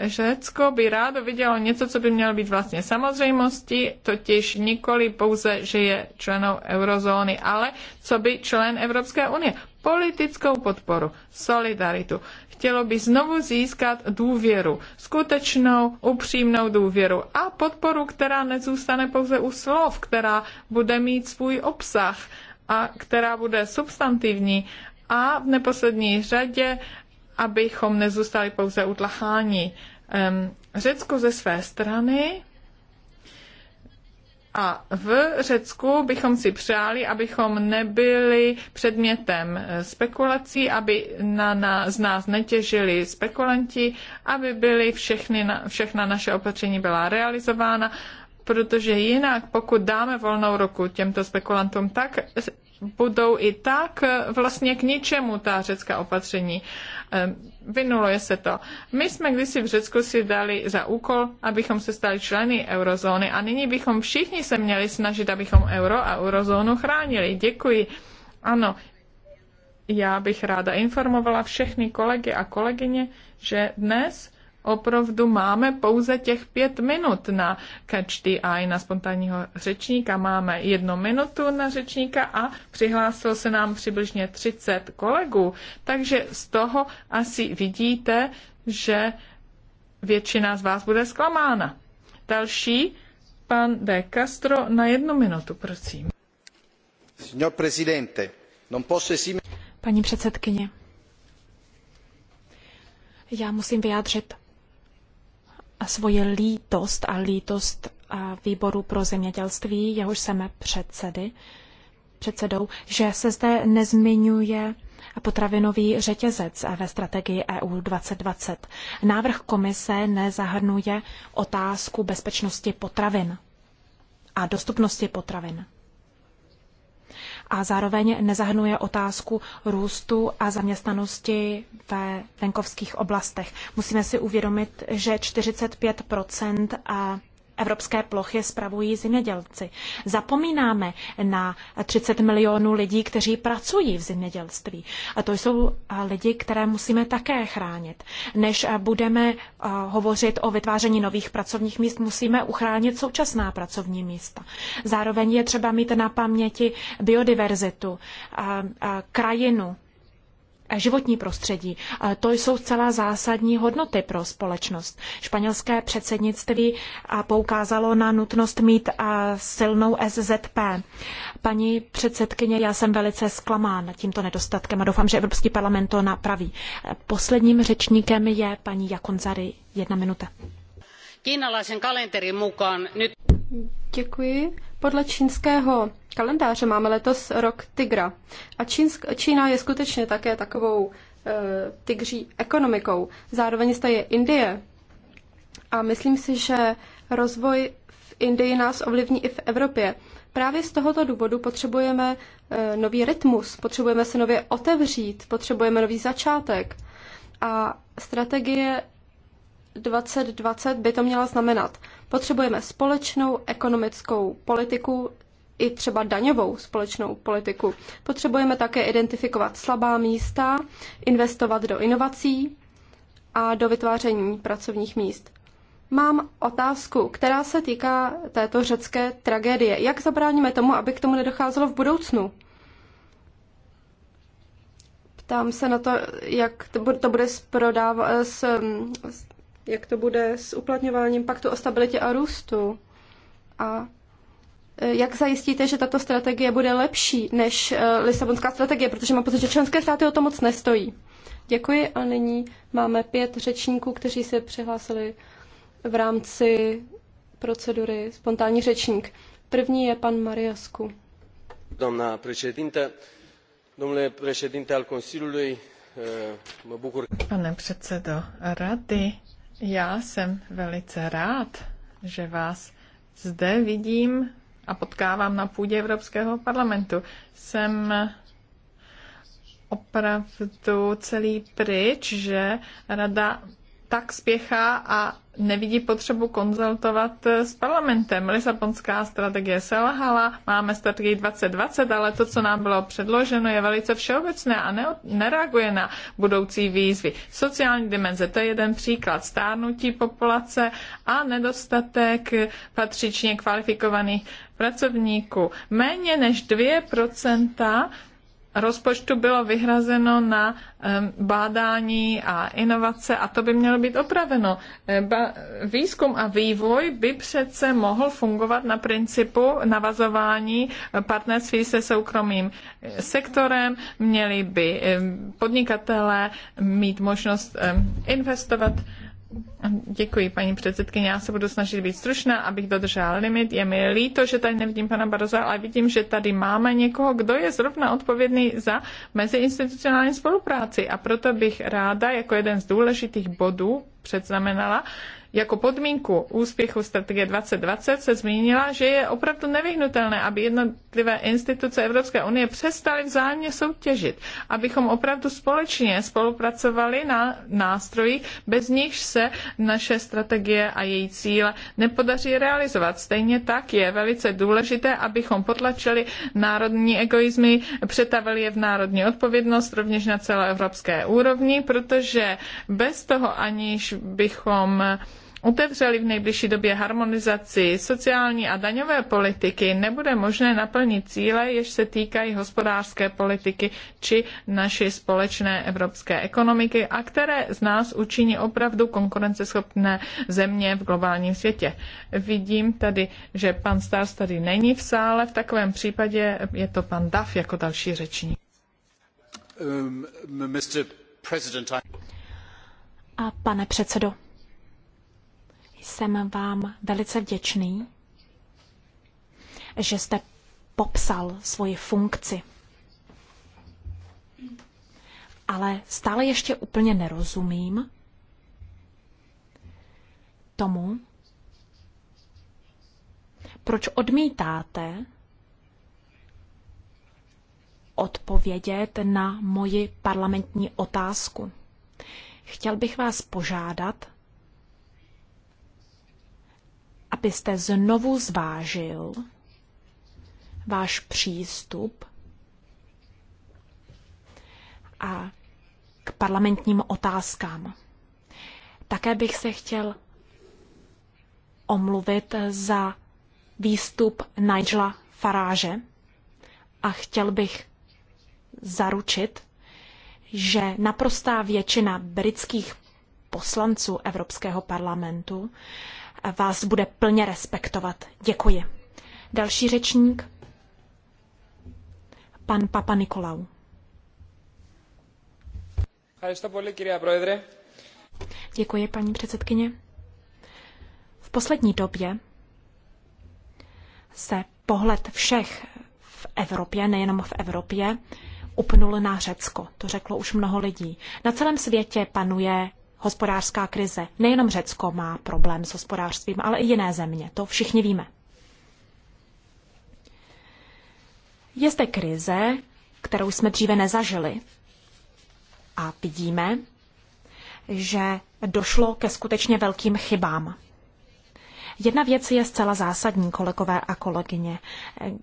Řecko by rádo vidělo něco, co by mělo být vlastně samozřejmostí, totiž nikoli pouze, že je členou eurozóny, ale co by člen Evropské unie. Politickou podporu, solidaritu chtělo by znovu získat důvěru, skutečnou, upřímnou důvěru a podporu, která nezůstane pouze u slov, která bude mít svůj obsah a která bude substantivní a v neposlední řadě, abychom nezůstali pouze u tlachání. Ehm, Řecko ze své strany a v Řecku bychom si přáli, abychom nebyli předmětem eh, spekulací, aby na na z nás netěžili spekulanti, aby byly všechny, všechna naše opatření byla realizována, protože jinak, pokud dáme volnou ruku těmto spekulantům, tak budou i tak eh, vlastně k ničemu ta řecká opatření. Ehm, vynuluje se to. My jsme kdysi v Řecku si dali za úkol, abychom se stali členy eurozóny a nyní bychom všichni se měli snažit, abychom euro a eurozónu chránili. Děkuji. Ano, já bych ráda informovala všechny kolegy a kolegyně, že dnes opravdu máme pouze těch pět minut na každý a i na spontánního řečníka. Máme jednu minutu na řečníka a přihlásilo se nám přibližně 30 kolegů. Takže z toho asi vidíte, že většina z vás bude zklamána. Další, pan De Castro, na jednu minutu, prosím. Signor Presidente, non posso esim... Paní předsedkyně, já musím vyjádřit svoji lítost a lítost výboru pro zemědělství, jehož jsem předsedy, předsedou, že se zde nezmiňuje potravinový řetězec ve strategii EU 2020. Návrh komise nezahrnuje otázku bezpečnosti potravin a dostupnosti potravin a zároveň nezahrnuje otázku růstu a zaměstnanosti ve venkovských oblastech. Musíme si uvědomit, že 45 a evropské plochy spravují zemědělci. Zapomínáme na 30 milionů lidí, kteří pracují v zemědělství. A to jsou eh, lidi, které musíme také chránit. Než eh, budeme eh, hovořit o vytváření nových pracovních míst, musíme uchránit současná pracovní místa. Zároveň je třeba mít na paměti biodiverzitu, krajinu, životní prostředí. To jsou zcela zásadní hodnoty pro společnost. Španělské předsednictví poukázalo na nutnost mít silnou SZP. Paní předsedkyně, já jsem velice zklamán tímto nedostatkem a doufám, že Evropský parlament to napraví. Posledním řečníkem je paní Jakonzary. Jedna minuta. Kiinalaisen kalenterin mukaan nyt... Děkuji. Podle čínského kalendáře máme letos rok tygra. A Čínsk, Čína je skutečně také takovou e, tygří ekonomikou. Zároveň zde je Indie. A myslím si, že rozvoj v Indii nás ovlivní i v Evropě. Právě z tohoto důvodu potřebujeme e, nový rytmus, potřebujeme se nově otevřít, potřebujeme nový začátek. A strategie 2020 by to měla znamenat. Potřebujeme společnou ekonomickou politiku, i třeba daňovou společnou politiku. Potřebujeme také identifikovat slabá místa, investovat do inovací a do vytváření pracovních míst. Mám otázku, která se týká této řecké tragédie. Jak zabráníme tomu, aby k tomu nedocházelo v budoucnu? Ptám se na to, jak to bude s, prodáv- s, s jak to bude s uplatňováním paktu o stabilitě a růstu a e, jak zajistíte, že tato strategie bude lepší než e, Lisabonská strategie, protože mám pocit, že členské státy o to moc nestojí. Děkuji a nyní máme pět řečníků, kteří se přihlásili v rámci procedury spontánní řečník. První je pan Mariasku. Doamna președinte, domnule președinte al Consiliului, e, mă bucur. Pane předsedo rady, já jsem velice rád, že vás zde vidím a potkávám na půdě Evropského parlamentu. Jsem opravdu celý pryč, že rada tak spěchá a nevidí potřebu konzultovat eh, s parlamentem. Lisabonská strategie selhala, máme strategii 2020, ale to, co nám bylo předloženo, je velice všeobecné a nereaguje na budoucí výzvy. Sociální dimenze, to je jeden příklad stárnutí populace a nedostatek patřičně kvalifikovaných pracovníků. Méně než 2% rozpočtu bylo vyhrazeno na bádání a inovace a to by mělo být opraveno. E, výzkum a vývoj by přece mohl fungovat na principu navazování partnerství se soukromým e, sektorem, měli by podnikatelé mít možnost investovat Děkuji, paní předsedkyně. Já se budu snažit být stručná, abych dodržela limit. Je mi líto, že tady nevidím pana Baroza, ale vidím, že tady máme někoho, kdo je zrovna odpovědný za meziinstitucionální spolupráci. A proto bych ráda jako jeden z důležitých bodů předznamenala, jako podmínku úspěchu strategie 2020 se zmínila, že je opravdu nevyhnutelné, aby jednotlivé instituce Evropské unie přestaly vzájemně soutěžit, abychom opravdu společně spolupracovali na nástrojích, bez nichž se naše strategie a její cíle nepodaří realizovat. Stejně tak je velice důležité, abychom potlačili národní egoizmy, přetavili je v národní odpovědnost rovněž na celoevropské úrovni, protože bez toho aniž bychom otevřeli v nejbližší době harmonizaci sociální a daňové politiky, nebude možné naplnit cíle, jež se týkají hospodářské politiky či naší společné evropské ekonomiky a které z nás učiní opravdu konkurenceschopné země v globálním světě. Vidím tady, že pan Stars tady není v sále, v takovém případě je to pan Duff jako další řečník. Um, A pane předsedo, jsem vám velice vděčný, že jste popsal svoji funkci. Ale stále ještě úplně nerozumím tomu, proč odmítáte odpovědět na moji parlamentní otázku. Chtěl bych vás požádat, abyste znovu zvážil váš přístup a k parlamentním otázkám. Také bych se chtěl omluvit za výstup Nigela Faráže a chtěl bych zaručit, že naprostá většina britských poslanců Evropského parlamentu vás bude plně respektovat. Děkuji. Další řečník, pan Papa Nikolau. Děkuji, paní předsedkyně. V poslední době se pohled všech v Evropě, nejenom v Evropě, upnul na Řecko. To řeklo už mnoho lidí. Na celém světě panuje hospodářská krize. Nejenom Řecko má problém s hospodářstvím, ale i jiné země. To všichni víme. Je zde krize, kterou jsme dříve nezažili. A vidíme, že došlo ke skutečně velkým chybám. Jedna věc je zcela zásadní, kolegové a kolegyně.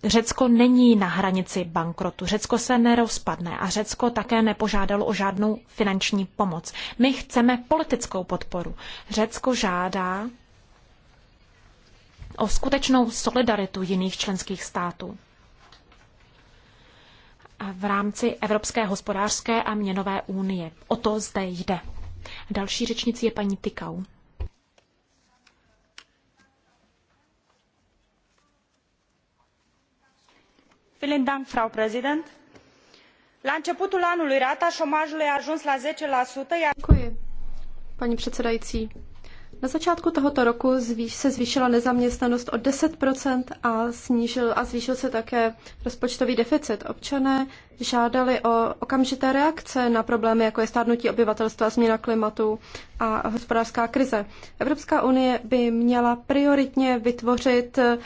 Řecko není na hranici bankrotu. Řecko se nerozpadne a Řecko také nepožádalo o žádnou finanční pomoc. My chceme politickou podporu. Řecko žádá o skutečnou solidaritu jiných členských států v rámci Evropské hospodářské a měnové unie. O to zde jde. Další řečnicí je paní Tykau. la începutul anului rata omajului a ajuns la zece iar... paní předsedající. Na začátku tohoto roku se zvýšila nezaměstnanost o 10% a, snížil, a zvýšil se také rozpočtový deficit. Občané žádali o okamžité reakce na problémy, jako je stárnutí obyvatelstva, změna klimatu a hospodářská krize. Evropská unie by měla prioritně vytvořit, eh,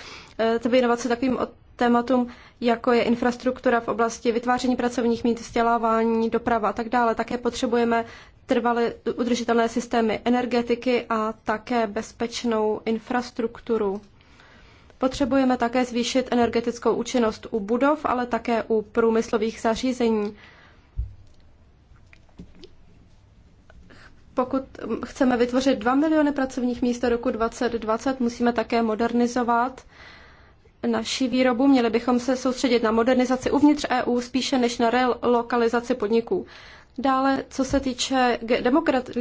věnovat se takovým tématům, jako je infrastruktura v oblasti vytváření pracovních míst, vzdělávání, doprava a tak dále. Také potřebujeme trvale udržitelné systémy energetiky a také bezpečnou infrastrukturu. Potřebujeme také zvýšit energetickou účinnost u budov, ale také u průmyslových zařízení. Pokud chceme vytvořit 2 miliony pracovních míst do roku 2020, musíme také modernizovat naší výrobu, měli bychom se soustředit na modernizaci uvnitř EU spíše než na relokalizaci podniků. Dále, co se týče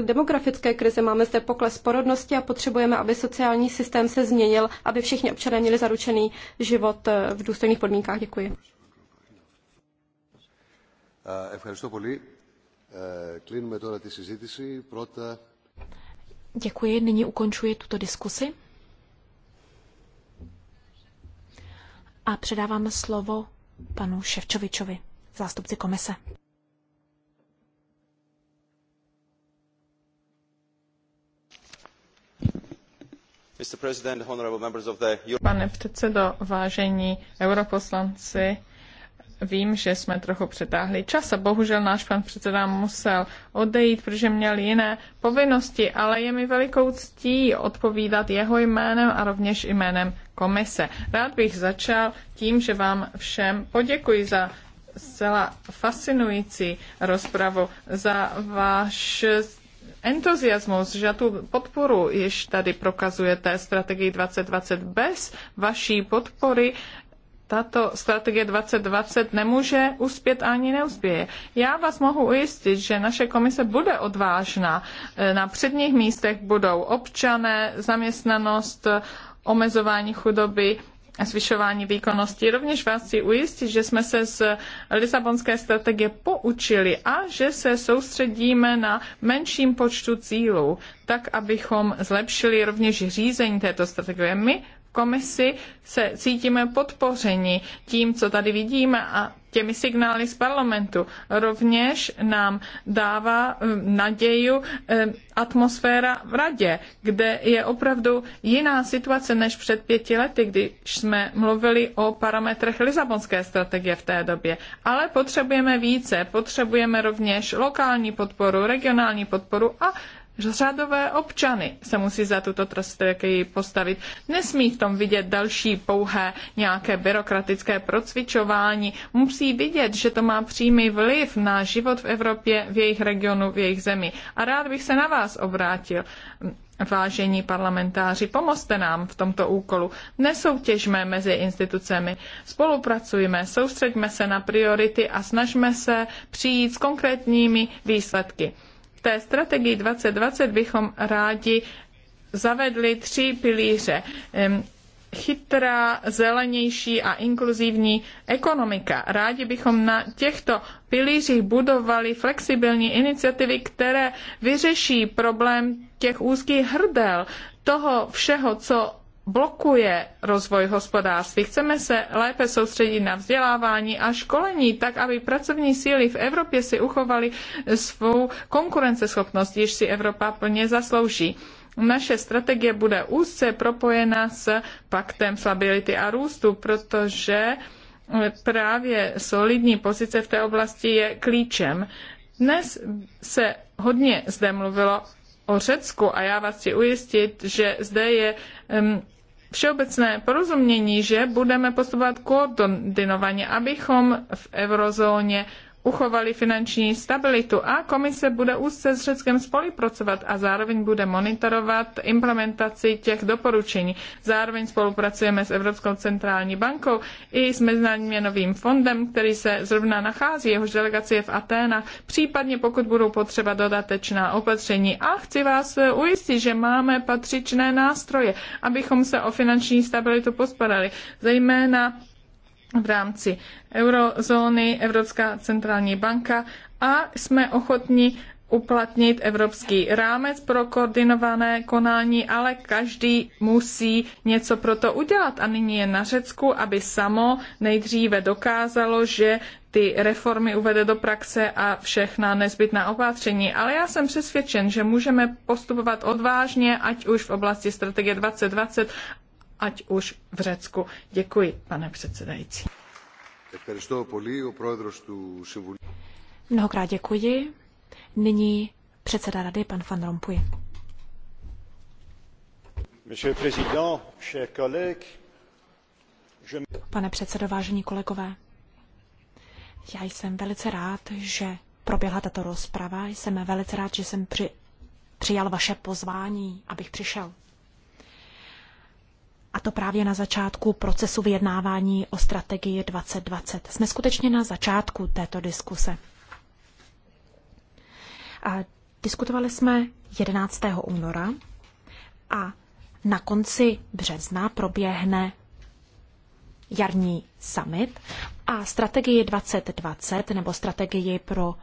demografické krize, máme zde pokles porodnosti a potřebujeme, aby sociální systém se změnil, aby všichni občané měli zaručený život eh, v důstojných podmínkách. Děkuji. Eh, Děkuji, nyní ukončuji tuto diskusi. A předávám slovo panu Ševčovičovi, zástupci komise. Pane předsedo, vážení europoslanci, Vím, že jsme trochu přetáhli čas a bohužel náš pan předseda musel odejít, protože měl jiné povinnosti, ale je mi velikou ctí odpovídat jeho jménem a rovněž jménem komise. Rád bych začal tím, že vám všem poděkuji za zcela fascinující rozpravu, za váš entuziasmus, že tu podporu, jež tady prokazujete strategii 2020 bez vaší podpory, tato strategie 2020 nemůže uspět ani neuspěje. Já vás mohu ujistit, že naše komise bude odvážná. E, na předních místech budou občané, zaměstnanost, omezování chudoby, zvyšování výkonnosti. Rovněž vás chci ujistit, že jsme se z Lisabonské strategie poučili a že se soustředíme na menším počtu cílů, tak abychom zlepšili rovněž řízení této strategie. My komisi se cítíme podpořeni tím, co tady vidíme a těmi signály z parlamentu. Rovněž nám dává hm, naději hm, atmosféra v radě, kde je opravdu jiná situace než před pěti lety, když jsme mluvili o parametrech Lisabonské strategie v té době. Ale potřebujeme více, potřebujeme rovněž lokální podporu, regionální podporu a řadové občany se musí za tuto tragédii postavit. Nesmí v tom vidět další pouhé nějaké byrokratické procvičování. Musí vidět, že to má přímý vliv na život v Evropě, v jejich regionu, v jejich zemi. A rád bych se na vás obrátil. Vážení parlamentáři, pomozte nám v tomto úkolu. Nesoutěžme mezi institucemi, spolupracujme, soustřeďme se na priority a snažme se přijít s konkrétními výsledky té strategii 2020 bychom rádi zavedli tři pilíře. Chytrá, zelenější a inkluzivní ekonomika. Rádi bychom na těchto pilířích budovali flexibilní iniciativy, které vyřeší problém těch úzkých hrdel, toho všeho, co blokuje rozvoj hospodářství. Chceme se lépe soustředit na vzdělávání a školení, tak aby pracovní síly v Evropě si uchovaly svou konkurenceschopnost, již si Evropa plně zaslouží. Naše strategie bude úzce propojena s paktem stability a růstu, protože právě solidní pozice v té oblasti je klíčem. Dnes se hodně zde mluvilo o Řecku a já vás chci ujistit, že zde je um, všeobecné porozumění, že budeme postupovat koordinovaně, abychom v eurozóně uchovali finanční stabilitu a komise bude úzce s Řeckem spolupracovat a zároveň bude monitorovat implementaci těch doporučení. Zároveň spolupracujeme s Evropskou centrální bankou i s Mezinárodním měnovým fondem, který se zrovna nachází, jehož delegace je v Aténách, případně pokud budou potřeba dodatečná opatření. A chci vás ujistit, že máme patřičné nástroje, abychom se o finanční stabilitu postarali, zejména v rámci eurozóny, Evropská centrální banka a jsme ochotni uplatnit evropský rámec pro koordinované konání, ale každý musí něco pro to udělat. A nyní je na Řecku, aby samo nejdříve dokázalo, že ty reformy uvede do praxe a všechna nezbytná opatření. Ale já jsem přesvědčen, že můžeme postupovat odvážně, ať už v oblasti strategie 2020, ať už v Řecku. Děkuji, pane předsedající. Mnohokrát děkuji. Nyní předseda rady, pan Van Rompuy. Pane předsedo, vážení kolegové, já jsem velice rád, že proběhla tato rozprava. Jsem velice rád, že jsem při, přijal vaše pozvání, abych přišel. A to právě na začátku procesu vyjednávání o strategii 2020. Jsme skutečně na začátku této diskuse. A diskutovali jsme 11. února a na konci března proběhne jarní summit a strategii 2020 nebo strategii pro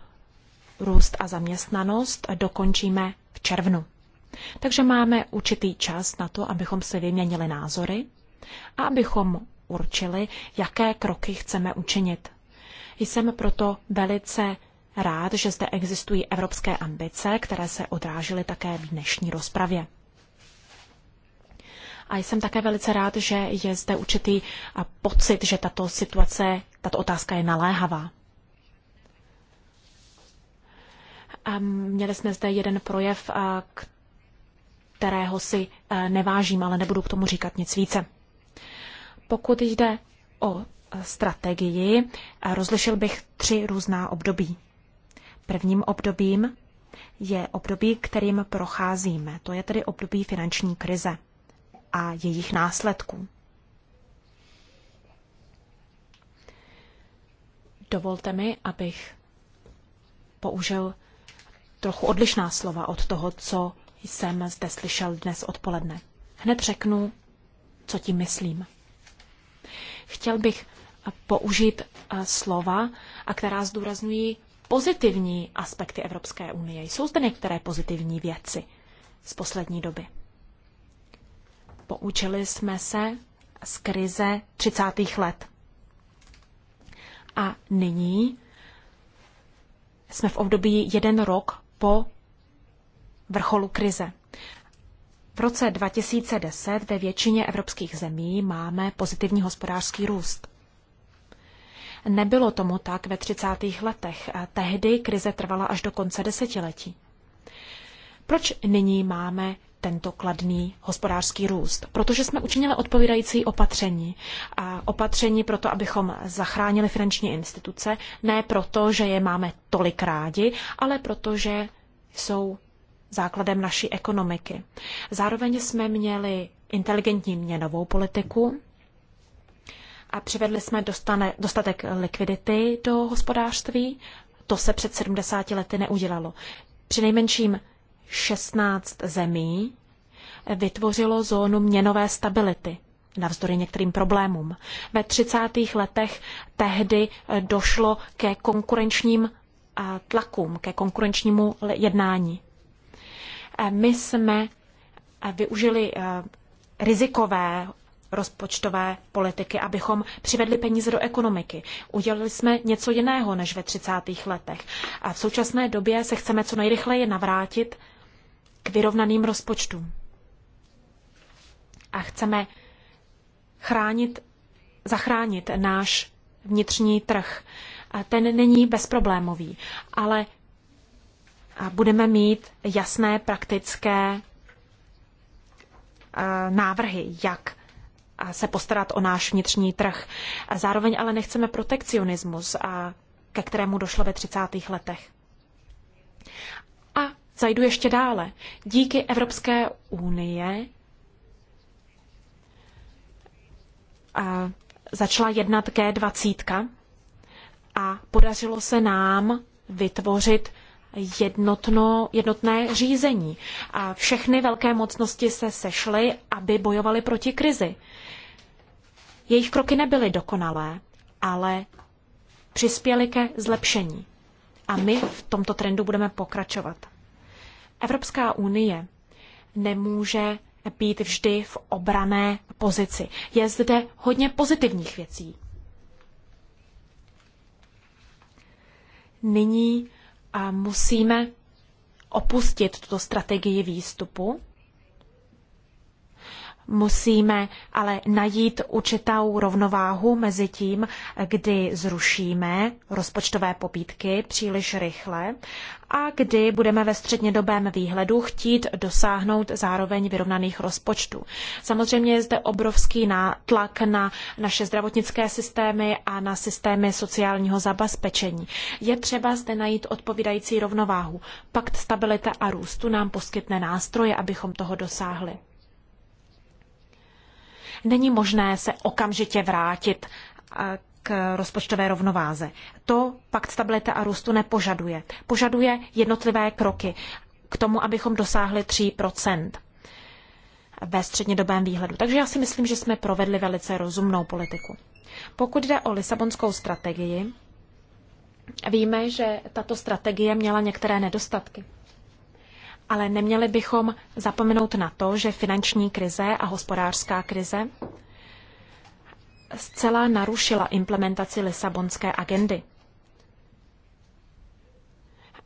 růst a zaměstnanost dokončíme v červnu. Takže máme určitý čas na to, abychom si vyměnili názory a abychom určili, jaké kroky chceme učinit. Jsem proto velice rád, že zde existují evropské ambice, které se odrážily také v dnešní rozpravě. A jsem také velice rád, že je zde určitý pocit, že tato situace, tato otázka je naléhavá. A měli jsme zde jeden projev, kterého si eh, nevážím, ale nebudu k tomu říkat nic více. Pokud jde o eh, strategii, eh, rozlišil bych tři různá období. Prvním obdobím je období, kterým procházíme. To je tedy období finanční krize a jejich následků. Dovolte mi, abych použil trochu odlišná slova od toho, co jsem zde slyšel dnes odpoledne. Hned řeknu, co tím myslím. Chtěl bych použít eh, slova, a která zdůrazňují pozitivní aspekty Evropské unie. Jsou zde některé pozitivní věci z poslední doby. Poučili jsme se z krize 30. let. A nyní jsme v období jeden rok po vrcholu krize. V roce 2010 ve většině evropských zemí máme pozitivní hospodářský růst. Nebylo tomu tak ve 30. letech. Tehdy krize trvala až do konce desetiletí. Proč nyní máme tento kladný hospodářský růst? Protože jsme učinili odpovídající opatření. A opatření proto, abychom zachránili finanční instituce, ne proto, že je máme tolik rádi, ale protože jsou základem naší ekonomiky. Zároveň jsme měli inteligentní měnovou politiku a přivedli jsme dostane, dostatek likvidity do hospodářství. To se před 70 lety neudělalo. Při nejmenším 16 zemí vytvořilo zónu měnové stability navzdory některým problémům. Ve 30. letech tehdy došlo ke konkurenčním tlakům, ke konkurenčnímu jednání. Eh, my jsme eh, využili eh, rizikové rozpočtové politiky, abychom přivedli peníze do ekonomiky. Udělali jsme něco jiného než ve 30. letech. A v současné době se chceme co nejrychleji navrátit k vyrovnaným rozpočtům. A chceme chránit, zachránit náš vnitřní trh. A ten není bezproblémový, ale budeme mít jasné praktické eh, návrhy, jak eh, se postarat o náš vnitřní trh. Zároveň ale nechceme protekcionismus, eh, ke kterému došlo ve 30. letech. A zajdu ještě dále. Díky Evropské unie začala jednat G20 a podařilo se nám vytvořit jednotno, jednotné řízení. A všechny velké mocnosti se sešly, aby bojovaly proti krizi. Jejich kroky nebyly dokonalé, ale přispěly ke zlepšení. A my v tomto trendu budeme pokračovat. Evropská unie nemůže být vždy v obrané pozici. Je zde hodně pozitivních věcí. Nyní a musíme opustit tuto strategii výstupu Musíme ale najít určitou rovnováhu mezi tím, kdy zrušíme rozpočtové pobídky příliš rychle a kdy budeme ve střednědobém výhledu chtít dosáhnout zároveň vyrovnaných rozpočtů. Samozřejmě je zde obrovský nátlak na naše zdravotnické systémy a na systémy sociálního zabezpečení. Je třeba zde najít odpovídající rovnováhu. Pakt stabilita a růstu nám poskytne nástroje, abychom toho dosáhli není možné se okamžitě vrátit eh, k rozpočtové rovnováze. To pakt stability a růstu nepožaduje. Požaduje jednotlivé kroky k tomu, abychom dosáhli 3 ve střednědobém výhledu. Takže já si myslím, že jsme provedli velice rozumnou politiku. Pokud jde o Lisabonskou strategii, víme, že tato strategie měla některé nedostatky ale neměli bychom zapomenout na to, že finanční krize a hospodářská krize zcela narušila implementaci Lisabonské agendy.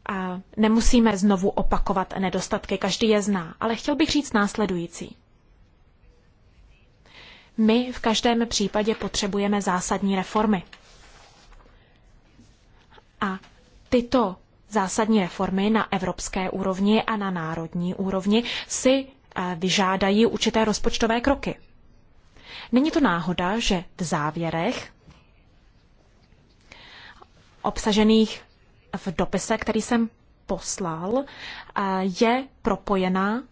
A nemusíme znovu opakovat nedostatky, každý je zná, ale chtěl bych říct následující. My v každém případě potřebujeme zásadní reformy. A tyto zásadní reformy na evropské úrovni a na národní úrovni si eh, vyžádají určité rozpočtové kroky. Není to náhoda, že v závěrech obsažených v dopise, který jsem poslal, eh, je propojená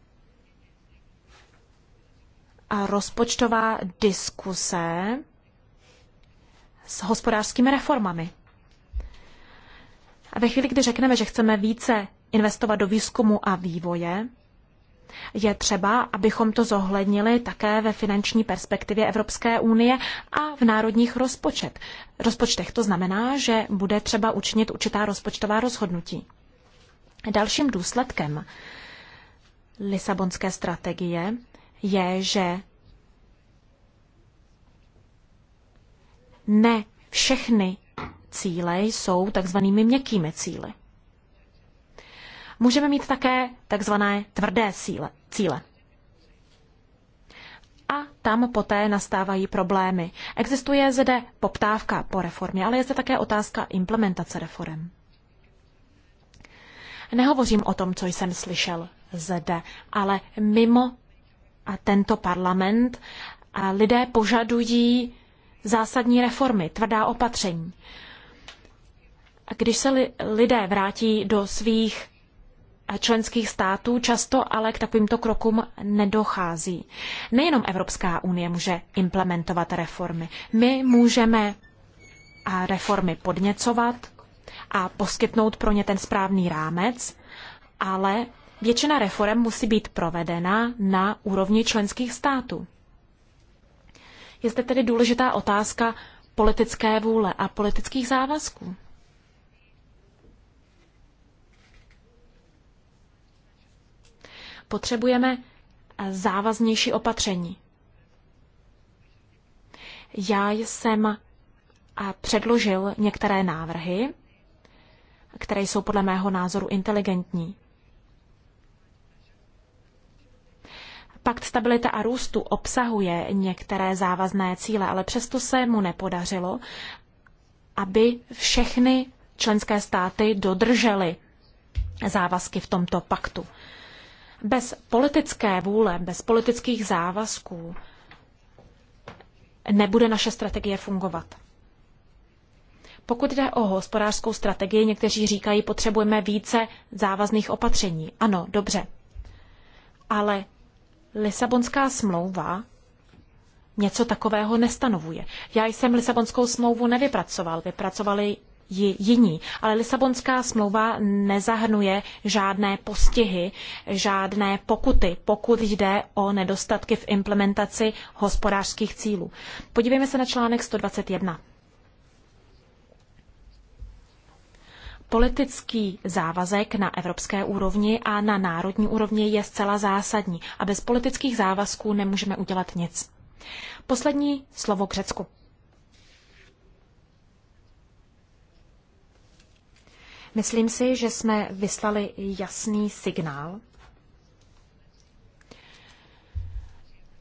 eh, rozpočtová diskuse s hospodářskými reformami. A ve chvíli, kdy řekneme, že chceme více investovat do výzkumu a vývoje, je třeba, abychom to zohlednili také ve finanční perspektivě Evropské unie a v národních rozpočet. rozpočtech. To znamená, že bude třeba učinit určitá rozpočtová rozhodnutí. Dalším důsledkem Lisabonské strategie je, že ne všechny cíle jsou takzvanými měkkými cíly. Můžeme mít také takzvané tvrdé cíle. cíle. A tam poté nastávají problémy. Existuje zde poptávka po reformě, ale je zde také otázka implementace reform. Nehovořím o tom, co jsem slyšel zde, ale mimo a tento parlament lidé požadují zásadní reformy, tvrdá opatření. Když se lidé vrátí do svých členských států často ale k takovýmto krokům nedochází. Nejenom Evropská unie může implementovat reformy. My můžeme reformy podněcovat a poskytnout pro ně ten správný rámec, ale většina reform musí být provedena na úrovni členských států. Je zde tedy důležitá otázka politické vůle a politických závazků. Potřebujeme eh, závaznější opatření. Já jsem eh, předložil některé návrhy, které jsou podle mého názoru inteligentní. Pakt stabilita a růstu obsahuje některé závazné cíle, ale přesto se mu nepodařilo, aby všechny členské státy dodržely závazky v tomto paktu. Bez politické vůle, bez politických závazků nebude naše strategie fungovat. Pokud jde o hospodářskou strategii, někteří říkají, potřebujeme více závazných opatření. Ano, dobře. Ale Lisabonská smlouva něco takového nestanovuje. Já jsem Lisabonskou smlouvu nevypracoval, vypracovali ji jiní. Ale Lisabonská smlouva nezahrnuje žádné postihy, žádné pokuty, pokud jde o nedostatky v implementaci hospodářských cílů. Podívejme se na článek 121. Politický závazek na evropské úrovni a na národní úrovni je zcela zásadní a bez politických závazků nemůžeme udělat nic. Poslední slovo k Řecku. Myslím si, že jsme vyslali jasný signál.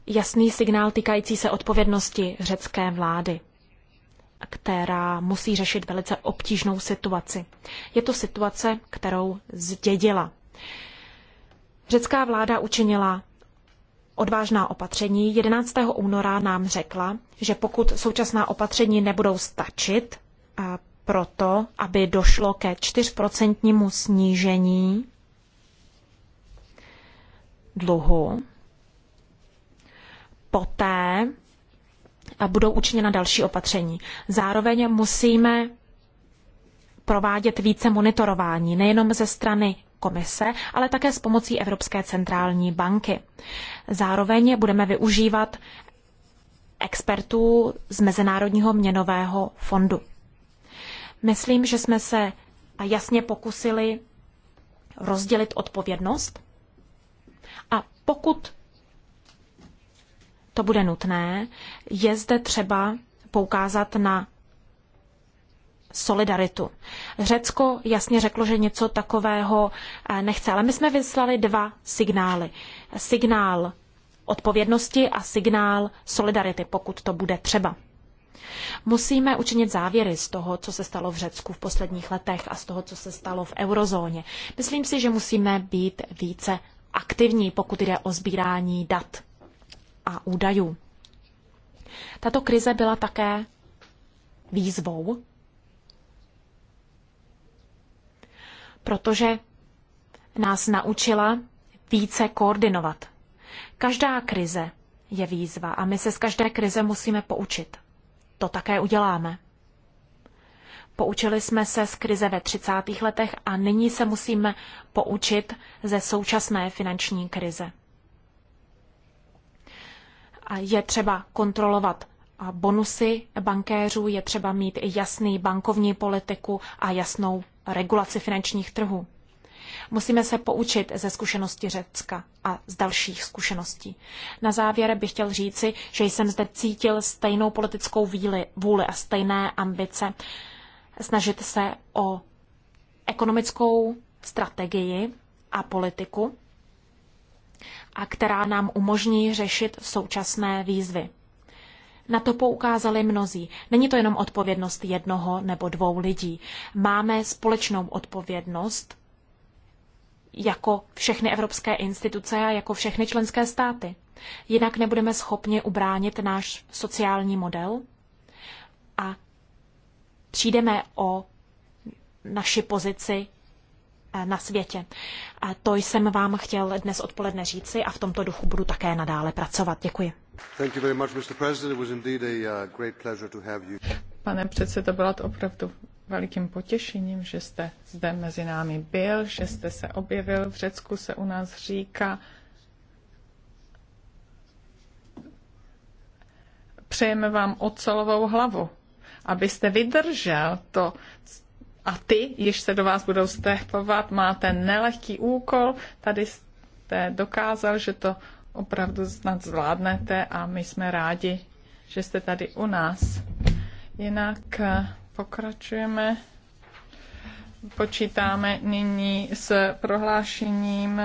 Jasný signál týkající se odpovědnosti řecké vlády, která musí řešit velice obtížnou situaci. Je to situace, kterou zdědila. Řecká vláda učinila odvážná opatření. 11. února nám řekla, že pokud současná opatření nebudou stačit proto, aby došlo ke 4% snížení dluhu. Poté budou učiněna další opatření. Zároveň musíme provádět více monitorování, nejenom ze strany komise, ale také s pomocí Evropské centrální banky. Zároveň budeme využívat expertů z Mezinárodního měnového fondu. Myslím, že jsme se jasně pokusili rozdělit odpovědnost a pokud to bude nutné, je zde třeba poukázat na solidaritu. Řecko jasně řeklo, že něco takového eh, nechce, ale my jsme vyslali dva signály. Signál odpovědnosti a signál solidarity, pokud to bude třeba. Musíme učinit závěry z toho, co se stalo v Řecku v posledních letech a z toho, co se stalo v eurozóně. Myslím si, že musíme být více aktivní, pokud jde o sbírání dat a údajů. Tato krize byla také výzvou, protože nás naučila více koordinovat. Každá krize je výzva a my se z každé krize musíme poučit to také uděláme. Poučili jsme se z krize ve 30. letech a nyní se musíme poučit ze současné finanční krize. A je třeba kontrolovat bonusy bankéřů, je třeba mít i jasný bankovní politiku a jasnou regulaci finančních trhů. Musíme se poučit ze zkušenosti Řecka a z dalších zkušeností. Na závěr bych chtěl říci, že jsem zde cítil stejnou politickou víli, vůli a stejné ambice snažit se o ekonomickou strategii a politiku, a která nám umožní řešit současné výzvy. Na to poukázali mnozí. Není to jenom odpovědnost jednoho nebo dvou lidí. Máme společnou odpovědnost jako všechny evropské instituce a jako všechny členské státy. Jinak nebudeme schopni ubránit náš sociální model a přijdeme o naši pozici eh, na světě. A to jsem vám chtěl dnes odpoledne říci a v tomto duchu budu také nadále pracovat. Děkuji. Eh, Pane předsedo, byla to opravdu velikým potěšením, že jste zde mezi námi byl, že jste se objevil. V Řecku se u nás říká, přejeme vám ocelovou hlavu, abyste vydržel to a ty, již se do vás budou stehpovat, máte nelehký úkol. Tady jste dokázal, že to opravdu snad zvládnete a my jsme rádi, že jste tady u nás. Jinak Pokračujeme. Počítáme nyní s prohlášením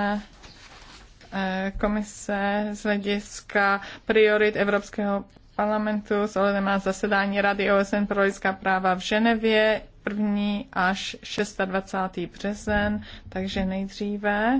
eh, komise z hlediska priorit Evropského parlamentu s ohledem na zasedání Rady OSN pro lidská práva v Ženevě 1. až 26. březen, takže nejdříve